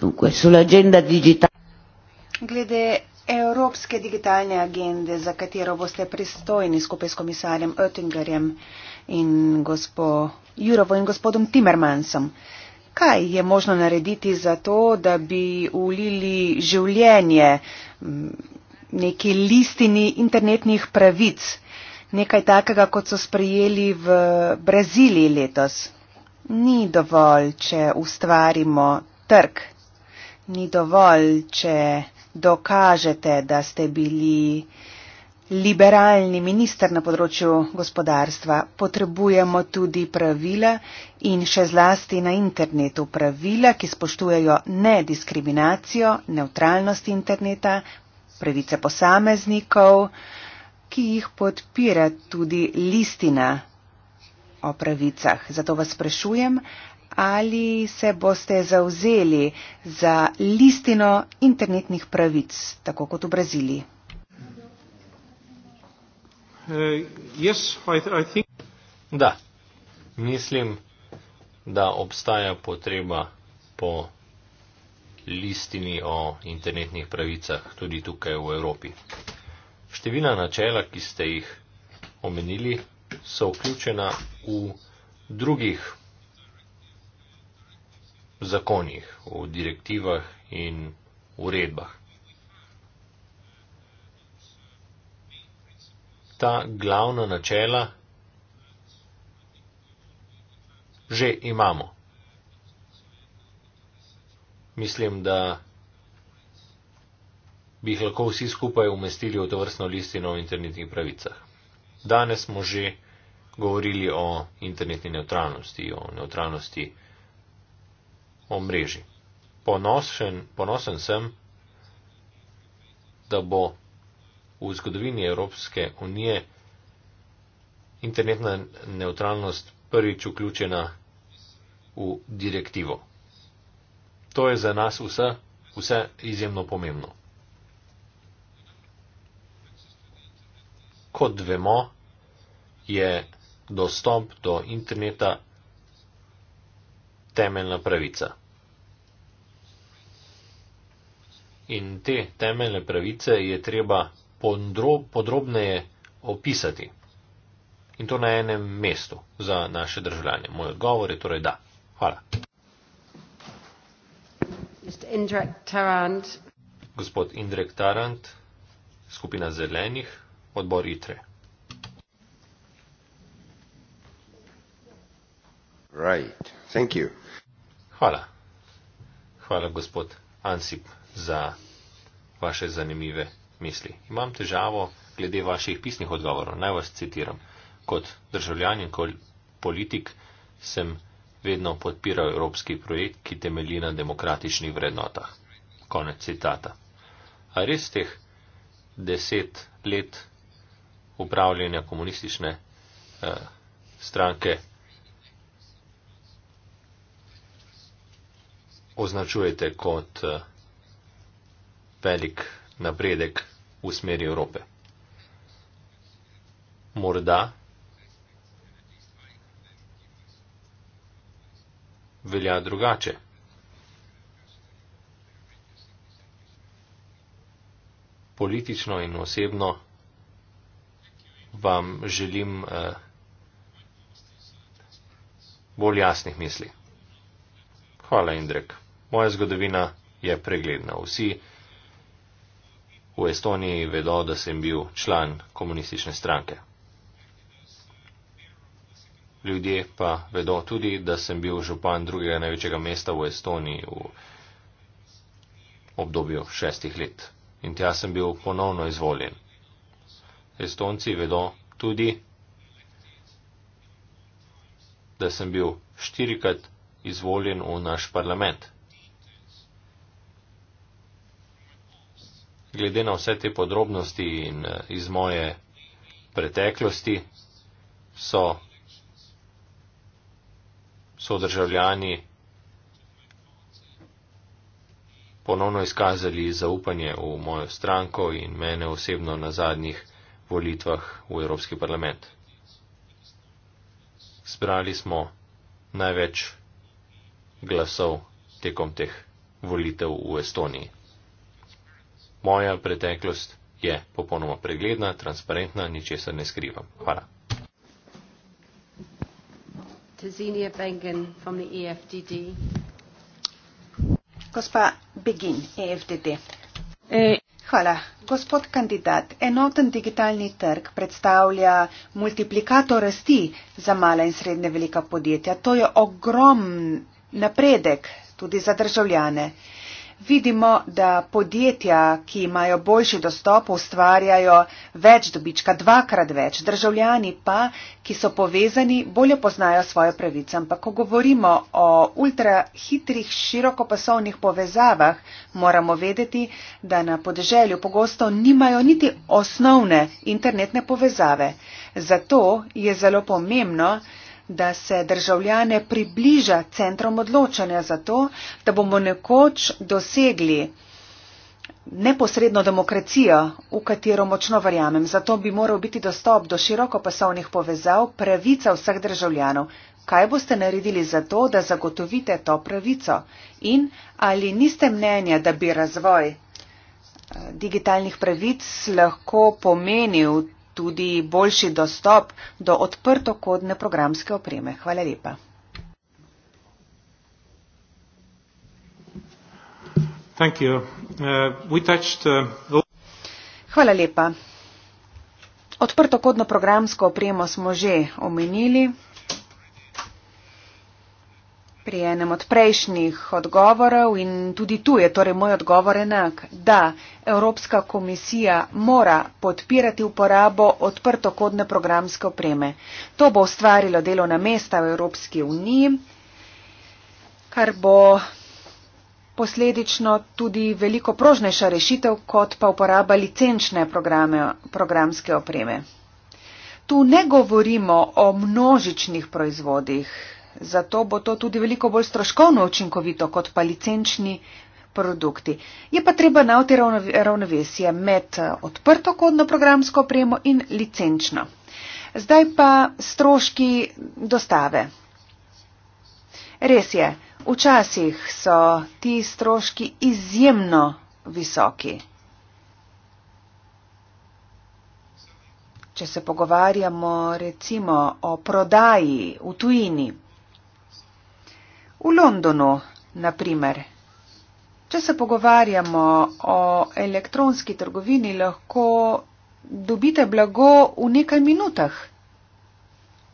S1: Dunque, sull'agenda
S4: digitale.
S3: Glede evropske digitalne agende, za katero boste pristojni skupaj s komisarjem Oettingerjem, in gospo Jurovo in gospodom Timmermansom. Kaj je možno narediti za to, da bi ulili življenje neki listini internetnih pravic, nekaj takega, kot so sprejeli v Braziliji letos? Ni dovolj, če ustvarimo trg. Ni dovolj, če dokažete, da ste bili liberalni minister na področju gospodarstva, potrebujemo tudi pravila in še zlasti na internetu pravila, ki spoštujejo nediskriminacijo, neutralnost interneta, pravice posameznikov, ki jih podpira tudi listina o pravicah. Zato vas sprašujem, ali se boste zauzeli za listino internetnih pravic, tako kot v Braziliji.
S4: Uh, da, mislim,
S2: da obstaja potreba po listini o internetnih pravicah tudi tukaj v Evropi. Števila načela, ki ste jih omenili, so vključena v drugih zakonih, v direktivah in uredbah. ta glavna načela že imamo. Mislim, da bi jih lahko vsi skupaj umestili v to vrstno listino o internetnih pravicah. Danes smo že govorili o internetni neutralnosti, o neutralnosti omrežij. Ponosen, ponosen sem, da bo v zgodovini Evropske unije internetna neutralnost prvič vključena v direktivo. To je za nas vse, vse izjemno pomembno. Kot vemo, je dostop do interneta temeljna pravica. In te temeljne pravice je treba podrobneje opisati. In to na enem mestu za naše državljanje. Moj odgovor je torej da. Hvala. Gospod Indrek Tarant, skupina zelenih, odbor ITRE. Right. Thank you. Hvala. Hvala, gospod Ansip, za vaše zanimive misli. Imam težavo glede vaših pisnih odgovorov. Naj vas citiram. Kot državljan in kot politik sem vedno podpiral evropski projekt, ki temelji na demokratičnih vrednotah. Konec citata. A res teh deset let upravljanja komunistične eh, stranke označujete kot eh, velik napredek v smeri Evrope. Morda velja drugače. Politično in osebno vam želim eh, bolj jasnih misli. Hvala, Indrek. Moja zgodovina je pregledna. Vsi V Estoniji vedo, da sem bil član komunistične stranke. Ljudje pa vedo tudi, da sem bil župan drugega največjega mesta v Estoniji v obdobju šestih let. In tja sem bil ponovno izvoljen. Estonci vedo tudi, da sem bil štirikrat izvoljen v naš parlament. glede na vse te podrobnosti in eh, iz moje preteklosti, so, so državljani ponovno izkazali zaupanje v mojo stranko in mene osebno na zadnjih volitvah v Evropski parlament. Zbrali smo največ glasov tekom teh volitev v Estoniji. Moja preteklost je popolnoma pregledna, transparentna, ničesar ne skrivam. Hvala.
S1: Tazinija Bengen from the EFDD. Gospa Begin, EFDD.
S4: E
S3: Hvala. Gospod kandidat, enoten digitalni trg predstavlja multiplikator rasti za mala in srednje velika podjetja. To je ogromen napredek tudi za državljane vidimo, da podjetja, ki imajo boljši dostop, ustvarjajo več dobička, dvakrat več. Državljani pa, ki so povezani, bolje poznajo svoje pravice. Ampak, ko govorimo o ultrahitrih širokopasovnih povezavah, moramo vedeti, da na podeželju pogosto nimajo niti osnovne internetne povezave. Zato je zelo pomembno, da se državljane približa centrom odločanja za to, da bomo nekoč dosegli neposredno demokracijo, v katero močno verjamem. Zato bi moral biti dostop do širokopasovnih povezav pravica vseh državljanov. Kaj boste naredili za to, da zagotovite to pravico? In ali niste mnenja, da bi razvoj eh, digitalnih pravic lahko pomenil tudi boljši dostop do odprtokodne programske opreme. Hvala lepa.
S4: Uh, uh,
S3: Hvala lepa. Odprtokodno programsko opremo smo že omenili pri enem od prejšnjih odgovorov in tudi tu je torej moj odgovor enak, da Evropska komisija mora podpirati uporabo odprtokodne programske opreme. To bo ustvarilo delovna mesta v Evropski uniji, kar bo posledično tudi veliko prožnejša rešitev, kot pa uporaba licenčne programe, programske opreme. Tu ne govorimo o množičnih proizvodih, zato bo to tudi veliko bolj stroškovno učinkovito kot pa licenčni produkti. Je pa treba navti ravnovesje med eh, odprto kodno programsko opremo in licenčno. Zdaj pa stroški dostave. Res je, včasih so ti stroški izjemno visoki. Če se pogovarjamo recimo o prodaji v tujini, V Londonu, na primer. Če se pogovarjamo o elektronski trgovini, lahko dobite blago v nekaj minutah.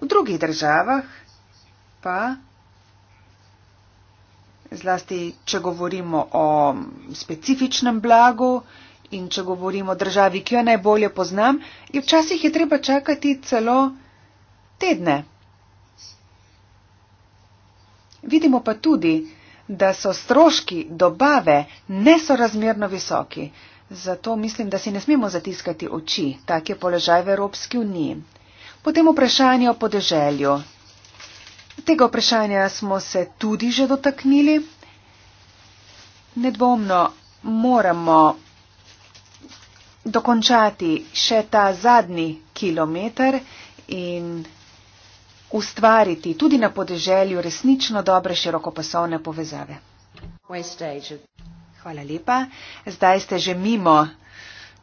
S3: V drugih državah pa, zlasti če govorimo o specifičnem blagu in če govorimo o državi, ki jo najbolje poznam, je včasih je treba čakati celo tedne. Vidimo pa tudi, da so stroški dobave nesorazmerno visoki. Zato mislim, da si ne smemo zatiskati oči, tak je položaj v Evropski uniji. Potem vprašanje o podeželju. Tega vprašanja smo se tudi že dotaknili. Nedvomno moramo dokončati še ta zadnji kilometr in ustvariti tudi na podeželju resnično dobre širokopasovne povezave. Hvala lepa. Zdaj ste že mimo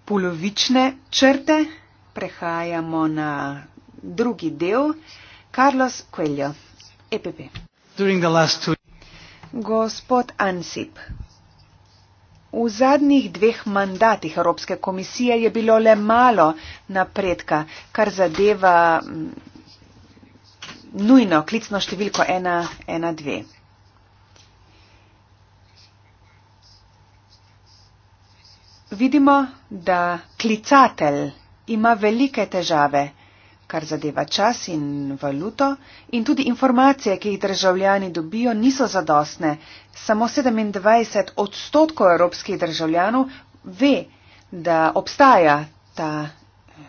S3: polovične črte. Prehajamo na drugi del. Carlos Coelho, EPP.
S4: Two...
S3: Gospod Ansip. V zadnjih dveh mandatih Evropske komisije je bilo le malo napredka, kar zadeva nujno klicno številko 112. Vidimo, da klicatelj ima velike težave, kar zadeva čas in valuto, in tudi informacije, ki jih državljani dobijo, niso zadostne. Samo 27 odstotkov evropskih državljanov ve, da obstaja ta eh,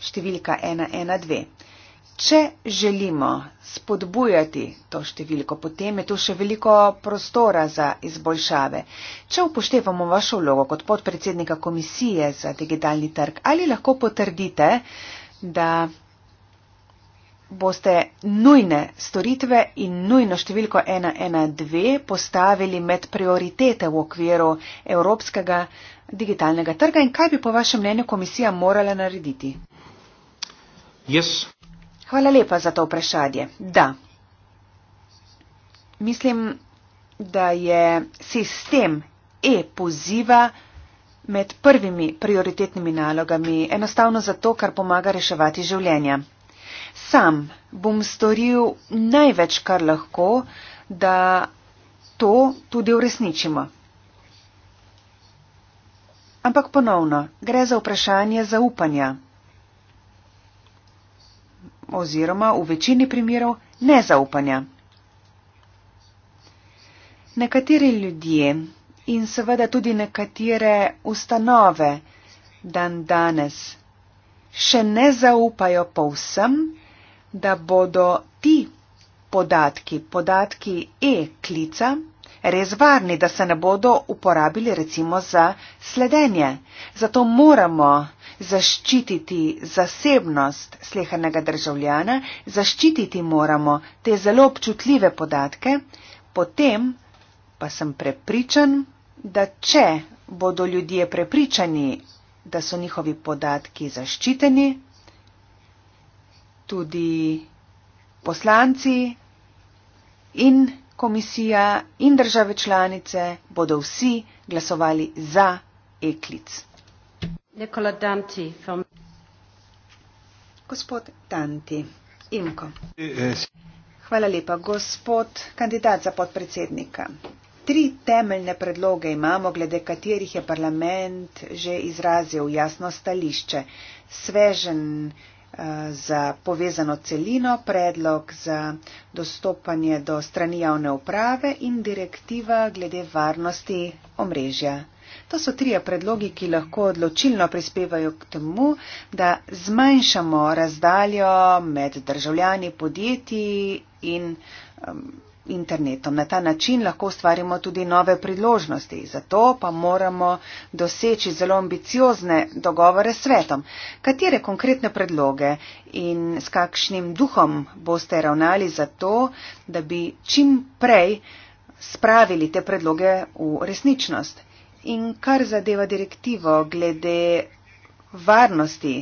S3: številka 112. Če želimo spodbujati to številko, potem je tu še veliko prostora za izboljšave. Če upoštevamo vašo vlogo kot podpredsednika komisije za digitalni trg, ali lahko potrdite, da boste nujne storitve in nujno številko 112 postavili med prioritete v okviru evropskega digitalnega trga in kaj bi po vašem mnenju komisija morala narediti? Yes. Hvala lepa za to vprašanje. Da. Mislim, da je sistem e-poziva med prvimi prioritetnimi nalogami enostavno zato, kar pomaga reševati življenja. Sam bom storil največ, kar lahko, da to tudi uresničimo. Ampak ponovno, gre za vprašanje zaupanja oziroma v večini primerov nezaupanja. Nekateri ljudje in seveda tudi nekatere ustanove dan danes še ne zaupajo povsem, da bodo ti podatki, podatki e-klica, res varni, da se ne bodo uporabili recimo za sledenje. Zato moramo zaščititi zasebnost slehenega državljana, zaščititi moramo te zelo občutljive podatke, potem pa sem prepričan, da če bodo ljudje prepričani, da so njihovi podatki zaščiteni, tudi poslanci in komisija in države članice bodo vsi glasovali za eklic. Nikola Danti from Gospod Danti, Imko. Hvala lepa, gospod kandidat za podpredsednika. Tri temeljne predloge imamo, glede katerih je parlament že izrazil jasno stališče. Svežen eh, za povezano celino, predlog za dostopanje do strani javne uprave in direktiva glede varnosti omrežja To so trije predlogi, ki lahko odločilno prispevajo k temu, da zmanjšamo razdaljo med državljani, podjetji in um, internetom. Na ta način lahko ustvarimo tudi nove priložnosti. Zato pa moramo doseči zelo ambiciozne dogovore s svetom. Katere konkretne predloge in s kakšnim duhom boste ravnali za to, da bi čim prej spravili te predloge v resničnost? In kar zadeva direktivo glede varnosti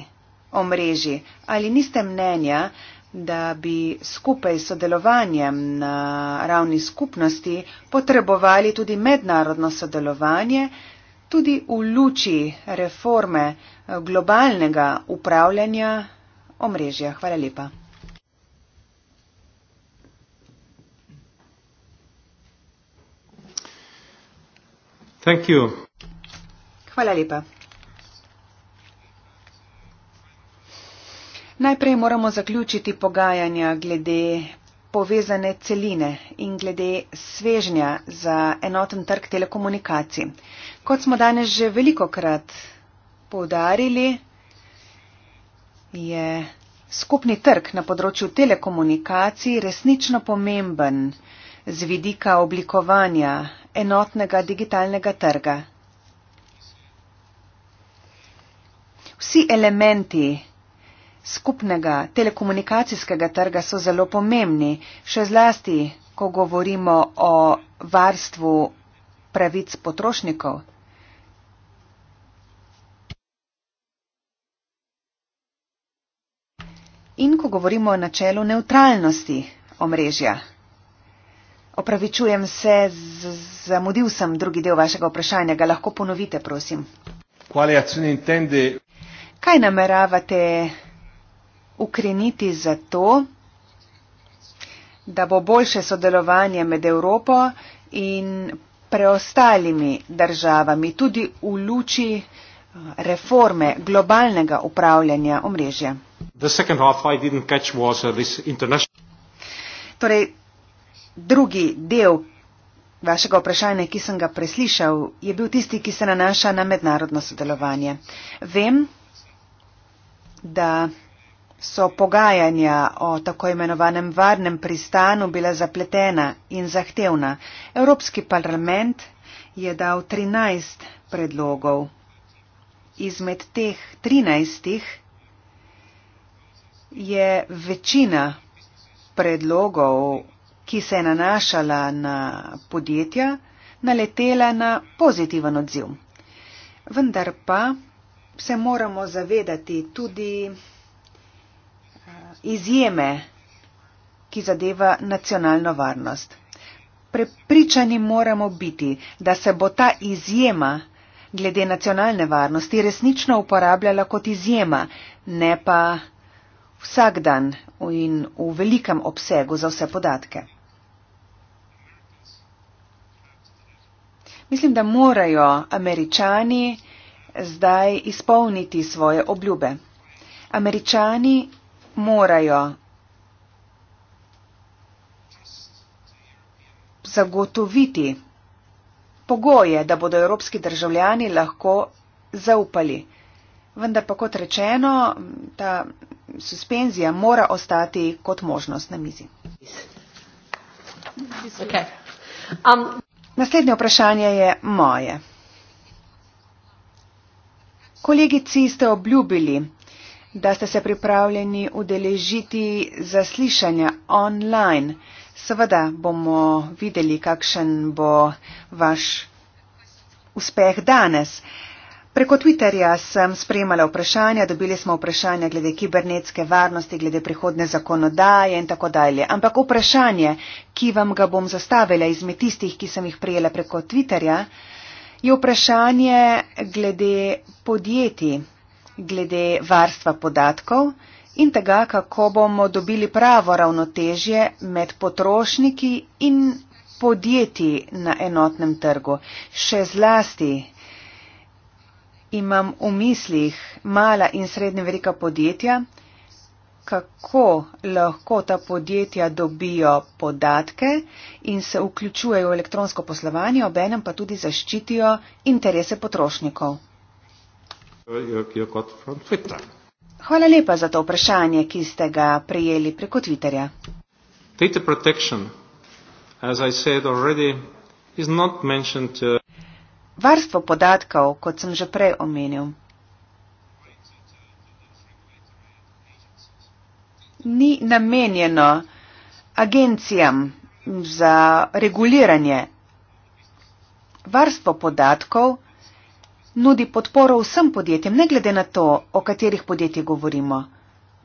S3: omrežji, ali niste mnenja, da bi skupaj s sodelovanjem na ravni skupnosti potrebovali tudi mednarodno sodelovanje, tudi v luči reforme eh, globalnega upravljanja omrežja. Hvala lepa. Thank you. Hvala lepa. Najprej moramo zaključiti pogajanja glede povezane celine in glede svežnja za enoten trg telekomunikacij. Kot smo danes že veliko krat poudarili, je skupni trg na področju telekomunikacij resnično pomemben z vidika oblikovanja enotnega digitalnega trga. Vsi elementi skupnega telekomunikacijskega trga so zelo pomembni, še zlasti, ko govorimo o varstvu pravic potrošnikov. In ko govorimo o načelu neutralnosti omrežja. Opravičujem se, zamudil sem drugi del vašega vprašanja, ga lahko ponovite, prosim. Kaj nameravate ukreniti za to, da bo boljše sodelovanje med Evropo in preostalimi državami, tudi v luči eh, reforme globalnega upravljanja omrežja?
S4: Uh,
S3: torej, drugi del vašega vprašanja, ki sem ga preslišal, je bil tisti, ki se nanaša na mednarodno sodelovanje. Vem, da so pogajanja o tako imenovanem varnem pristanu bila zapletena in zahtevna. Evropski parlament je dal 13 predlogov. Izmed teh 13 je večina predlogov ki se je nanašala na podjetja, naletela na pozitiven odziv. Vendar pa se moramo zavedati tudi eh, izjeme, ki zadeva nacionalno varnost. Prepričani moramo biti, da se bo ta izjema glede nacionalne varnosti resnično uporabljala kot izjema, ne pa vsak dan in v velikem obsegu za vse podatke. Mislim, da morajo američani zdaj izpolniti svoje obljube. Američani morajo zagotoviti pogoje, da bodo evropski državljani lahko zaupali. Vendar pa kot rečeno, ta suspenzija mora ostati kot možnost na mizi.
S4: Okay. Um,
S3: Naslednje vprašanje je moje. Kolegici ste obljubili, da ste se pripravljeni udeležiti zaslišanja online. Seveda bomo videli, kakšen bo vaš uspeh danes. Uh, Preko Twitterja sem spremala vprašanja, dobili smo vprašanja glede kibernetske varnosti, glede prihodne zakonodaje in tako dalje. Ampak vprašanje, ki vam ga bom zastavila izmed tistih, ki sem jih prijela preko Twitterja, je vprašanje glede podjetij, glede varstva podatkov in tega, kako bomo dobili pravo ravnotežje med potrošniki in podjetji na enotnem trgu. Še zlasti imam v mislih mala in srednje velika podjetja, kako lahko ta podjetja dobijo podatke in se vključujejo v elektronsko poslovanje, ob enem pa tudi zaščitijo interese potrošnikov. Hvala lepa za to vprašanje, ki ste ga prijeli preko Twitterja.
S4: Data protection, as I said already, is not mentioned. Uh...
S3: Varstvo podatkov, kot sem že prej omenil, ni namenjeno agencijam za reguliranje. Varstvo podatkov nudi podporo vsem podjetjem, ne glede na to, o katerih podjetjih govorimo,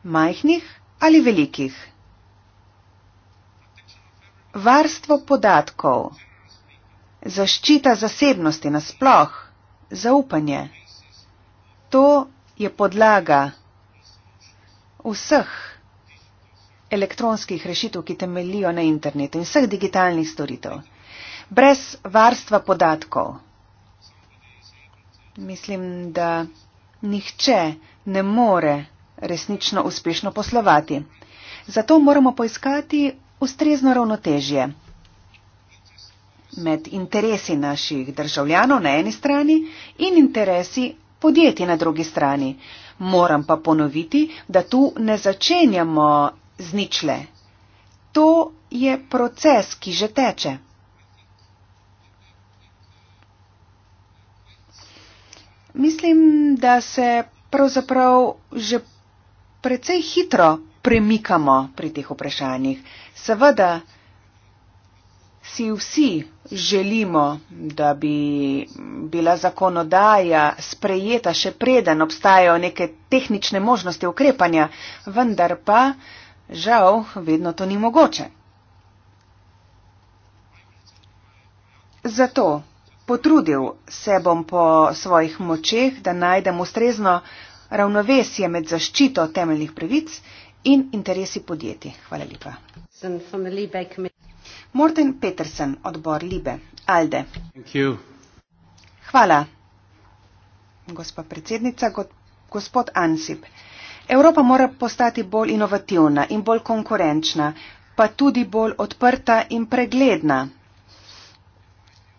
S3: majhnih ali velikih. Varstvo podatkov zaščita zasebnosti nasploh, zaupanje. To je podlaga vseh elektronskih rešitev, ki temelijo na internetu in vseh digitalnih storitev. Brez varstva podatkov. Mislim, da nihče ne more resnično uspešno poslovati. Zato moramo poiskati ustrezno ravnotežje med interesi naših državljanov na eni strani in interesi podjetij na drugi strani. Moram pa ponoviti, da tu ne začenjamo z ničle. To je proces, ki že teče. Mislim, da se pravzaprav že precej hitro premikamo pri teh vprašanjih. Seveda, si vsi želimo, da bi bila zakonodaja sprejeta še preden obstajajo neke tehnične možnosti ukrepanja, vendar pa žal vedno to ni mogoče. Zato potrudil se bom po svojih močeh, da najdem ustrezno ravnovesje med zaščito temeljnih pravic in interesi podjetij. Hvala lepa. Morten Petersen, odbor Libe. Alde. Hvala, gospa predsednica, gospod Ansip. Evropa mora postati bolj inovativna in bolj konkurenčna, pa tudi bolj odprta in pregledna.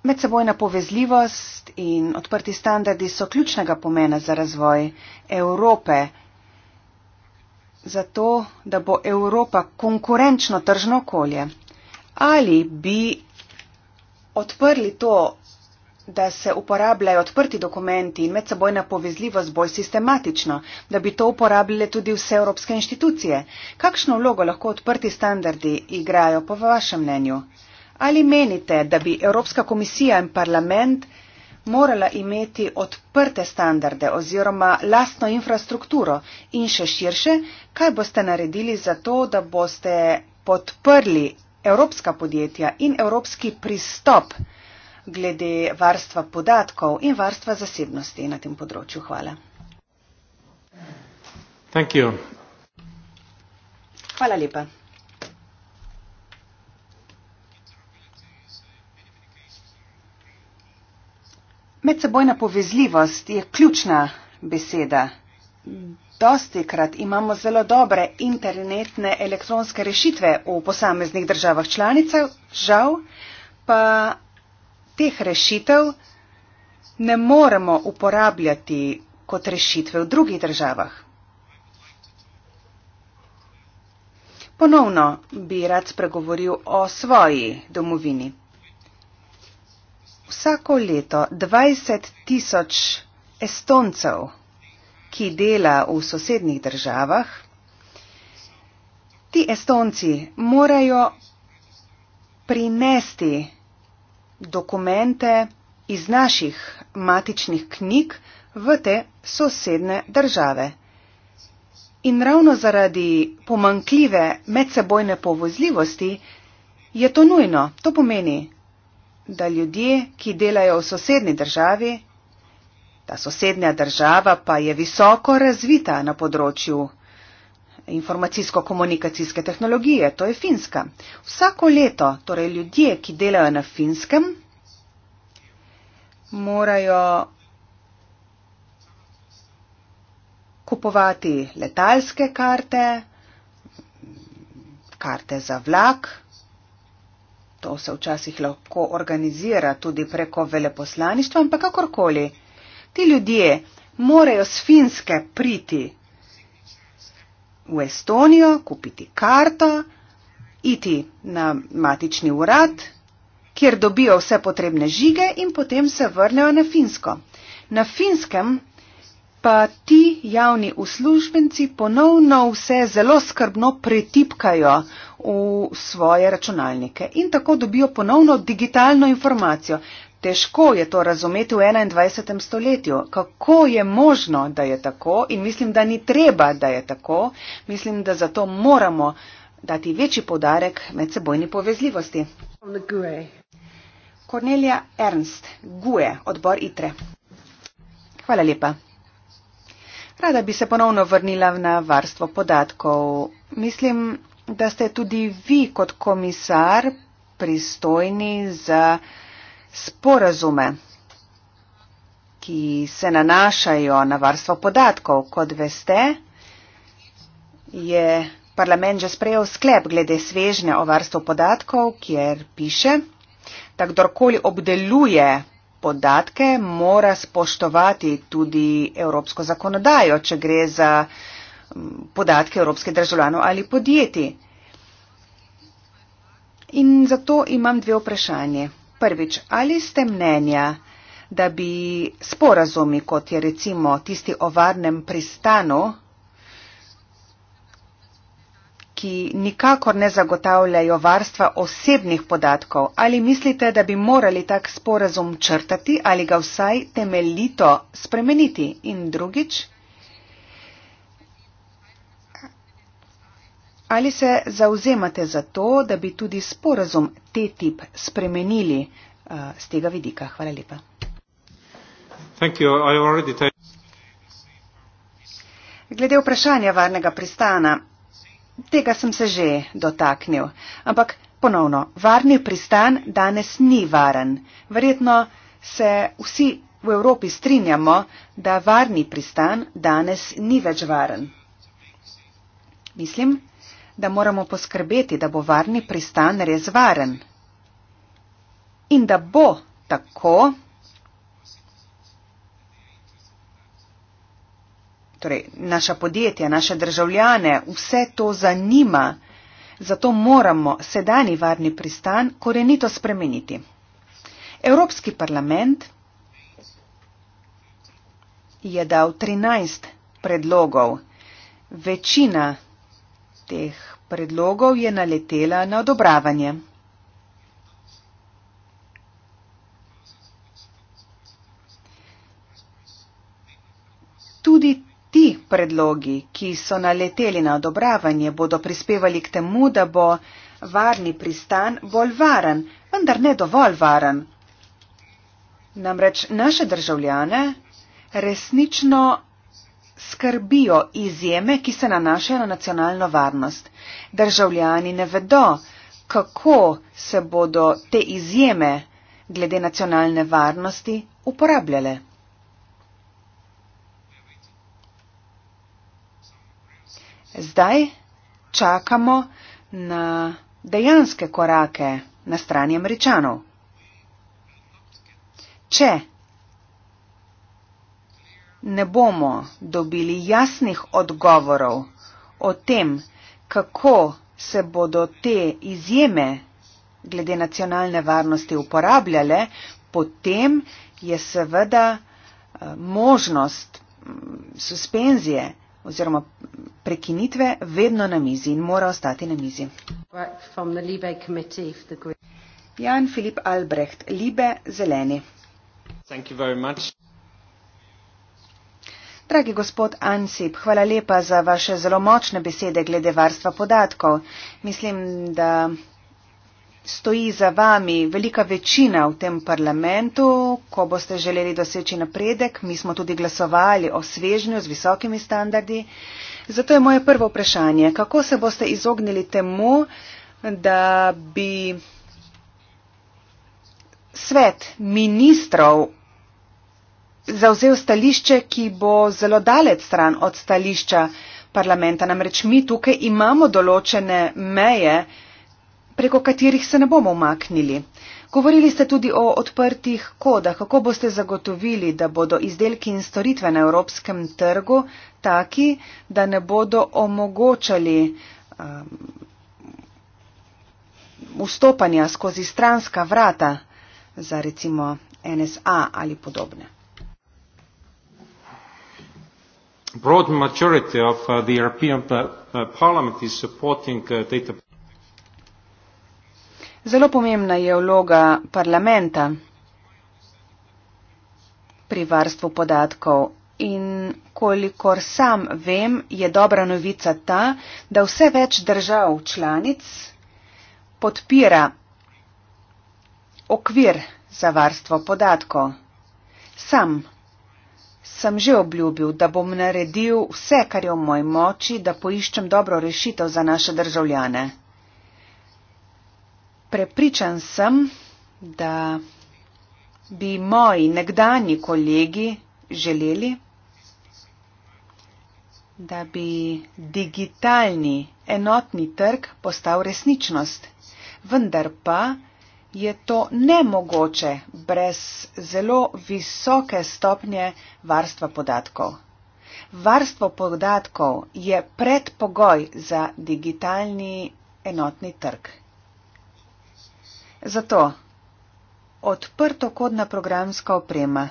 S3: Medsebojna povezljivost in odprti standardi so ključnega pomena za razvoj Evrope, zato da bo Evropa konkurenčno tržno okolje ali bi odprli to, da se uporabljajo odprti dokumenti in medsebojna povezljivost bolj sistematično, da bi to uporabljale tudi vse evropske inštitucije. Kakšno vlogo lahko odprti standardi igrajo po vašem mnenju? Ali menite, da bi Evropska komisija in parlament morala imeti odprte standarde oziroma lastno infrastrukturo in še širše, kaj boste naredili za to, da boste podprli evropska podjetja in evropski pristop glede varstva podatkov in varstva zasebnosti na tem področju. Hvala. Thank you. Hvala lepa. Medsebojna povezljivost je ključna beseda. Dosti krat imamo zelo dobre internetne elektronske rešitve v posameznih državah članicah, žal pa teh rešitev ne moremo uporabljati kot rešitve v drugih državah. Ponovno bi rad spregovoril o svoji domovini. Vsako leto 20 tisoč estoncev ki dela v sosednjih državah, ti estonci morajo prinesti dokumente iz naših matičnih knjig v te sosedne države. In ravno zaradi pomankljive medsebojne povozljivosti je to nujno. To pomeni, da ljudje, ki delajo v sosednji državi, Ta sosednja država pa je visoko razvita na področju informacijsko-komunikacijske tehnologije, to je Finska. Vsako leto, torej ljudje, ki delajo na Finskem, morajo kupovati letalske karte, karte za vlak. To se včasih lahko organizira tudi preko veleposlaništva, ampak kakorkoli. Ti ljudje morajo z Finske priti v Estonijo, kupiti karto, iti na matični urad, kjer dobijo vse potrebne žige in potem se vrnejo na Finsko. Na Finskem pa ti javni uslužbenci ponovno vse zelo skrbno pretipkajo v svoje računalnike in tako dobijo ponovno digitalno informacijo. Težko je to razumeti v 21. stoletju. Kako je možno, da je tako in mislim, da ni treba, da je tako. Mislim, da zato moramo dati večji podarek medsebojni povezljivosti. Kornelija Ernst, GUE, odbor ITRE. Hvala lepa. Rada bi se ponovno vrnila na varstvo podatkov. Mislim, da ste tudi vi kot komisar pristojni za sporazume, ki se nanašajo na varstvo podatkov. Kot veste, je parlament že sprejel sklep glede svežnja o varstvu podatkov, kjer piše, da kdorkoli obdeluje podatke, mora spoštovati tudi evropsko zakonodajo, če gre za podatke evropskih državljanov ali podjetij. In zato imam dve vprašanje. Prvič, ali ste mnenja, da bi sporazumi, kot je recimo tisti o varnem pristanu, ki nikakor ne zagotavljajo varstva osebnih podatkov, ali mislite, da bi morali tak sporazum črtati ali ga vsaj temeljito spremeniti? In drugič, Ali se zauzemate za to, da bi tudi sporazum te tip spremenili uh, eh, z tega vidika? Hvala lepa. Glede vprašanja varnega pristana, tega sem se že dotaknil. Ampak ponovno, varni pristan danes ni varen. Verjetno se vsi v Evropi strinjamo, da varni pristan danes ni več varen. Mislim, da moramo poskrbeti, da bo varni pristan res varen. In da bo tako, torej naša podjetja, naše državljane, vse to zanima, zato moramo sedani varni pristan korenito spremeniti. Evropski parlament je dal 13 predlogov, večina teh predlogov je naletela na odobravanje. Tudi ti predlogi, ki so naleteli na odobravanje, bodo prispevali k temu, da bo varni pristan bolj varen, vendar ne dovolj varen. Namreč naše državljane resnično skrbijo izjeme, ki se nanašajo na nacionalno varnost. Državljani ne vedo, kako se bodo te izjeme glede nacionalne varnosti uporabljale. Zdaj čakamo na dejanske korake na strani američanov. Če ne bomo dobili jasnih odgovorov o tem, kako se bodo te izjeme glede nacionalne varnosti uporabljale, potem je seveda eh, možnost mm, suspenzije oziroma prekinitve vedno na mizi in mora ostati na mizi. Jan Filip Albrecht, Libe Zeleni. Dragi gospod Ansip, hvala lepa za vaše zelo močne besede glede varstva podatkov. Mislim, da stoji za vami velika večina v tem parlamentu, ko boste želeli doseči napredek. Mi smo tudi glasovali o svežnju z visokimi standardi. Zato je moje prvo vprašanje, kako se boste izognili temu, da bi svet ministrov zauzel stališče, ki bo zelo daleč stran od stališča parlamenta. Namreč mi tukaj imamo določene meje, preko katerih se ne bomo umaknili. Govorili ste tudi o odprtih kodah. Kako boste zagotovili, da bodo izdelki in storitve na evropskem trgu taki, da ne bodo omogočali um, vstopanja skozi stranska vrata za recimo NSA ali podobne?
S4: broad majority of uh, the European uh, uh, Parliament is supporting uh, data.
S3: Zelo pomembna je vloga parlamenta pri varstvu podatkov in kolikor sam vem, je dobra novica ta, da vse več držav članic podpira okvir za varstvo podatkov. Sam sem že obljubil, da bom naredil vse, kar je v moji moči, da poiščem dobro rešitev za naše državljane. Prepričan sem, da bi moji nekdani kolegi želeli, da bi digitalni enotni trg postal resničnost. Vendar pa je to nemogoče brez zelo visoke stopnje varstva podatkov. Varstvo podatkov je predpogoj za digitalni enotni trg. Zato odprto kodna programska oprema.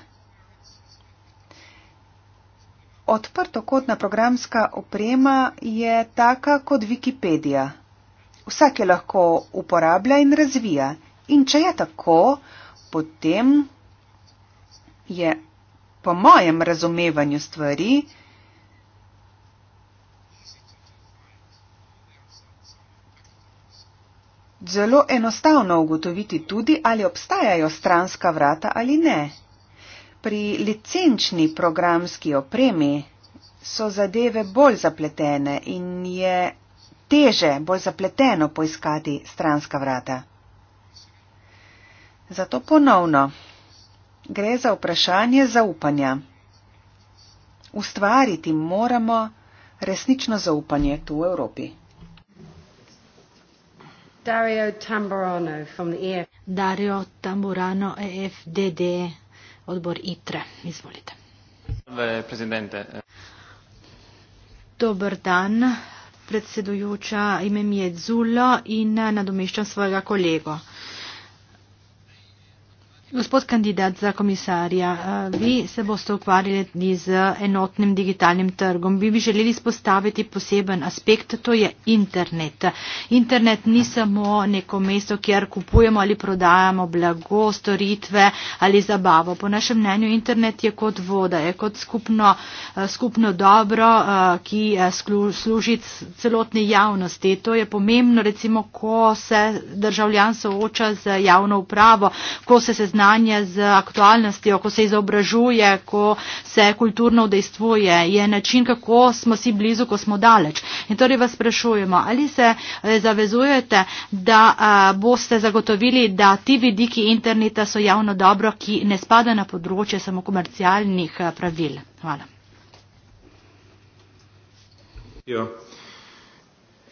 S3: Odprto kodna programska oprema je taka kot Wikipedija. Vsak je lahko uporablja in razvija. In če je tako, potem je po mojem razumevanju stvari zelo enostavno ugotoviti tudi, ali obstajajo stranska vrata ali ne. Pri licenčni programski opremi so zadeve bolj zapletene in je teže, bolj zapleteno poiskati stranska vrata. Zato ponovno gre za vprašanje zaupanja. Ustvariti moramo resnično zaupanje tu v Evropi.
S1: Dario Tamburano, e Dario Tamburano EFDD, odbor ITRE. Izvolite. Dobr dan, predsedujoča. Ime mi je Zulo in eh, nadomeščam svojega kolego. Gospod kandidat za komisarja, eh, vi se boste ukvarjali z enotnim digitalnim trgom. Bi bi želeli spostaviti poseben aspekt, to je internet. Internet ni samo neko mesto, kjer kupujemo ali prodajamo blago, storitve ali zabavo. Po našem mnenju internet je kot voda, je kot skupno, eh, skupno dobro, eh, ki služi celotni javnosti. To je pomembno, recimo, ko se državljan sooča z javno upravo, ko se se znamo seznanje z aktualnostjo, ko se izobražuje, ko se kulturno udejstvuje, je način, kako smo si blizu, ko smo daleč. In torej vas sprašujemo, ali se eh, zavezujete, da eh, boste zagotovili, da ti vidiki interneta so javno dobro, ki ne spada na področje samo komercialnih eh, pravil. Hvala.
S4: Jo. Ja.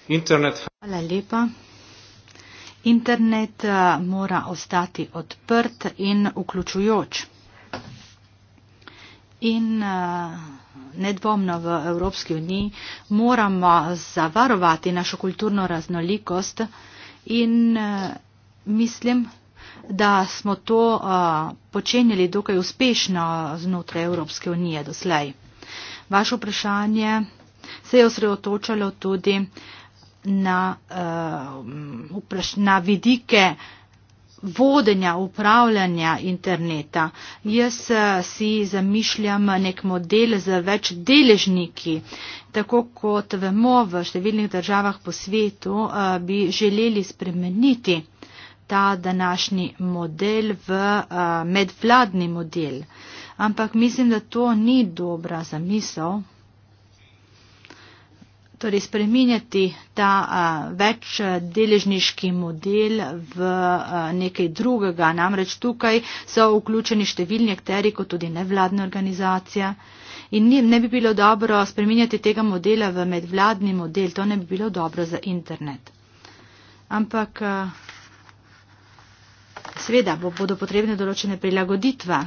S4: Internet.
S1: Hvala lepa. Internet eh, mora ostati odprt in vključujoč. In eh, nedvomno v Evropski uniji moramo zavarovati našo kulturno raznolikost in eh, mislim, da smo to počenjali dokaj uspešno znotraj Evropske unije doslej. Vaše vprašanje se je osredotočalo tudi na, uh, na vidike vodenja, upravljanja interneta. Jaz eh, si zamišljam nek model z več deležniki. Tako kot vemo, v številnih državah po svetu eh, bi želeli spremeniti ta današnji model v medvladni model. Ampak mislim, da to ni dobra zamisel, torej spreminjati ta večdeležniški model v nekaj drugega. Namreč tukaj so vključeni številni akteri, kot tudi nevladna organizacija. In ne bi bilo dobro spreminjati tega modela v medvladni model, to ne bi bilo dobro za internet. Ampak seveda bodo potrebne določene prilagoditve.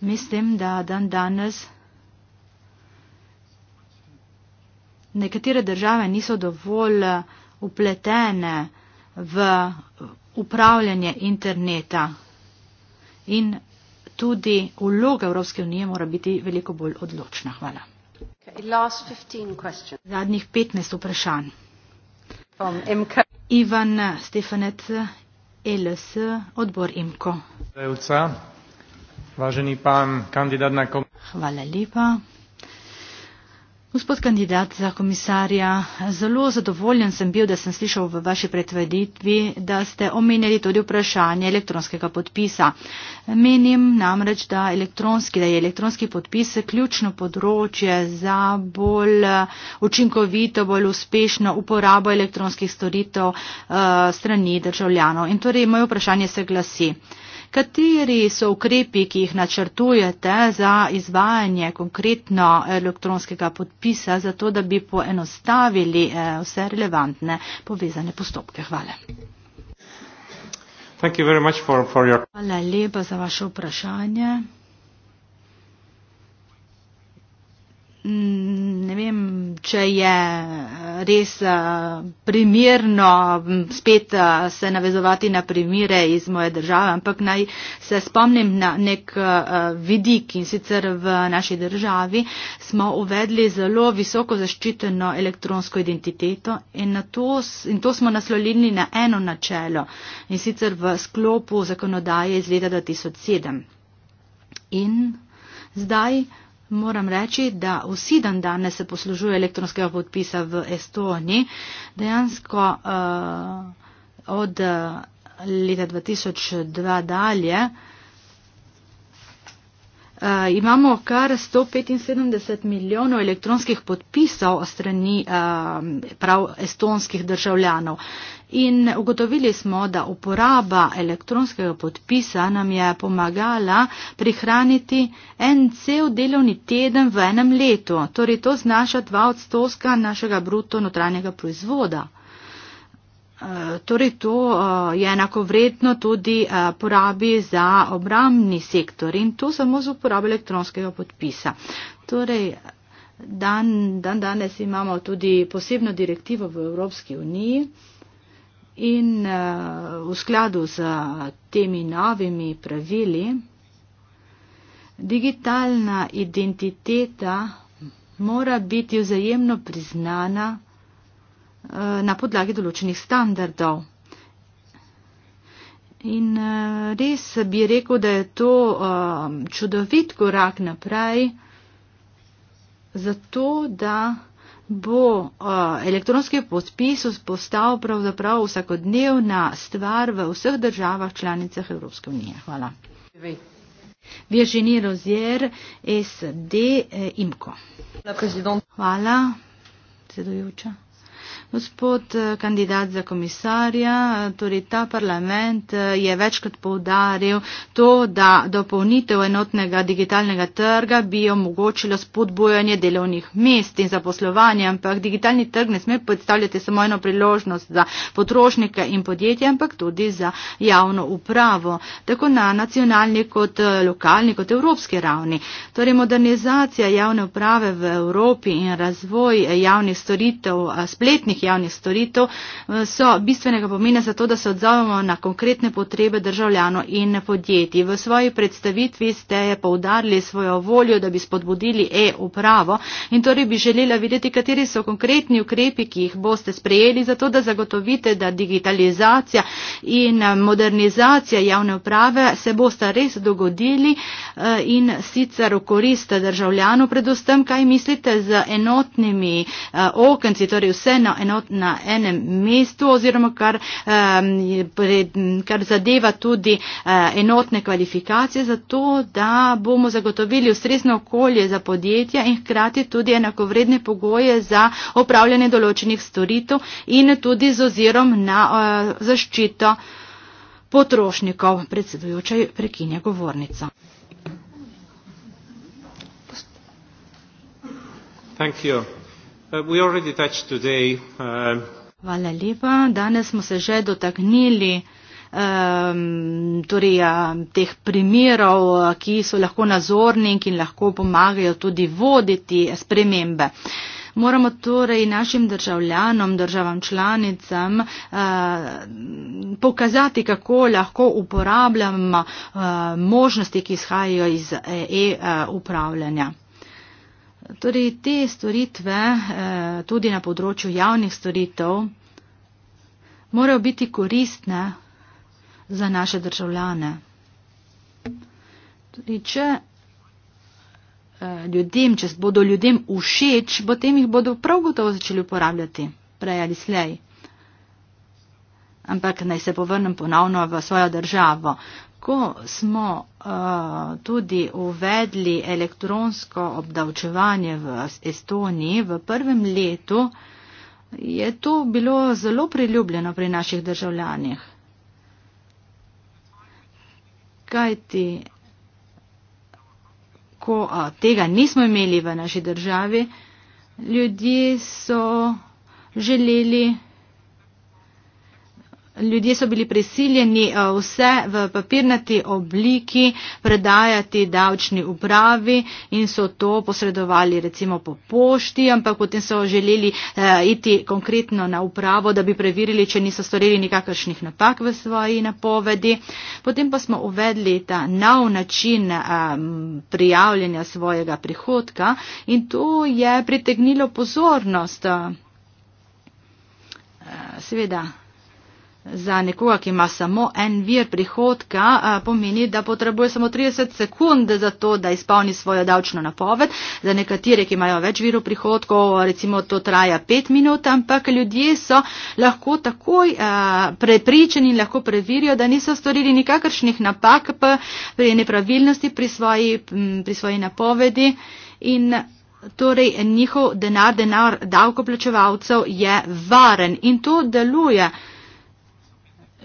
S1: Mislim, da dan danes nekatere države niso dovolj upletene eh, v upravljanje interneta in tudi vloga Evropske unije mora biti veliko bolj odločna. Hvala. Zadnjih 15 vprašanj. Ivan Stefanec, LS, odbor IMKO.
S4: Vážený pán kandidát na kom...
S1: Hvala lepa. Gospod kandidat za komisarja, zelo zadovoljen sem bil, da sem slišal v vaši pretveditvi, da ste omenjali tudi vprašanje elektronskega podpisa. Menim namreč, da, da je elektronski podpis ključno področje za bolj eh, učinkovito, bolj uspešno uporabo elektronskih storitev uh, strani državljanov. In torej moje vprašanje se glasi. Uh, Kateri so ukrepi, ki jih načrtujete za izvajanje konkretno elektronskega podpisa, zato da bi poenostavili eh, vse relevantne povezane postopke? Hvala. Hvala lepa za vaše vprašanje. Mm, ne vem, če je eh, res eh, primirno mm, spet eh, se navezovati na primire iz moje države, ampak naj se spomnim na nek vidik in sicer v naši državi smo uvedli zelo visoko zaščiteno elektronsko identiteto in, to, in to smo naslovili na eno načelo in sicer v sklopu zakonodaje iz leta 2007. In zdaj Moram reči, da vsi dan danes se poslužuje elektronskega podpisa v Estoniji. Dejansko uh, od uh, leta 2002 dalje uh, Uh, imamo kar 175 milijonov elektronskih podpisov strani uh, prav estonskih državljanov. In ugotovili smo, da uporaba elektronskega podpisa nam je pomagala prihraniti en cel delovni teden v enem letu. Torej to znaša dva odstotka našega bruto notranjega proizvoda. Eh, torej to eh, je enako vredno tudi eh, porabi za obramni sektor in to samo z uporabo elektronskega podpisa. Torej, dan, dan danes imamo tudi posebno direktivo v Evropski uniji in v skladu z temi novimi pravili digitalna identiteta mora biti vzajemno priznana Eh, na podlagi določenih standardov. In eh, res bi rekel, da je to eh, čudovit korak naprej za to, da bo elektronski podpis postal pravzaprav vsakodnevna stvar v vseh državah članicah Evropske unije. Hvala. Virginie Rozier, SD, IMCO. Hvala, predsedujoča. Gospod eh, kandidat za komisarja, eh, torej ta parlament eh, je večkrat povdaril to, da dopolnitev enotnega digitalnega trga bi omogočilo spodbojanje delovnih mest in zaposlovanje, ampak digitalni trg ne sme predstavljati samo eno priložnost za potrošnike in podjetje, ampak tudi za javno upravo, tako na nacionalni kot lokalni kot evropski ravni. Torej modernizacija javne uprave v Evropi in razvoj javnih storitev spletnih nekih javnih storitev, eh, so bistvenega pomena za to, da se odzovemo na konkretne potrebe državljano in podjetij. V svoji predstavitvi ste poudarili svojo voljo, da bi spodbudili e-upravo in torej bi želela videti, kateri so konkretni ukrepi, ki jih boste sprejeli za to, da zagotovite, da digitalizacija in eh, modernizacija javne uprave se boste res dogodili eh, in sicer v korist državljanu predvsem, kaj mislite z enotnimi okenci, torej vse na enotnih enot na enem mestu oziroma kar, um, pred, kar zadeva tudi uh, enotne kvalifikacije za to, da bomo zagotovili ustrezno okolje za podjetja in hkrati tudi enakovredne pogoje za opravljanje določenih storitev in tudi z ozirom na uh, zaščito
S4: potrošnikov.
S1: Predsedujoča prekinja govornico.
S4: Thank you. Uh, um, Hvala
S1: lepa. Danes smo se že dotaknili um, torej, ja, teh primerov, ki so lahko nazorni in ki lahko pomagajo tudi voditi spremembe. Moramo torej našim državljanom, državam članicam uh, pokazati, kako lahko uporabljamo uh, možnosti, ki izhajajo iz e-upravljanja. Eh, e Torej, te storitve, eh, tudi na področju javnih storitev, morajo biti koristne za naše državljane. Torej, če eh, ljudem, če bodo ljudem všeč, potem jih bodo prav gotovo začeli uporabljati, prej ali slej. Ampak naj se povrnem ponovno v svojo državo. Ko smo uh, tudi uvedli elektronsko obdavčevanje v Estoniji v prvem letu, je to bilo zelo priljubljeno pri naših državljanih. Kaj ti, ko uh, tega nismo imeli v naši državi, ljudje so želeli ljudje so bili prisiljeni eh, vse v papirnati obliki predajati davčni upravi in so to posredovali recimo po pošti, ampak potem so želeli eh, iti konkretno na upravo, da bi preverili, če niso storili nikakršnih napak v svoji napovedi. Potem pa smo uvedli ta nov način eh, prijavljanja svojega prihodka in to je pritegnilo pozornost. Seveda, za nekoga, ki ima samo en vir prihodka, eh, pomeni, da potrebuje samo 30 sekund za to, da izpolni svojo davčno napoved. Za nekatere, ki imajo več virov prihodkov, recimo to traja 5 minut, ampak ljudje so lahko takoj eh, prepričani in lahko preverijo, da niso storili nikakršnih napak pri nepravilnosti pri svoji, pri svoji napovedi. In Torej, njihov denar, denar davkoplačevalcev je varen in to deluje.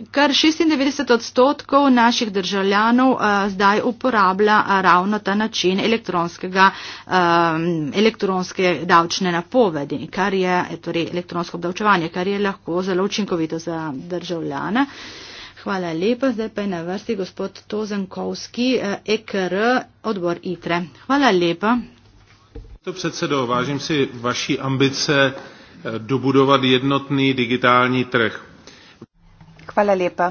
S1: Kar 96 odstotkov naših državljanov uh, zdaj uporablja uh, ravno ta način elektronskega, um, elektronske davčne napovedi, kar je eh, torej elektronsko obdavčevanje, kar je lahko zelo učinkovito za državljana. Hvala lepa. Zdaj pa je na vrsti gospod Tozenkovski, uh, EKR, odbor ITRE. Hvala lepa.
S4: To predsedo, vážim si vaši ambice dobudovat jednotný digitální trh.
S3: Hvala lepa.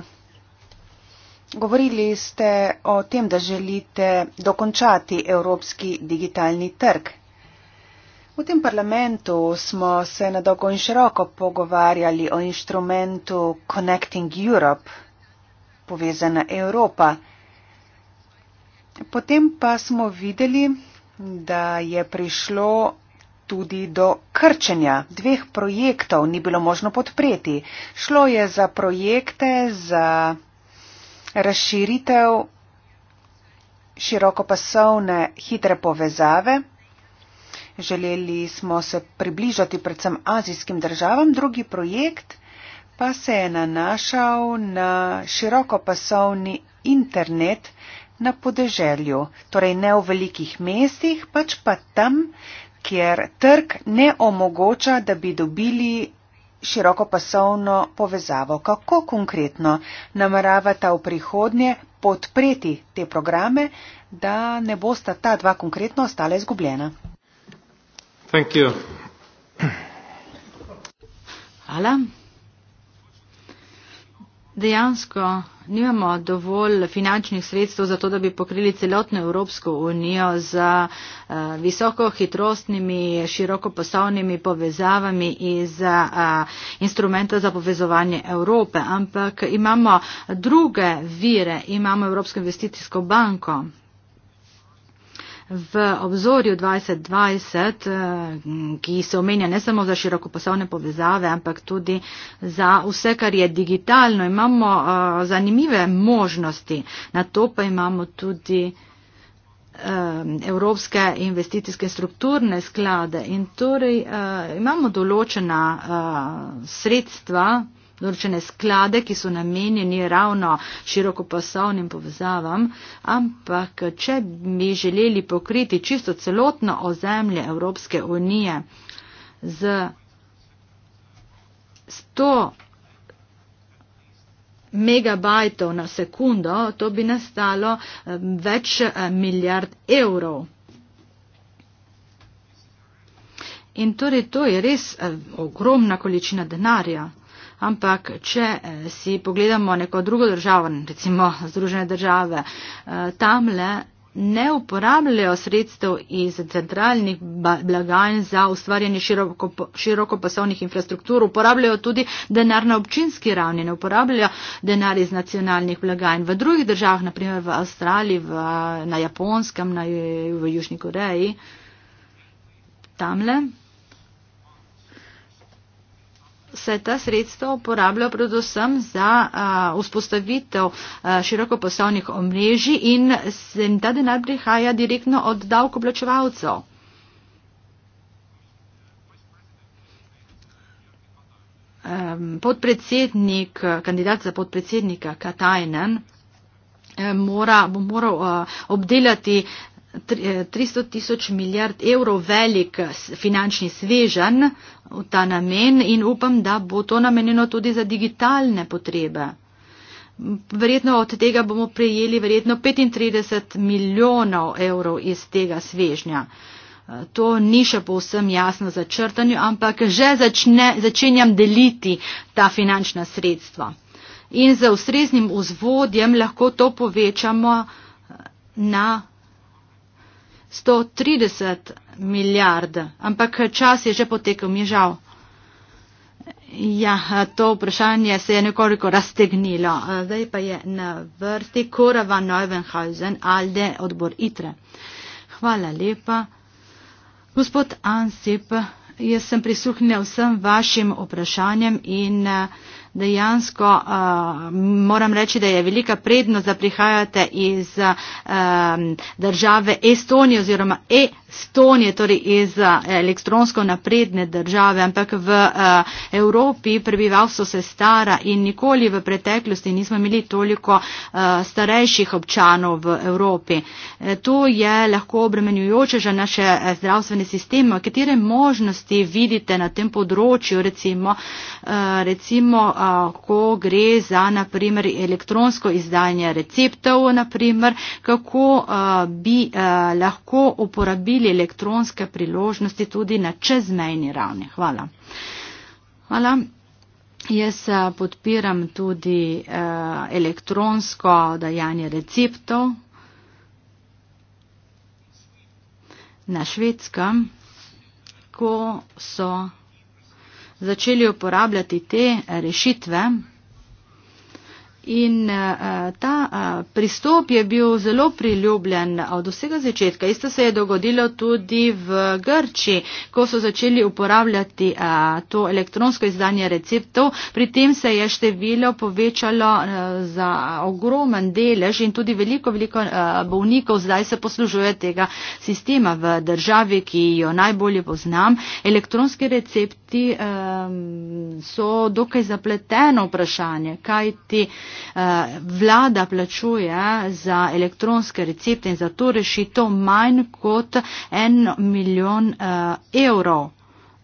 S3: Govorili ste o tem, da želite dokončati evropski digitalni trg. V tem parlamentu smo se na dolgo in široko pogovarjali o inštrumentu Connecting Europe, povezana Evropa. Potem pa smo videli, da je prišlo tudi do krčenja. Dveh projektov ni bilo možno podpreti. Šlo je za projekte za razširitev širokopasovne hitre povezave. Želeli smo se približati predvsem azijskim državam. Drugi projekt pa se je nanašal na širokopasovni internet na podeželju, torej ne v velikih mestih, pač pa tam, kjer trg ne omogoča, da bi dobili širokopasovno povezavo. Kako konkretno nameravata v prihodnje podpreti te programe, da ne bosta ta dva konkretno ostala
S1: izgubljena? Hvala dejansko nimamo dovolj finančnih sredstev za to, da bi pokrili celotno Evropsko unijo z eh, visokohitrostnimi, širokopasovnimi povezavami iz eh, instrumenta za povezovanje Evrope, ampak imamo druge vire, imamo Evropsko investicijsko banko, V obzorju 2020, eh, ki se omenja ne samo za širokoposlovne povezave, ampak tudi za vse, kar je digitalno, imamo eh, zanimive možnosti. Na to pa imamo tudi eh, evropske investicijske strukturne sklade in torej imamo določena sredstva določene sklade, ki so namenjeni ravno širokopasovnim povezavam, ampak če bi želeli pokriti čisto celotno ozemlje Evropske unije z 100 megabajtov na sekundo, to bi nastalo več milijard evrov. In torej to je res ogromna količina denarja. Ampak, če eh, si pogledamo neko drugo državo, recimo Združene države, eh, tamle ne uporabljajo sredstev iz centralnih blagajn za ustvarjanje širokopasovnih infrastruktur, uporabljajo tudi denar na občinski ravni, ne uporabljajo denar iz nacionalnih blagajn. V drugih državah, naprimer v Avstraliji, v, na Japonskem, na, v Južni Koreji, tamle se ta sredstva uporabljajo predvsem za uh, vzpostavitev uh, širokoposavnih omrežij in ta denar prihaja direktno od davkoplačevalcev. Podpredsednik, kandidat za podpredsednika Katajnen mora, bo moral obdelati 300 eh, tisoč milijard evrov velik eh, finančni svežan v ta namen in upam, da bo to namenjeno tudi za digitalne potrebe. Verjetno od tega bomo prejeli verjetno 35 milijonov evrov iz tega svežnja. Eh, to ni še povsem jasno za črtanje, ampak že začne, začenjam deliti ta finančna sredstva. In z ustreznim vzvodjem lahko to povečamo na 130 milijard, ampak čas je že potekel, mi je žal. Ja, to vprašanje se je nekoliko raztegnilo. Zdaj pa je na vrsti Korava Neuvenhausen, Alde, odbor ITRE. Hvala lepa. Gospod Ansip, jaz sem prisluhnila vsem vašim vprašanjem in uh, dejansko uh, moram reči, da je velika prednost, da prihajate iz uh, države Estonije oziroma E. Stonje torej iz eh, elektronsko napredne države, ampak v eh, Evropi prebivalstvo se stara in nikoli v preteklosti nismo imeli toliko eh, starejših občanov v Evropi. To je lahko obremenjujoče za naše zdravstvene sisteme. Katere možnosti vidite na tem področju, recimo, recimo ko gre za naprimer, elektronsko izdanje receptov, naprimer, kako bi lahko uporabili razvili elektronske priložnosti tudi na čezmejni ravni. Hvala. Hvala. Jaz eh, podpiram tudi uh, elektronsko dajanje receptov na švedskem, ko so začeli uporabljati te rešitve. In uh, ta uh, pristop je bil zelo priljubljen od vsega začetka. Isto se je dogodilo tudi v Grči, ko so začeli uporabljati uh, to elektronsko izdanje receptov. Pri tem se je število povečalo uh, za ogromen delež in tudi veliko, veliko uh, bolnikov zdaj se poslužuje tega sistema v državi, ki jo najbolje poznam. Elektronski recept kajti um, so dokaj zapleteno vprašanje, kajti uh, vlada plačuje za elektronske recepte in za to rešitev manj kot en milijon uh, evrov.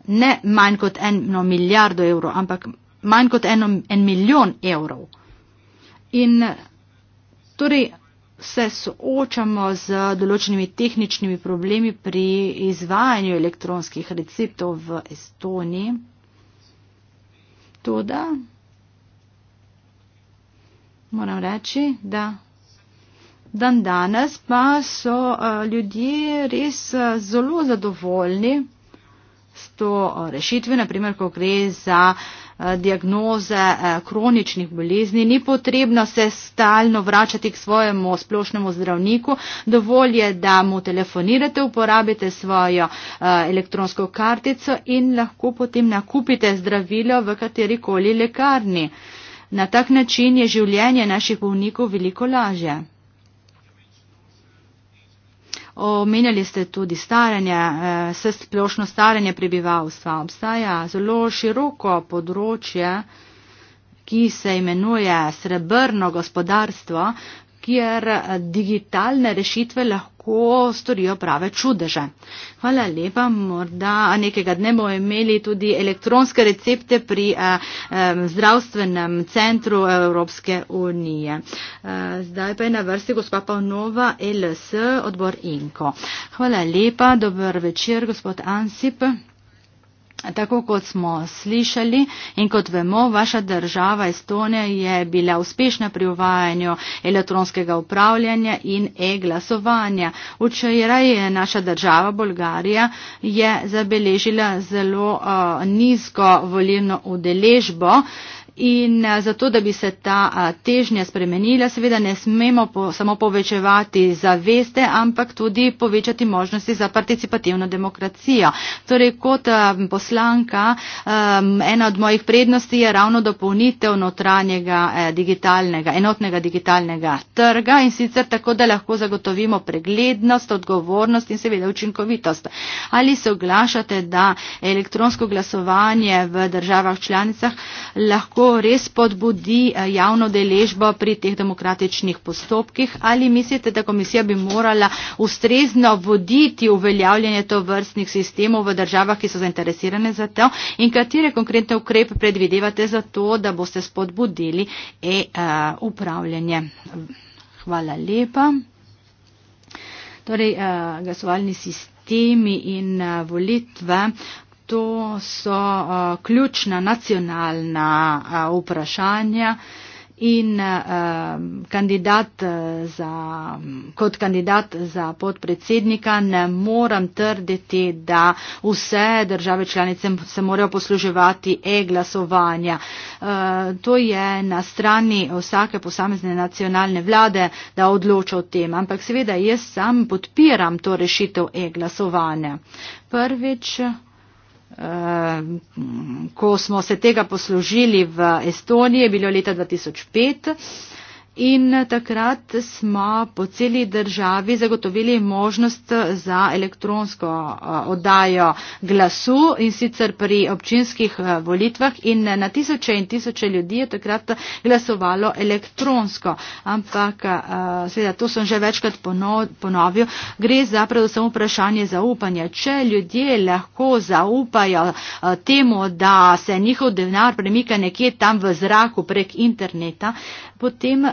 S1: Ne manj kot eno milijardo evrov, ampak manj kot eno, en milijon evrov. In torej se soočamo z določenimi tehničnimi problemi pri izvajanju elektronskih receptov v Estoniji. Toda moram reči, da dan danes pa so eh, ljudje res eh, zelo zadovoljni s to eh, rešitvijo, naprimer, ko gre za uh, Eh, diagnoze eh, kroničnih bolezni, ni potrebno se stalno vračati k svojemu splošnemu zdravniku, dovolj je, da mu telefonirate, uporabite svojo eh, elektronsko kartico in lahko potem nakupite zdravilo v katerikoli lekarni. Na tak način je življenje naših bolnikov veliko lažje. Omenjali ste tudi staranje, vse eh, splošno staranje prebivalstva. Obstaja zelo široko področje, ki se imenuje srebrno gospodarstvo, kjer digitalne rešitve lahko lahko storijo prave čudeže. Hvala lepa, morda nekega dne bomo imeli tudi elektronske recepte pri eh, eh, zdravstvenem centru Evropske unije. Eh, zdaj pa je na vrsti gospa Pavnova, LS, odbor Inko. Hvala lepa, dober večer, gospod Ansip. Tako kot smo slišali in kot vemo, vaša država Estonija je bila uspešna pri uvajanju elektronskega upravljanja in e-glasovanja. Včeraj je naša država Bolgarija je zabeležila zelo uh, nizko volilno udeležbo. Uh, In eh, zato, da bi se ta eh, težnja spremenila, seveda ne smemo po, samo povečevati zaveste, ampak tudi povečati možnosti za participativno demokracijo. Torej, kot eh, poslanka, ena od mojih prednosti je ravno dopolnitev notranjega digitalnega, enotnega digitalnega trga in sicer tako, da lahko zagotovimo preglednost, odgovornost in seveda učinkovitost. Ali se oglašate, da elektronsko glasovanje v državah članicah lahko res podbudi eh, javno deležbo pri teh demokratičnih postopkih? Ali mislite, da komisija bi morala ustrezno voditi uveljavljanje to vrstnih sistemov v državah, ki so zainteresirane za to? In katere konkretne ukrepe predvidevate za to, da boste spodbudili e-upravljanje? Eh, Hvala lepa. Torej, eh, glasovalni sistemi in volitve to so uh, ključna nacionalna uh, vprašanja in um, uh, kandidat za, kot kandidat za podpredsednika ne moram trditi, da vse države članice se morajo posluževati e-glasovanja. Uh, to je na strani vsake posamezne nacionalne vlade, da odloča o tem. Ampak seveda jaz sam podpiram to rešitev e-glasovanja. Prvič. Eh, ko smo se tega poslužili v Estoniji, je bilo leta 2005 in takrat smo po celi državi zagotovili možnost za elektronsko oddajo glasu in sicer pri občinskih volitvah in na tisoče in tisoče ljudi je takrat glasovalo elektronsko. Ampak, seveda, to sem že večkrat ponovil, gre za predvsem vprašanje zaupanja. Če ljudje lahko zaupajo temu, da se njihov denar premika nekje tam v zraku prek interneta, potem eh,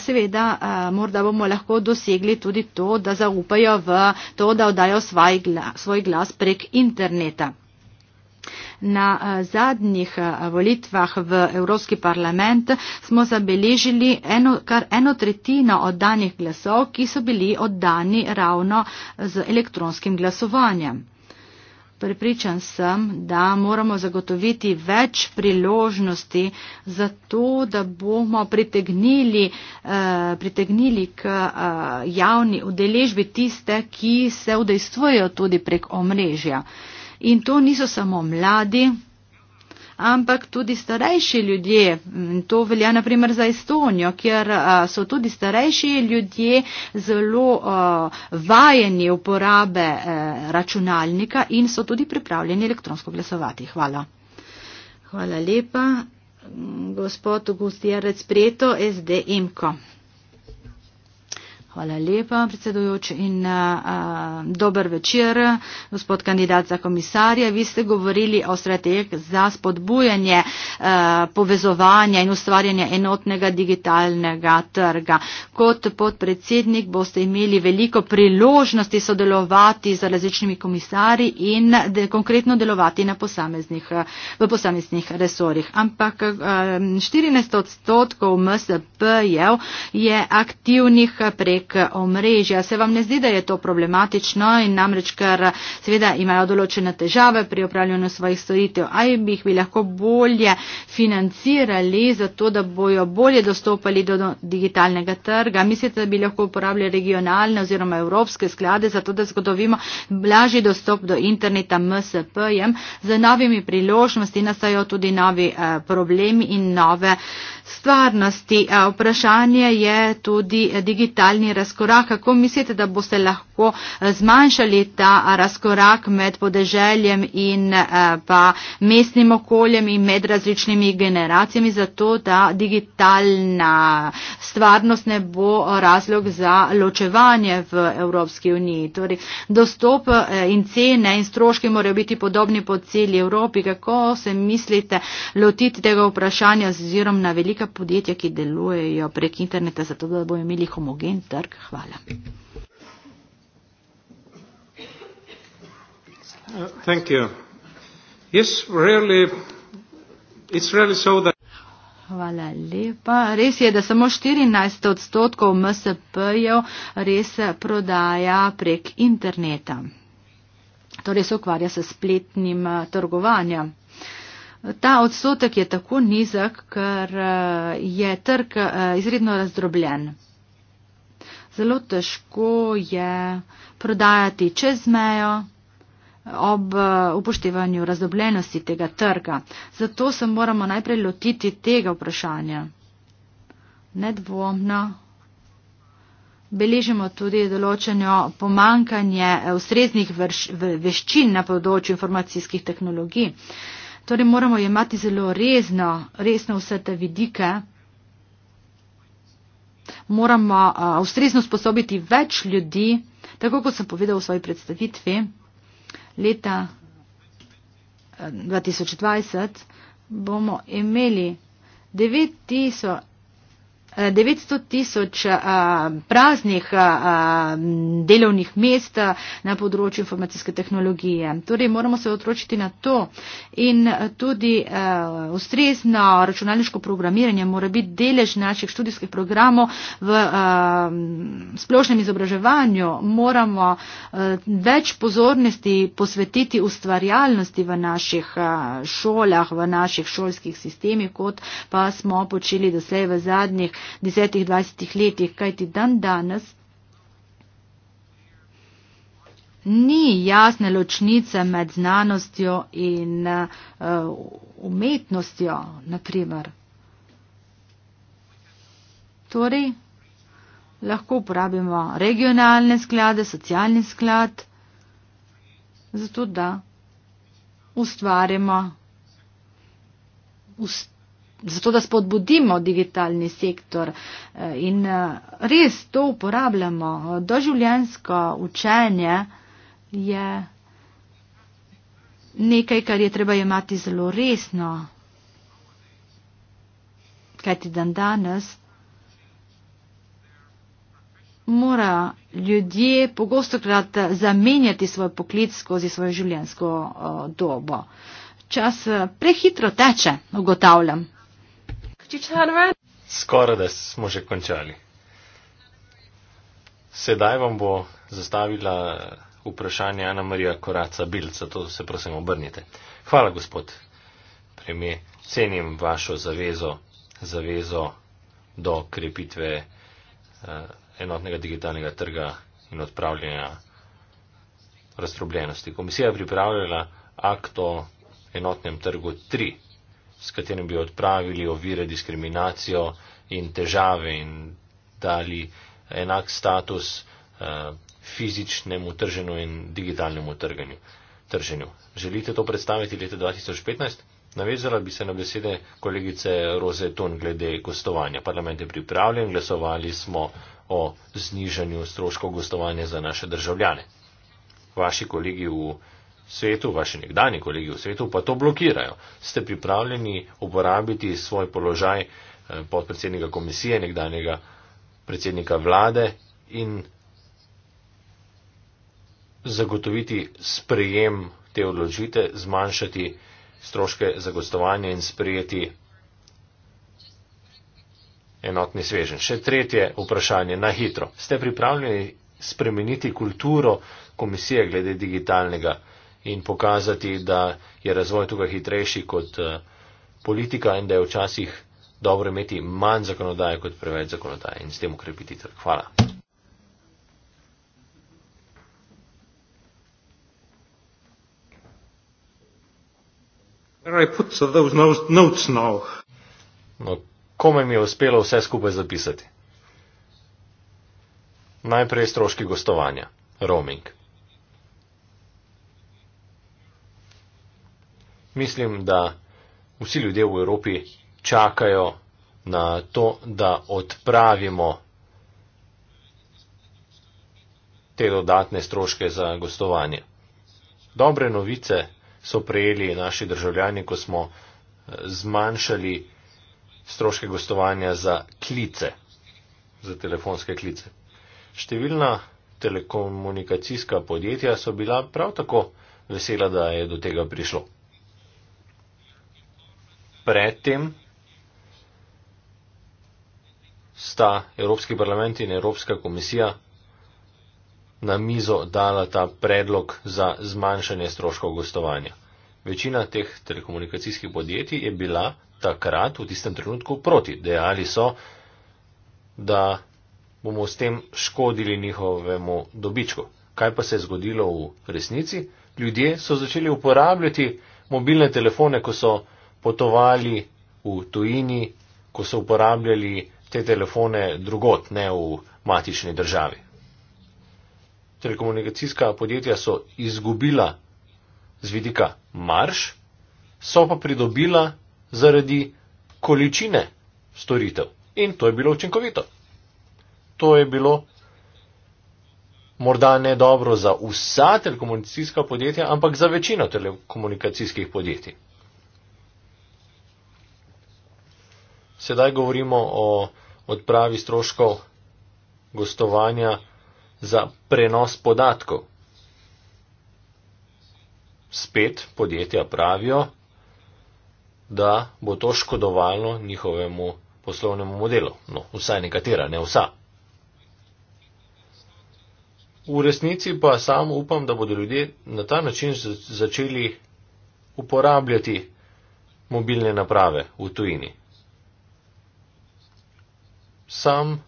S1: seveda eh, morda bomo lahko dosegli tudi to, da zaupajo v to, da oddajo svoj glas, svoj glas prek interneta. Na eh, zadnjih volitvah v Evropski parlament smo zabeležili eno, kar eno tretjino oddanih glasov, ki so bili oddani ravno z elektronskim glasovanjem. Pripričan sem, da moramo zagotoviti več priložnosti za to, da bomo pritegnili, eh, pritegnili k eh, javni udeležbi tiste, ki se udejstvujejo tudi prek omrežja. In to niso samo mladi, ampak tudi starejši ljudje. To velja naprimer za Estonijo, kjer so tudi starejši ljudje zelo vajeni uporabe računalnika in so tudi pripravljeni elektronsko glasovati. Hvala. Hvala lepa. Gospod Gustjerec Preto, SD Imko. Hvala lepa, predsedujoč in a, a, dober večer, gospod kandidat za komisarje. Vi ste govorili o strateg za spodbujanje a, povezovanja in ustvarjanje enotnega digitalnega trga. Kot podpredsednik boste imeli veliko priložnosti sodelovati z različnimi komisari in de, konkretno delovati posameznih, v posameznih resorih. Ampak a, 14 odstotkov MSP-jev je aktivnih prek prek omrežja. Se vam ne zdi, da je to problematično in namreč, ker seveda imajo določene težave pri upravljanju svojih storitev, ali bi jih bi lahko bolje financirali za to, da bojo bolje dostopali do digitalnega trga? Mislite, da bi lahko uporabljali regionalne oziroma evropske sklade za to, da zgodovimo blažji dostop do interneta MSP-jem? Z novimi priložnosti nastajajo tudi novi eh, problemi in nove stvarnosti. Eh, vprašanje je tudi eh, digitalni razkoraka, ko mislite, da boste lahko lahko eh, zmanjšali ta razkorak med podeželjem in eh, pa mestnim okoljem in med različnimi generacijami, zato da digitalna stvarnost ne bo razlog za ločevanje v Evropski uniji. Torej, dostop eh, in cene in stroški morajo biti podobni po celi Evropi. Kako se mislite lotiti tega vprašanja z ozirom na velika podjetja, ki delujejo prek interneta, zato da bomo imeli homogen trg? Hvala.
S4: thank you. Yes, really, it's really so that.
S1: Hvala lepa. Res je, da samo 14 odstotkov MSP-jev res prodaja prek interneta. Torej se ukvarja s spletnim eh, trgovanjem. Ta odstotek je tako nizek, ker eh, je trg eh, izredno razdrobljen. Zelo težko je prodajati čez mejo ob eh, upoštevanju razdobljenosti tega trga. Zato se moramo najprej lotiti tega vprašanja. Nedvomno beležimo tudi določeno pomankanje eh, ustreznih veščin na področju informacijskih tehnologij. Torej moramo imati zelo resno, resno vse te vidike. Moramo eh, ustrezno sposobiti več ljudi, tako kot sem povedal v svoji predstavitvi leta 2020 eh, bomo imeli 9000 900 tisoč eh, praznih eh, delovnih mest eh, na področju informacijske tehnologije. Torej moramo se otročiti na to in tudi ustrezno računalniško programiranje mora biti delež naših študijskih programov v splošnem izobraževanju. Moramo več pozornosti posvetiti ustvarjalnosti v naših šolah, v naših šolskih sistemih, kot pa smo počeli doslej v zadnjih desetih, dvajsetih letih, kajti dan danes ni jasne ločnice med znanostjo in uh, umetnostjo, naprimer. Torej, lahko uporabimo regionalne sklade, socialni sklad, zato da ustvarjamo ustvarjamo zato da spodbudimo digitalni sektor eh, in eh, res to uporabljamo. Doživljensko učenje je nekaj, kar je treba imati zelo resno, kajti dan danes mora ljudje pogosto krat zamenjati svoj poklic skozi svojo življenjsko eh, dobo. Čas prehitro teče, ugotavljam.
S4: Could you turn around?
S2: Skoraj da smo že končali. Sedaj vam bo zastavila vprašanje Ana Marija Koraca Bil, zato se prosim obrnite. Hvala, gospod premije. Cenim vašo zavezo, zavezo do krepitve uh, enotnega digitalnega trga in odpravljanja razdrobljenosti. Komisija je pripravljala akt o enotnem trgu 3 s katerim bi odpravili ovire, diskriminacijo in težave in dali enak status eh, fizičnemu trženju in digitalnemu trganju, trženju. Želite to predstaviti leta 2015? Navezala bi se na besede kolegice Roze Ton glede gostovanja. Parlament je pripravljen, glasovali smo o znižanju stroškov gostovanja za naše državljane. Vaši kolegi v svetu, vaši nekdani kolegi v svetu, pa to blokirajo. Ste pripravljeni uporabiti svoj položaj eh, podpredsednika komisije, nekdanjega predsednika vlade in zagotoviti sprejem te odločitve, zmanjšati stroške za gostovanje in sprejeti enotni svežen. Še tretje vprašanje na hitro. Ste pripravljeni spremeniti kulturo komisije glede digitalnega in pokazati, da je razvoj tukaj hitrejši kot eh, politika in da je včasih dobro imeti manj zakonodaje kot preveč zakonodaje in s tem ukrepiti trg. Hvala. No, kome mi je uspelo vse skupaj zapisati? Najprej stroški gostovanja, roaming. Mislim, da vsi ljudje v Evropi čakajo na to, da odpravimo te dodatne stroške za gostovanje. Dobre novice so prejeli naši državljani, ko smo eh, zmanjšali stroške gostovanja za klice, za telefonske klice. Številna telekomunikacijska podjetja so bila prav tako vesela, da je do tega prišlo predtem sta Evropski parlament in Evropska komisija na mizo dala ta predlog za zmanjšanje stroškov gostovanja. Večina teh telekomunikacijskih podjetij je bila takrat v tistem trenutku proti. Dejali so, da bomo s tem škodili njihovemu dobičku. Kaj pa se je zgodilo v resnici? Ljudje so začeli uporabljati mobilne telefone, ko so potovali v tujini, ko so uporabljali te telefone drugot, ne v matični državi. Telekomunikacijska podjetja so izgubila z vidika marš, so pa pridobila zaradi količine storitev. In to je bilo učinkovito. To je bilo morda ne dobro za vsa telekomunikacijska podjetja, ampak za večino telekomunikacijskih podjetij. Sedaj govorimo o odpravi stroškov gostovanja za prenos podatkov. Spet podjetja pravijo, da bo to škodovalno njihovemu poslovnemu modelu. No, vsaj nekatera, ne vsa. V resnici pa sam upam, da bodo ljudje na ta način začeli uporabljati mobilne naprave v tujini sam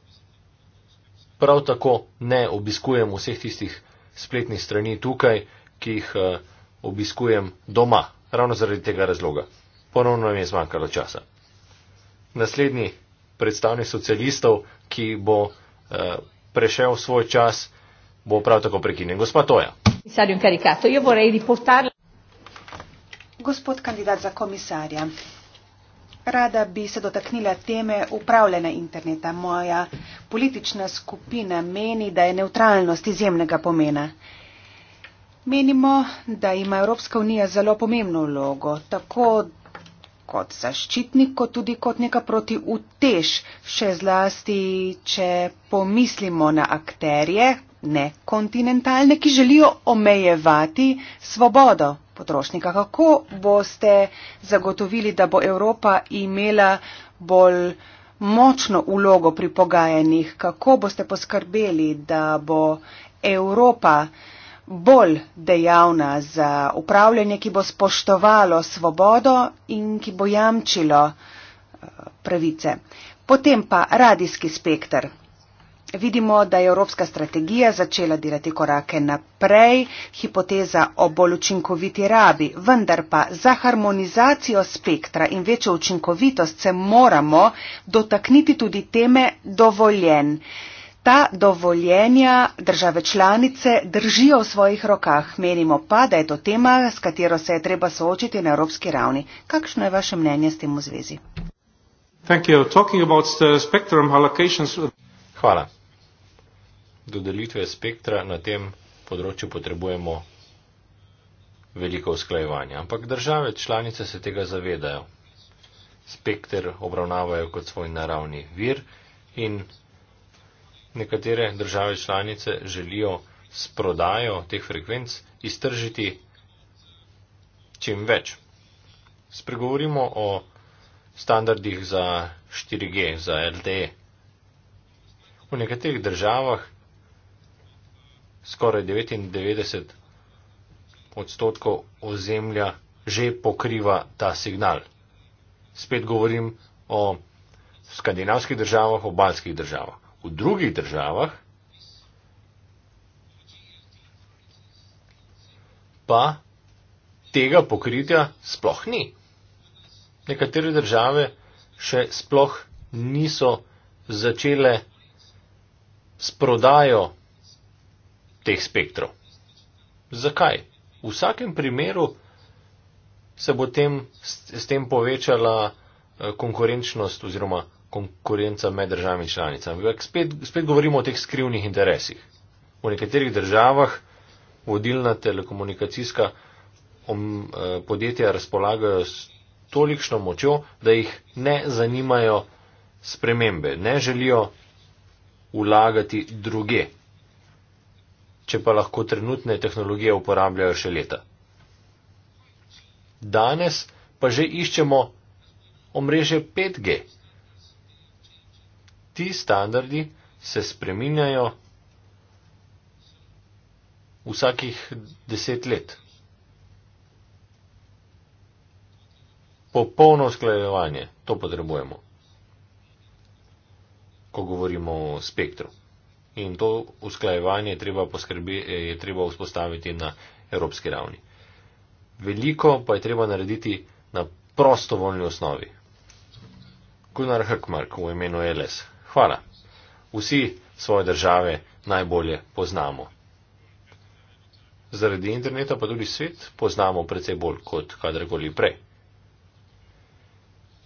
S2: prav tako ne obiskujem vseh tistih spletnih strani tukaj, ki jih eh, obiskujem doma. Ravno zaradi tega razloga. Ponovno mi je zmanjkalo časa. Naslednji predstavnik socialistov, ki bo eh, prešel svoj čas, bo prav tako prekinjen. Gospa Toja.
S3: Gospod kandidat za komisarja. Rada bi se dotaknila teme upravljanja interneta. Moja politična skupina meni, da je neutralnost izjemnega pomena. Menimo, da ima Evropska unija zelo pomembno vlogo, tako kot zaščitnik, kot tudi kot neka protiutež, še zlasti, če pomislimo na akterje, ne kontinentalne, ki želijo omejevati svobodo potrošnika. Kako boste zagotovili, da bo Evropa imela bolj močno ulogo pri pogajanjih? Kako boste poskrbeli, da bo Evropa bolj dejavna za upravljanje, ki bo spoštovalo svobodo in ki bo jamčilo eh, pravice? Potem pa radijski spektr vidimo, da je evropska strategija začela delati korake naprej, hipoteza o bolj učinkoviti rabi, vendar pa za harmonizacijo spektra in večjo učinkovitost se moramo dotakniti tudi teme dovoljen. Ta dovoljenja države članice držijo v svojih rokah. Menimo pa, da je to tema, s katero se je treba soočiti na evropski ravni. Kakšno je vaše mnenje s tem v zvezi?
S4: Hvala dodelitve spektra na tem področju potrebujemo
S2: veliko usklajevanja. Ampak države članice se tega zavedajo. Spekter obravnavajo kot svoj naravni vir in nekatere države članice želijo s prodajo teh frekvenc iztržiti čim več. Spregovorimo o standardih za 4G, za LTE. V nekaterih državah skoraj 99 odstotkov ozemlja že pokriva ta signal. Spet govorim o skandinavskih državah, o balskih državah. V drugih državah pa tega pokritja sploh ni. Nekatere države še sploh niso začele s prodajo teh spektrov. Zakaj? V vsakem primeru se bo tem, s, s tem povečala eh, konkurenčnost oziroma konkurenca med državami članicami. Spet, spet govorimo o teh skrivnih interesih. V nekaterih državah vodilna telekomunikacijska om, eh, podjetja razpolagajo s tolikšno močjo, da jih ne zanimajo spremembe, ne želijo vlagati druge, če pa lahko trenutne tehnologije uporabljajo še leta. Danes pa že iščemo omrežje 5G. Ti standardi se spreminjajo vsakih deset let. Popolno usklajevanje, to potrebujemo, ko govorimo o spektru in to usklajevanje treba je treba vzpostaviti na evropski ravni. Veliko pa je treba narediti na prostovoljni osnovi. Gunnar Hrkmark v imenu LS. Hvala. Vsi svoje države najbolje poznamo. Zaradi interneta pa tudi svet poznamo precej bolj kot kadarkoli prej.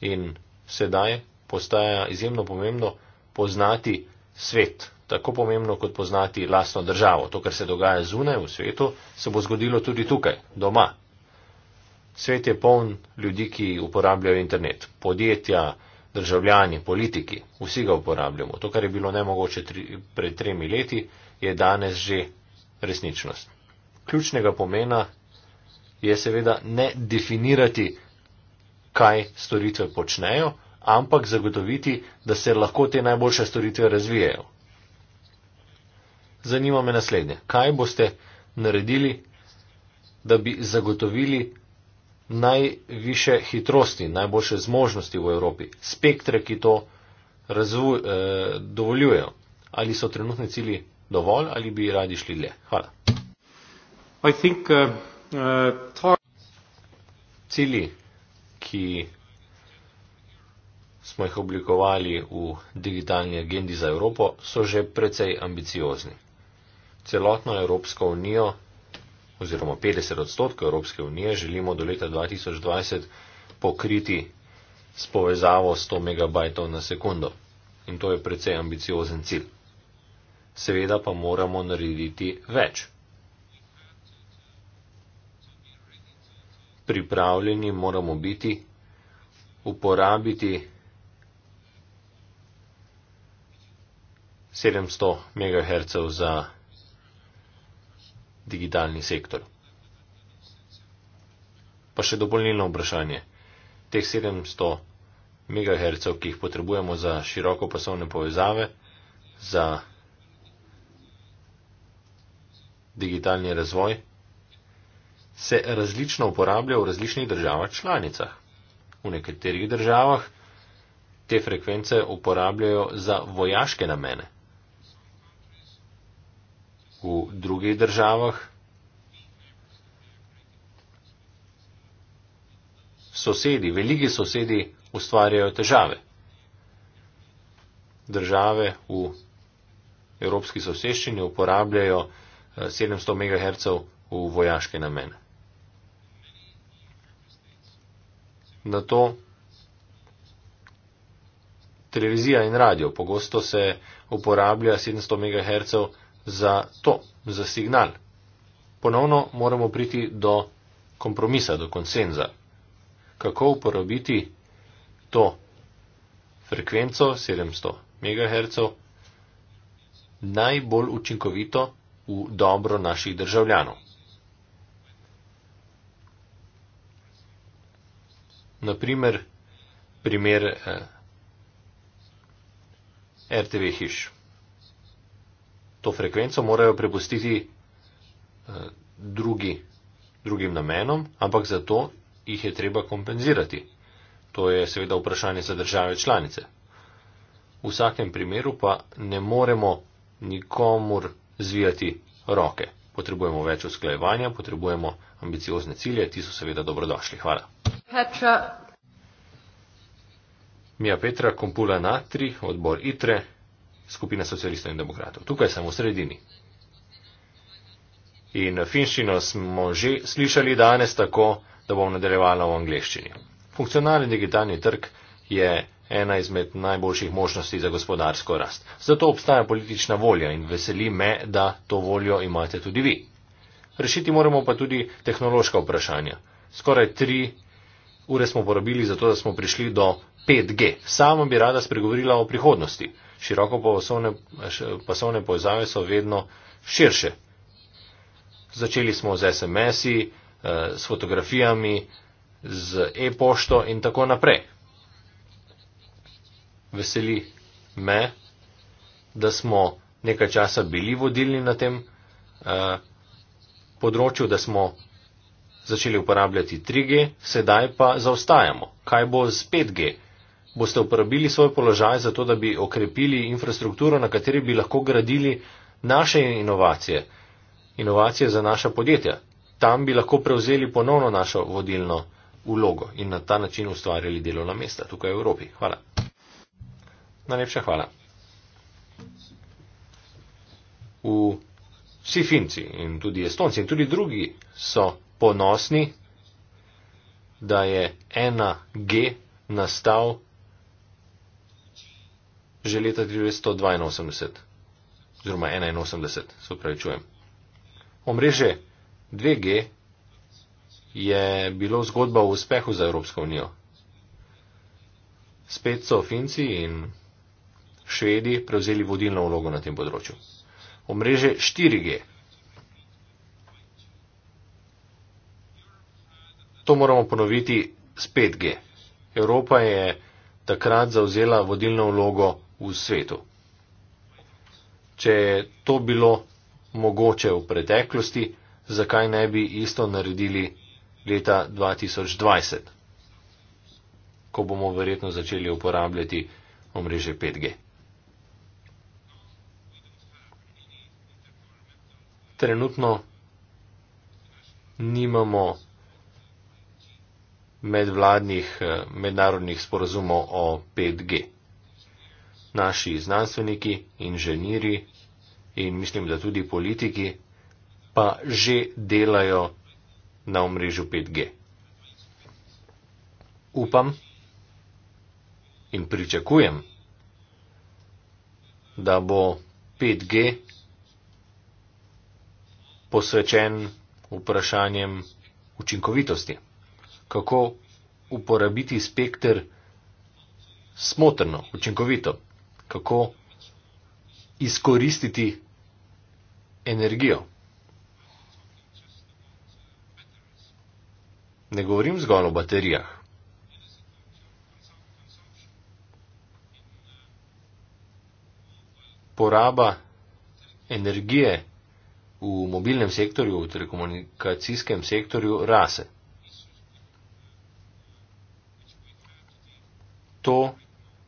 S2: In sedaj postaja izjemno pomembno poznati svet tako pomembno kot poznati lastno državo. To, kar se dogaja zunaj v svetu, se bo zgodilo tudi tukaj, doma. Svet je poln ljudi, ki uporabljajo internet. Podjetja, državljani, politiki, vsi ga uporabljamo. To, kar je bilo nemogoče tri, pred tremi leti, je danes že resničnost. Ključnega pomena je seveda ne definirati, kaj storitve počnejo, ampak zagotoviti, da se lahko te najboljše storitve razvijajo zanima me naslednje. Kaj boste naredili, da bi zagotovili najviše hitrosti, najboljše zmožnosti v Evropi, spektre, ki to razvoj, eh, dovoljujejo? Ali so trenutni cilji dovolj ali bi radi šli dlje? Hvala. Think, uh, uh, cilji, ki smo jih oblikovali v digitalni agendi za Evropo, so že precej ambiciozni celotno Evropsko unijo oziroma 50 odstotkov Evropske unije želimo do leta 2020 pokriti s povezavo 100 megabajtov na sekundo. In to je precej ambiciozen cilj. Seveda pa moramo narediti več. Pripravljeni moramo biti, uporabiti 700 MHz za digitalni sektor. Pa še dopolnilno vprašanje. Teh 700 MHz, ki jih potrebujemo za široko pasovne povezave, za digitalni razvoj, se različno uporablja v različnih državah članicah. V nekaterih državah te frekvence uporabljajo za vojaške namene v drugih državah. Sosedi, veliki sosedi ustvarjajo težave. Države v evropski soseščini uporabljajo 700 eh, MHz v vojaške namene. Na to televizija in radio pogosto se uporablja 700 MHz za to, za signal. Ponovno moramo priti do kompromisa, do konsenza. Kako uporabiti to frekvenco 700 MHz najbolj učinkovito v dobro naših državljanov. Naprimer, primer eh, RTV hiš to frekvenco morajo prepustiti eh, drugi, drugim namenom, ampak zato jih je treba kompenzirati. To je seveda vprašanje za države članice. V vsakem primeru pa ne moremo nikomur zvijati roke. Potrebujemo več usklajevanja, potrebujemo ambiciozne cilje, ti so seveda dobrodošli. Hvala. Petra. Mija Petra, Kompula Natri, odbor ITRE skupina socialistov in demokratov. Tukaj sem v sredini. In finščino smo že slišali danes tako, da bom nadaljevala v angleščini. Funkcionalni digitalni trg je ena izmed najboljših možnosti za gospodarsko rast. Zato obstaja politična volja in veseli me, da to voljo imate tudi vi. Rešiti moramo pa tudi tehnološka vprašanja. Skoraj tri ure smo porabili za to, da smo prišli do 5G. Sama bi rada spregovorila o prihodnosti široko pasovne, pasovne povezave so vedno širše. Začeli smo z SMS-i, eh, s fotografijami, z e-pošto in tako naprej. Veseli me, da smo nekaj časa bili vodilni na tem eh, področju, da smo začeli uporabljati 3G, sedaj pa zaostajamo. Kaj bo z 5G? boste uporabili svoj položaj za to, da bi okrepili infrastrukturo, na kateri bi lahko gradili naše inovacije, inovacije za naša podjetja. Tam bi lahko prevzeli ponovno našo vodilno ulogo in na ta način ustvarjali delovna mesta tukaj v Evropi. Hvala. Najlepša hvala. V vsi Finci in tudi Estonci in tudi drugi so ponosni, da je 1G nastal že leta 1982, oziroma 1981, se pravi, čujem. Omrežje 2G je bilo zgodba o uspehu za Evropsko unijo. Spet so Finci in Švedi prevzeli vodilno vlogo na tem področju. Omrežje 4G. To moramo ponoviti s 5G. Evropa je takrat zauzela vodilno vlogo v svetu. Če je to bilo mogoče v preteklosti, zakaj ne bi isto naredili leta 2020, ko bomo verjetno začeli uporabljati omrežje 5G. Trenutno nimamo medvladnih eh, mednarodnih sporazumov o 5G naši znanstveniki, inženiri in mislim, da tudi politiki pa že delajo na omrežju 5G. Upam in pričakujem, da bo 5G posvečen vprašanjem učinkovitosti, kako uporabiti spektr smotrno, učinkovito kako izkoristiti energijo. Ne govorim zgolj o baterijah. Poraba energije v mobilnem sektorju, v telekomunikacijskem sektorju rase. To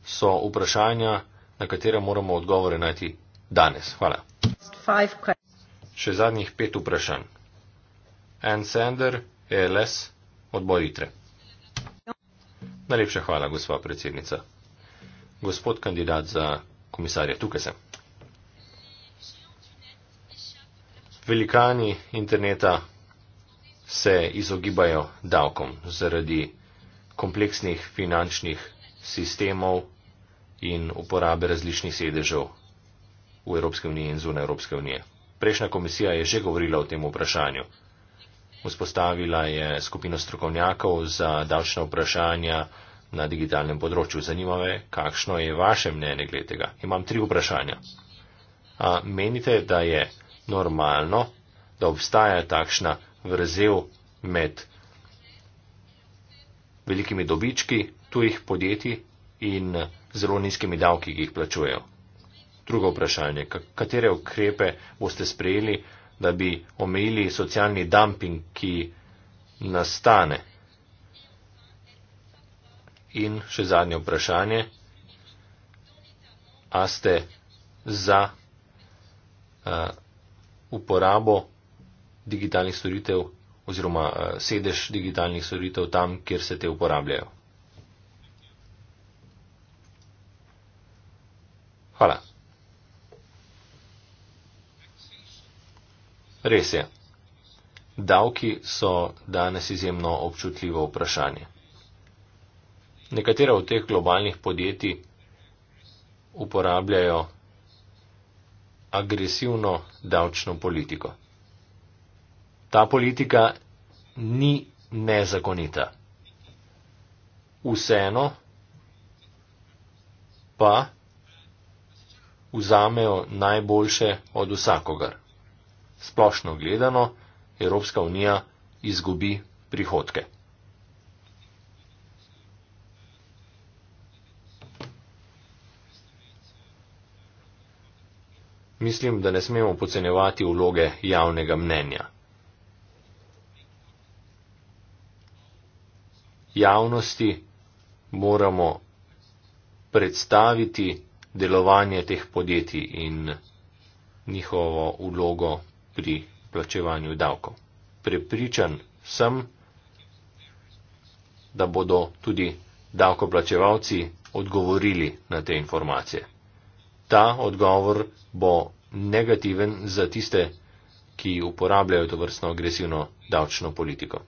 S2: so vprašanja, na katera moramo odgovore najti danes. Hvala. Še zadnjih pet vprašanj. Ann Sander, ELS, odbor ITRE. Najlepša hvala, gospa predsednica. Gospod kandidat za komisarja, tukaj sem. Velikani interneta se izogibajo davkom zaradi kompleksnih finančnih sistemov in uporabe različnih sedežev v Evropske unije in zunaj Evropske unije. Prejšnja komisija je že govorila o tem vprašanju. Vzpostavila je skupino strokovnjakov za davčna vprašanja na digitalnem področju. Zanima me, kakšno je vaše mnenje glede tega. Imam tri vprašanja. A menite, da je normalno, da obstaja takšna vrzel med velikimi dobički tujih podjetij in zelo nizkimi davki, ki jih plačujejo. Drugo vprašanje, katere ukrepe boste sprejeli, da bi omejili socialni dumping, ki nastane? In še zadnje vprašanje, a ste za uh, uporabo digitalnih storitev oziroma uh, sedež digitalnih storitev tam, kjer se te uporabljajo? Hvala. Res je. Davki so danes izjemno občutljivo vprašanje. Nekatera od teh globalnih podjetij uporabljajo agresivno davčno politiko. Ta politika ni nezakonita. Vseeno pa vzamejo najboljše od vsakogar. Splošno gledano, Evropska unija izgubi prihodke. Mislim, da ne smemo podcenjevati vloge javnega mnenja. Javnosti moramo predstaviti delovanje teh podjetij in njihovo ulogo pri plačevanju davkov. Prepričan sem, da bodo tudi davkoplačevalci odgovorili na te informacije. Ta odgovor bo negativen za tiste, ki uporabljajo to vrstno agresivno davčno politiko.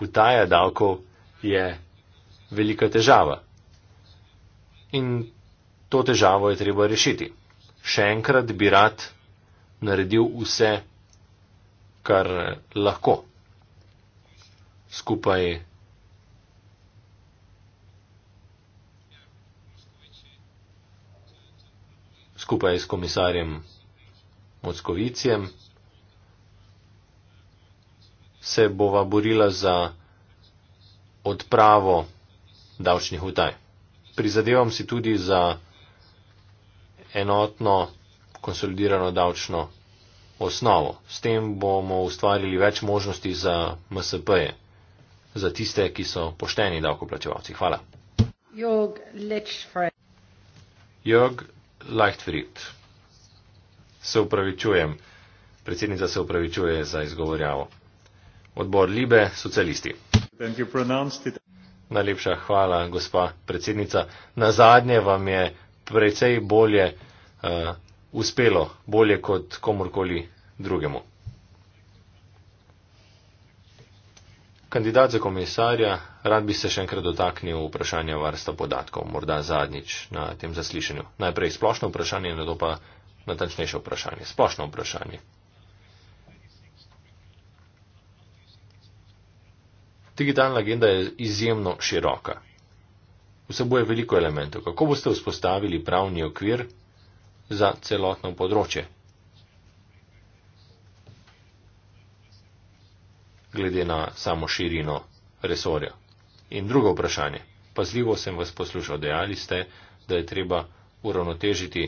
S2: Utaja davkov je velika težava. In to težavo je treba rešiti. Še enkrat bi rad naredil vse, kar lahko. Skupaj. skupaj s komisarjem Moskovicijem se bova borila za odpravo davčnih utaj. Prizadevam si tudi za enotno konsolidirano davčno osnovo. S tem bomo ustvarili več možnosti za MSP-je, za tiste, ki so pošteni davkoplačevalci. Hvala.
S3: Jörg Lechfried.
S2: Jörg Lechfried. Se upravičujem. Predsednica se upravičuje za izgovorjavo. Odbor Libe, socialisti. Najlepša hvala, gospa predsednica. Na zadnje vam je precej bolje uh, uspelo, bolje kot komorkoli drugemu. Kandidat za komisarja, rad bi se še enkrat dotaknil vprašanja varstva podatkov, morda zadnjič na tem zaslišanju. Najprej splošno vprašanje, nato pa natančnejše vprašanje. Splošno vprašanje. Digitalna agenda je izjemno široka. Vsebuje veliko elementov. Kako boste vzpostavili pravni okvir za celotno področje? Glede na samo širino resorja. In drugo vprašanje. Pazljivo sem vas poslušal. Dejali ste, da je treba uravnotežiti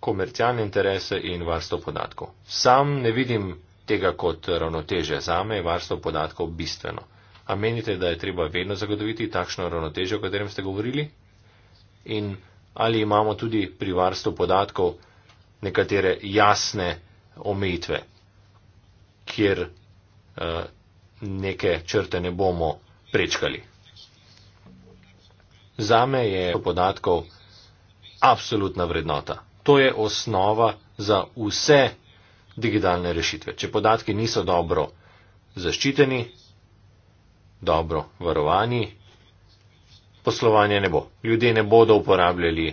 S2: komercialne interese in varstvo podatkov. Sam ne vidim tega kot ravnoteže. Zame je varstvo podatkov bistveno. A menite, da je treba vedno zagotoviti takšno ravnoteže, o katerem ste govorili? In ali imamo tudi pri varstvu podatkov nekatere jasne omejitve, kjer uh, neke črte ne bomo prečkali? Zame je podatkov absolutna vrednota. To je osnova za vse digitalne rešitve. Če podatki niso dobro zaščiteni, dobro varovani, poslovanje ne bo. Ljudje ne bodo uporabljali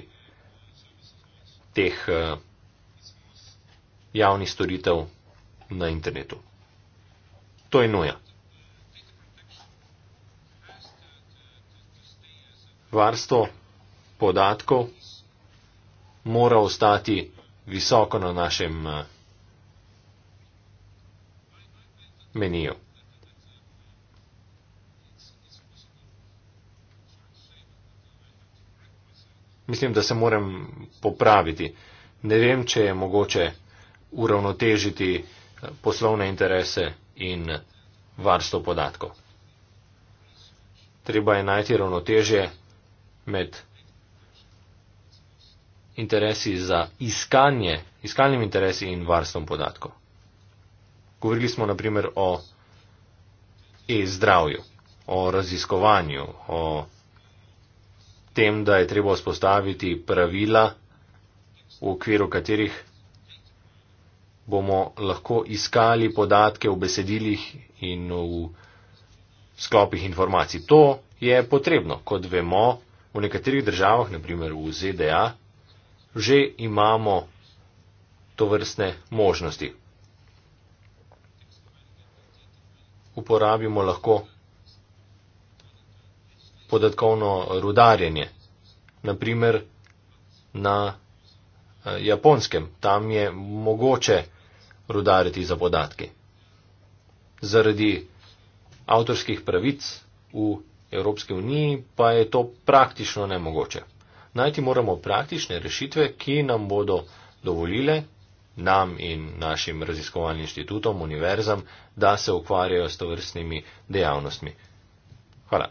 S2: teh eh, javnih storitev na internetu. To je nuja. Varstvo podatkov mora ostati visoko na našem eh, menijo. Mislim, da se moram popraviti. Ne vem, če je mogoče uravnotežiti eh, poslovne interese in eh, varstvo podatkov. Treba je najti ravnotežje med interesi za iskanje, iskalnim interesi in varstvom podatkov. Govorili smo naprimer o e-zdravju, o raziskovanju, o tem, da je treba vzpostaviti pravila, v okviru katerih bomo lahko iskali podatke v besedilih in v sklopih informacij. To je potrebno. Kot vemo, v nekaterih državah, naprimer v ZDA, že imamo to vrstne možnosti. uporabimo lahko podatkovno rudarjenje. Naprimer na eh, japonskem, tam je mogoče rudariti za podatke. Zaradi avtorskih pravic v Evropski uniji pa je to praktično nemogoče. Najti moramo praktične rešitve, ki nam bodo dovolile nam in našim raziskovalnim inštitutom, univerzam, da se ukvarjajo s tovrstnimi dejavnostmi. Hvala.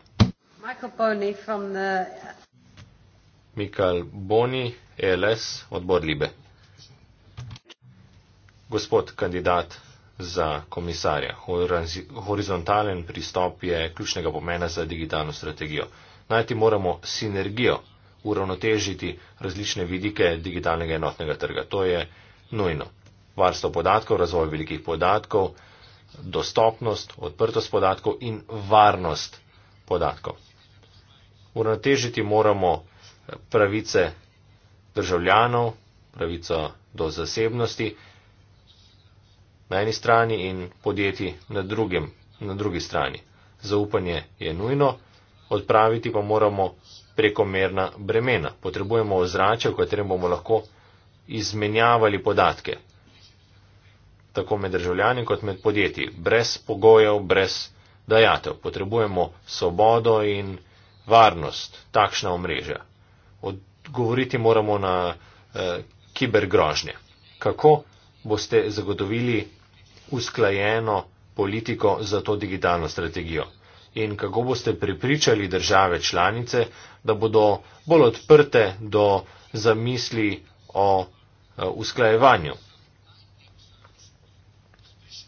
S2: Mikael Boni, ELS, odbor Libe. Gospod kandidat za komisarja, horizontalen pristop je ključnega pomena za digitalno strategijo. Najti moramo sinergijo, uravnotežiti različne vidike digitalnega enotnega trga. To je nujno. Varstvo podatkov, razvoj velikih podatkov, dostopnost, odprtost podatkov in varnost podatkov. Uravnotežiti moramo pravice državljanov, pravico do zasebnosti na eni strani in podjetij na, drugim, na drugi strani. Zaupanje je nujno, odpraviti pa moramo prekomerna bremena. Potrebujemo ozračje, v katerem bomo lahko izmenjavali podatke. Tako med državljani kot med podjetji. Brez pogojev, brez dajatev. Potrebujemo svobodo in varnost, takšna omrežja. Odgovoriti moramo na eh, kibergrožnje. Kako boste zagotovili usklajeno politiko za to digitalno strategijo? In kako boste pripričali države članice, da bodo bolj odprte do zamisli o e, usklajevanju.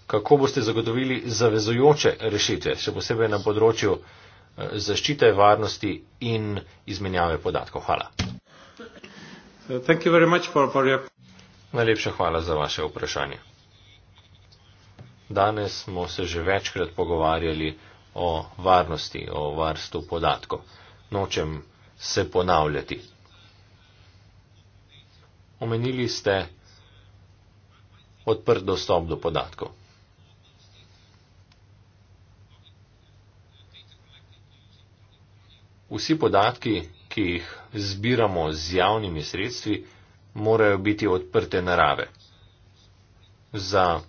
S2: Kako boste zagotovili zavezujoče rešitve, še posebej na področju e, zaščite, varnosti in izmenjave podatkov? Hvala. Najlepša hvala za vaše vprašanje. Danes smo se že večkrat pogovarjali o varnosti, o varstvu podatkov. Nočem se ponavljati omenili ste odprt dostop do podatkov. Vsi podatki, ki jih zbiramo z javnimi sredstvi, morajo biti odprte narave. Za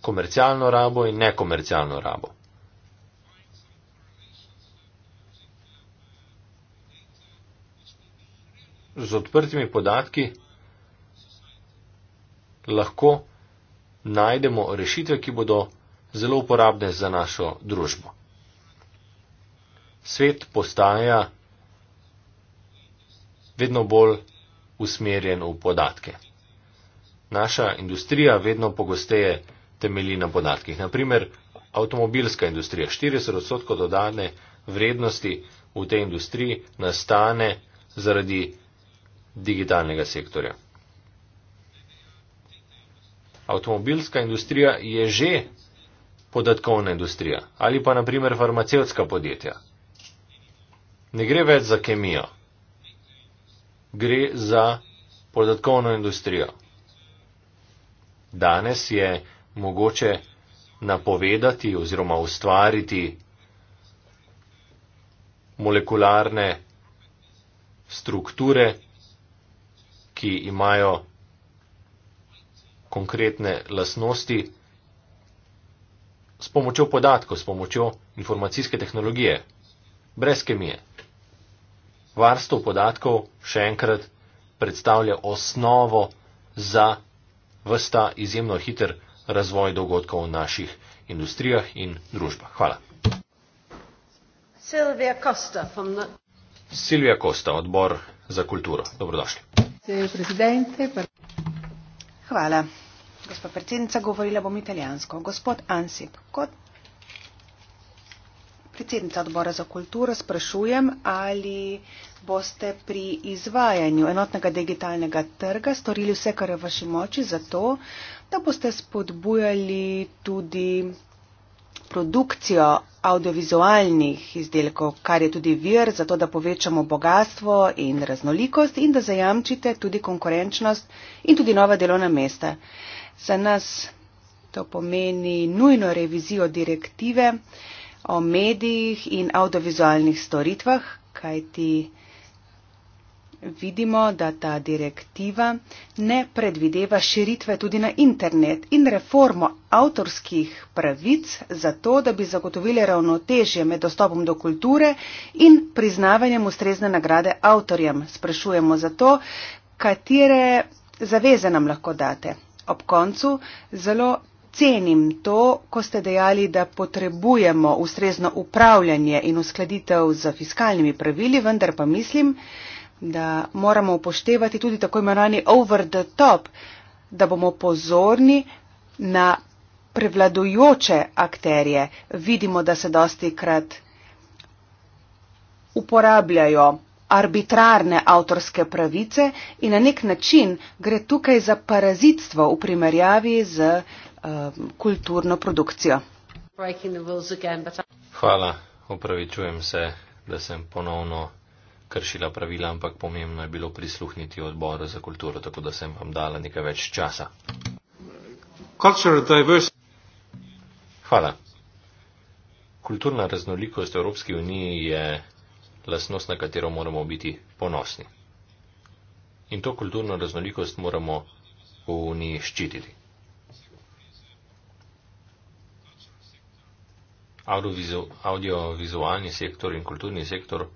S2: komercialno rabo in nekomercialno rabo. z odprtimi podatki lahko najdemo rešitve, ki bodo zelo uporabne za našo družbo. Svet postaja vedno bolj usmerjen v podatke. Naša industrija vedno pogosteje temelji na podatkih. Naprimer, avtomobilska industrija. 40 odstotkov dodane vrednosti v tej industriji nastane zaradi digitalnega sektorja. Avtomobilska industrija je že podatkovna industrija ali pa naprimer farmacevtska podjetja. Ne gre več za kemijo, gre za podatkovno industrijo. Danes je mogoče napovedati oziroma ustvariti molekularne strukture, ki imajo konkretne lasnosti s pomočjo podatkov, s pomočjo informacijske tehnologije, brez kemije. Varstvo podatkov še enkrat predstavlja osnovo za vsta izjemno hiter razvoj dogodkov v naših industrijah in družbah. Hvala.
S1: Silvija Costa, the...
S2: Silvia Costa, odbor za kulturo. Dobrodošli.
S3: Hvala. Gospod predsednica, govorila bom italijansko. Gospod Ansip, kot predsednica odbora za kulturo sprašujem, ali boste pri izvajanju enotnega digitalnega trga storili vse, kar je v vaši moči, zato, da boste spodbujali tudi produkcijo audiovizualnih izdelkov, kar je tudi vir za to, da povečamo bogatstvo in raznolikost in da zajamčite tudi konkurenčnost in tudi nova delovna mesta. Za nas to pomeni nujno revizijo direktive o medijih in audiovizualnih storitvah, kajti vidimo, da ta direktiva ne predvideva širitve tudi na internet in reformo avtorskih pravic za to, da bi zagotovili ravnotežje med dostopom do kulture in priznavanjem ustrezne nagrade avtorjem. Sprašujemo zato, katere zaveze nam lahko date. Ob koncu zelo cenim to, ko ste dejali, da potrebujemo ustrezno upravljanje in uskladitev z fiskalnimi pravili, vendar pa mislim, da moramo upoštevati tudi tako imenovani over the top, da bomo pozorni na prevladujoče akterje. Vidimo, da se dosti krat uporabljajo arbitrarne avtorske pravice in na nek način gre tukaj za parazitstvo v primerjavi z um, kulturno produkcijo.
S2: Hvala, upravičujem se, da sem ponovno kršila pravila, ampak pomembno je bilo prisluhniti odboru za kulturo, tako da sem vam dala nekaj več časa.
S4: Hvala. Kulturna
S2: raznolikost v Evropski uniji je lasnost, na katero moramo biti ponosni. In to kulturno raznolikost moramo v uniji ščititi. Audiovizualni sektor in kulturni sektor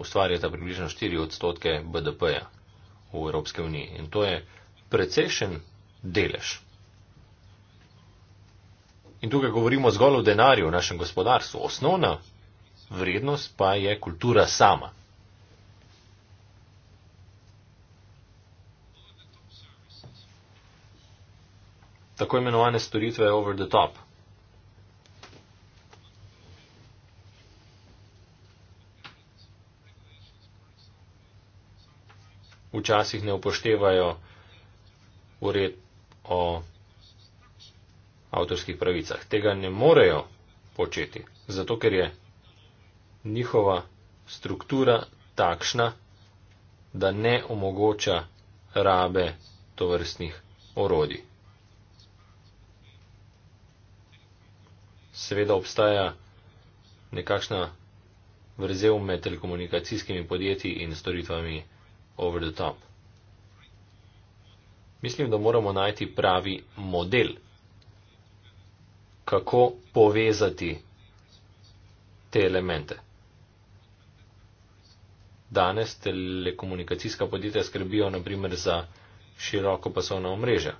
S2: ustvarjata približno 4 odstotke BDP-ja v Evropske unije. In to je precejšen delež. In tukaj govorimo zgolj o denarju v našem gospodarstvu. Osnovna vrednost pa je kultura sama. Tako imenovane storitve over the top. včasih ne upoštevajo ured o avtorskih pravicah. Tega ne morejo početi, zato ker je njihova struktura takšna, da ne omogoča rabe tovrstnih orodij. Seveda obstaja nekakšna vrzel med telekomunikacijskimi podjetji in storitvami over the top. Mislim, da moramo najti pravi model, kako povezati te elemente. Danes telekomunikacijska podjetja skrbijo naprimer za široko pasovno omrežje.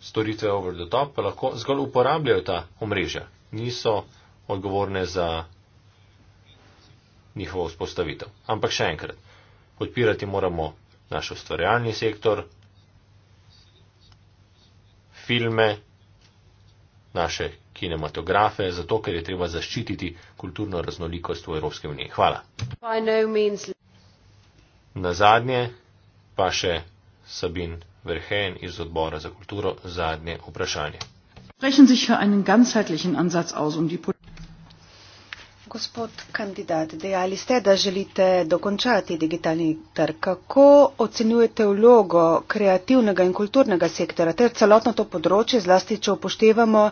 S2: Storitve over the top pa lahko zgolj uporabljajo ta omrežja, niso odgovorne za njihovo vzpostavitev. Ampak še enkrat, podpirati moramo naš ustvarjalni sektor, filme, naše kinematografe, zato ker je treba zaščititi kulturno raznolikost v Evropske unije. Hvala.
S1: No
S2: Na zadnje pa še Sabin Verheyen iz odbora za kulturo zadnje vprašanje.
S1: Sprechen sich für einen ganzheitlichen Ansatz aus, um die Politik.
S3: Gospod kandidat, dejali ste, da želite dokončati digitalni trg. Kako ocenjujete vlogo kreativnega in kulturnega sektora ter celotno to področje, zlasti če upoštevamo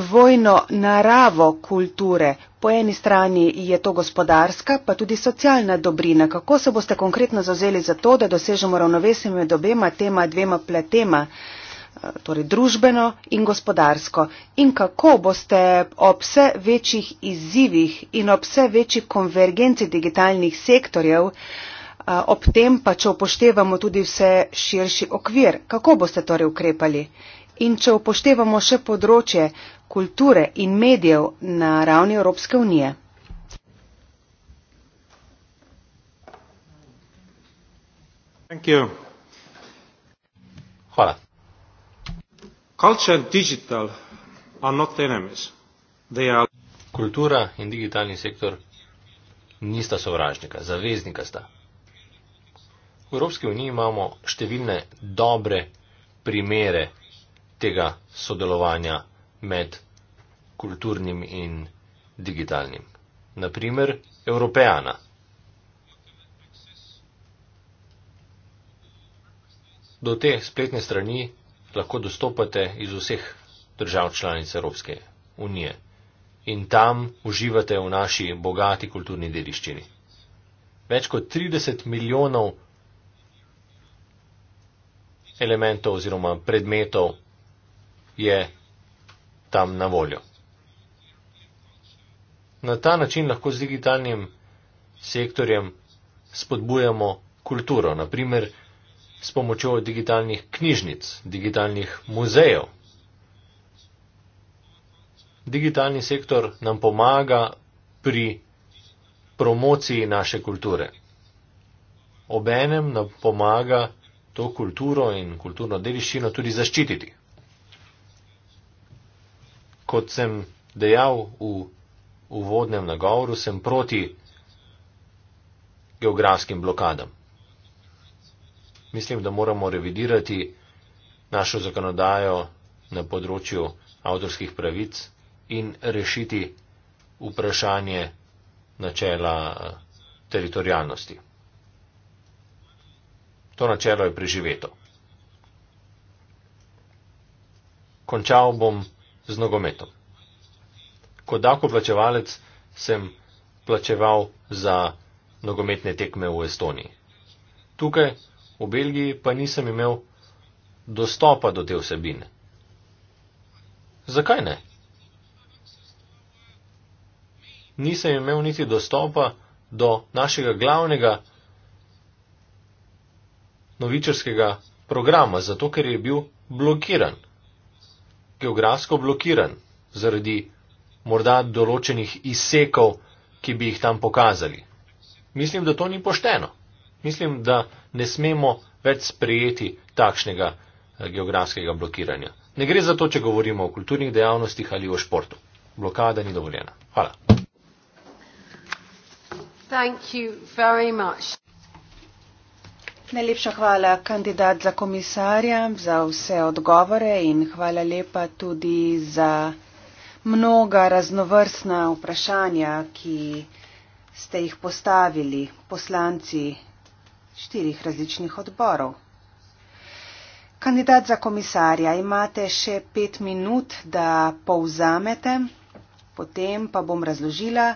S3: dvojno naravo kulture? Po eni strani je to gospodarska, pa tudi socialna dobrina. Kako se boste konkretno zazeli za to, da dosežemo ravnovesje med obema tema dvema pletema? Eh, torej družbeno in gospodarsko. In kako boste ob vse večjih izzivih in ob vse večji konvergenci digitalnih sektorjev, eh, ob tem pa, če upoštevamo tudi vse širši okvir, kako boste torej ukrepali? In če upoštevamo še področje kulture in medijev na ravni Evropske unije.
S4: Hvala. Culture and digital are not enemies. They are. Kultura
S2: in digitalni sektor nista sovražnika, zaveznika sta. V Evropski uniji imamo številne dobre primere tega sodelovanja med kulturnim in digitalnim. Naprimer, Evropejana. Do te spletne strani lahko dostopate iz vseh držav članic Evropske unije in tam uživate v naši bogati kulturni dediščini. Več kot 30 milijonov elementov oziroma predmetov je tam na voljo. Na ta način lahko z digitalnim sektorjem spodbujamo kulturo, naprimer s pomočjo digitalnih knjižnic, digitalnih muzejev. Digitalni sektor nam pomaga pri promociji naše kulture. Obenem nam pomaga to kulturo in kulturno dediščino tudi zaščititi. Kot sem dejal v uvodnem nagovoru, sem proti geografskim blokadam mislim, da moramo revidirati našo zakonodajo na področju avtorskih pravic in rešiti vprašanje načela eh, teritorijalnosti. To načelo je preživeto. Končal bom z nogometom. Kot davkoplačevalec sem plačeval za nogometne tekme v Estoniji. Tukaj v Belgiji pa nisem imel dostopa do te vsebine. Zakaj ne? Nisem imel niti dostopa do našega glavnega novičarskega programa, zato ker je bil blokiran, geografsko blokiran, zaradi morda določenih izsekov, ki bi jih tam pokazali. Mislim, da to ni pošteno. Mislim, da ne smemo več sprejeti takšnega eh, geografskega blokiranja. Ne gre za to, če govorimo o kulturnih dejavnostih ali o športu. Blokada ni dovoljena. Hvala.
S3: Najlepša hvala, kandidat za komisarja, za vse odgovore in hvala lepa tudi za mnoga raznovrstna vprašanja, ki ste jih postavili poslanci štirih različnih odborov. Kandidat za komisarja, imate še pet minut, da povzamete, potem pa bom razložila,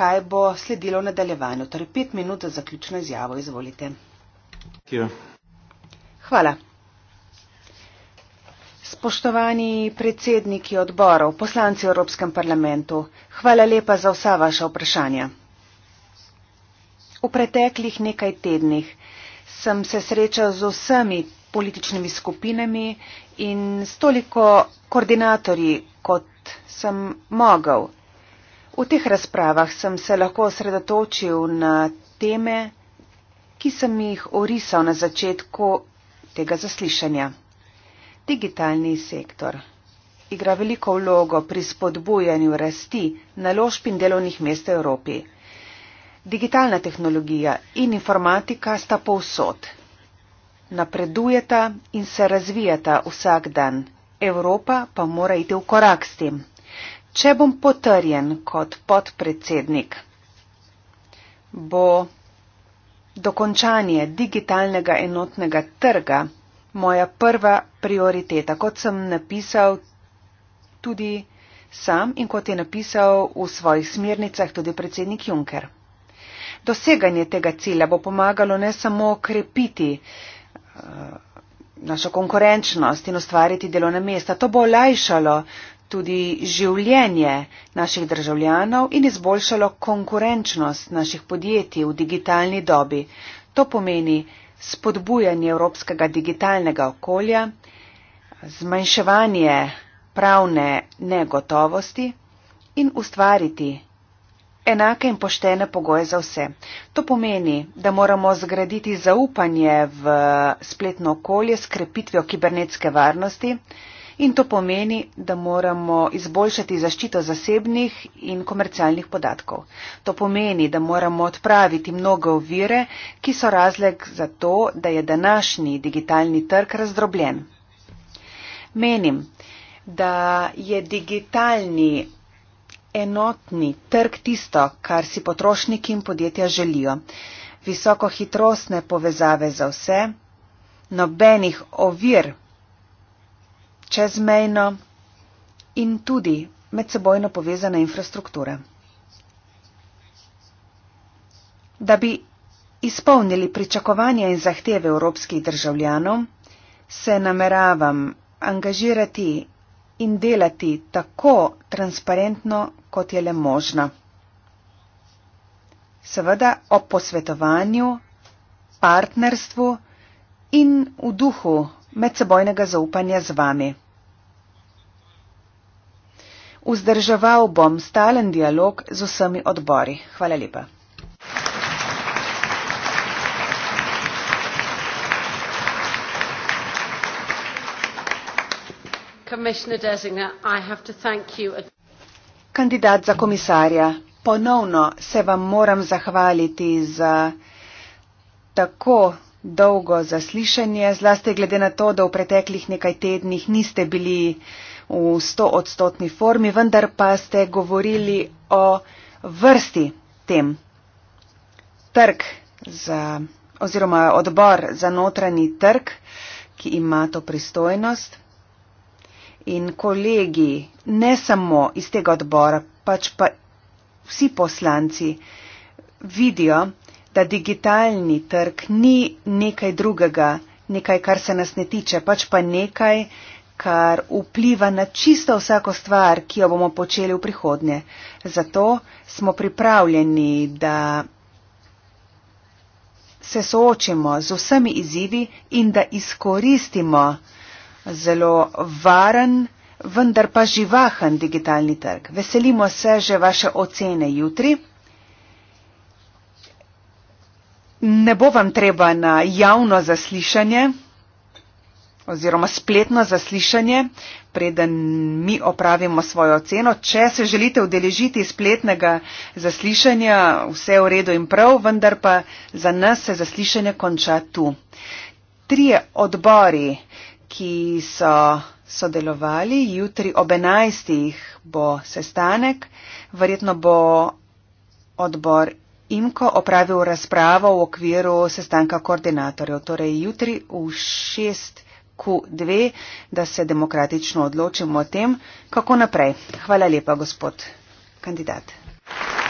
S3: kaj bo sledilo v nadaljevanju. Torej pet minut za zaključno izjavo, izvolite. Hvala. Spoštovani predsedniki odborov, poslanci Evropskem parlamentu, hvala lepa za vsa vaša vprašanja. V preteklih nekaj tednih sem se srečal z vsemi političnimi skupinami in s toliko koordinatorji, kot sem mogel. V teh razpravah sem se lahko osredotočil na teme, ki sem jih orisal na začetku tega zaslišanja. Digitalni sektor igra veliko vlogo pri spodbujanju rasti naložb in delovnih mest v Evropi. Digitalna tehnologija in informatika sta povsod. Napredujeta in se razvijata vsak dan. Evropa pa mora iti v korak s tem. Če bom potrjen kot podpredsednik, bo dokončanje digitalnega enotnega trga moja prva prioriteta, kot sem napisal tudi sam in kot je napisal v svojih smernicah tudi predsednik Juncker. Doseganje tega cilja bo pomagalo ne samo okrepiti eh, našo konkurenčnost in ustvariti delovna mesta, to bo olajšalo tudi življenje naših državljanov in izboljšalo konkurenčnost naših podjetij v digitalni dobi. To pomeni spodbujanje evropskega digitalnega okolja, zmanjševanje pravne negotovosti in ustvariti enake in poštene pogoje za vse. To pomeni, da moramo zgraditi zaupanje v spletno okolje s krepitvijo kibernetske varnosti in to pomeni, da moramo izboljšati zaščito zasebnih in komercialnih podatkov. To pomeni, da moramo odpraviti mnoge ovire, ki so razlog za to, da je današnji digitalni trg razdrobljen. Menim, da je digitalni enotni trg tisto, kar si potrošniki in podjetja želijo. Visoko hitrostne povezave za vse, nobenih ovir čezmejno in tudi medsebojno povezane infrastrukture. Da bi izpolnili pričakovanja in zahteve evropskih državljanov, se nameravam angažirati in delati tako transparentno, kot je le možno. Seveda o posvetovanju, partnerstvu in v duhu medsebojnega zaupanja z vami. Vzdrževal bom stalen dialog z vsemi odbori. Hvala lepa. Kandidat za komisarja, ponovno se vam moram zahvaliti za tako dolgo zaslišanje, zlasti glede na to, da v preteklih nekaj tednih niste bili v stoodstotni formi, vendar pa ste govorili o vrsti tem. Trg za, oziroma odbor za notranji trg, ki ima to pristojnost in kolegi, ne samo iz tega odbora, pač pa vsi poslanci vidijo, da digitalni trg ni nekaj drugega, nekaj, kar se nas ne tiče, pač pa nekaj, kar vpliva na čisto vsako stvar, ki jo bomo počeli v prihodnje. Zato smo pripravljeni, da se soočimo z vsemi izzivi in da izkoristimo zelo varen, vendar pa živahen digitalni trg. Veselimo se že vaše ocene jutri. Ne bo vam treba na javno zaslišanje oziroma spletno zaslišanje, preden mi opravimo svojo oceno. Če se želite udeležiti spletnega zaslišanja, vse je v redu in prav, vendar pa za nas se zaslišanje konča tu. Trije odbori, ki so sodelovali. Jutri ob 11. bo sestanek. Verjetno bo odbor IMKO opravil razpravo v okviru sestanka koordinatorjev. Torej jutri v 6Q2, da se demokratično odločimo o tem, kako naprej. Hvala lepa, gospod kandidat. Hvala.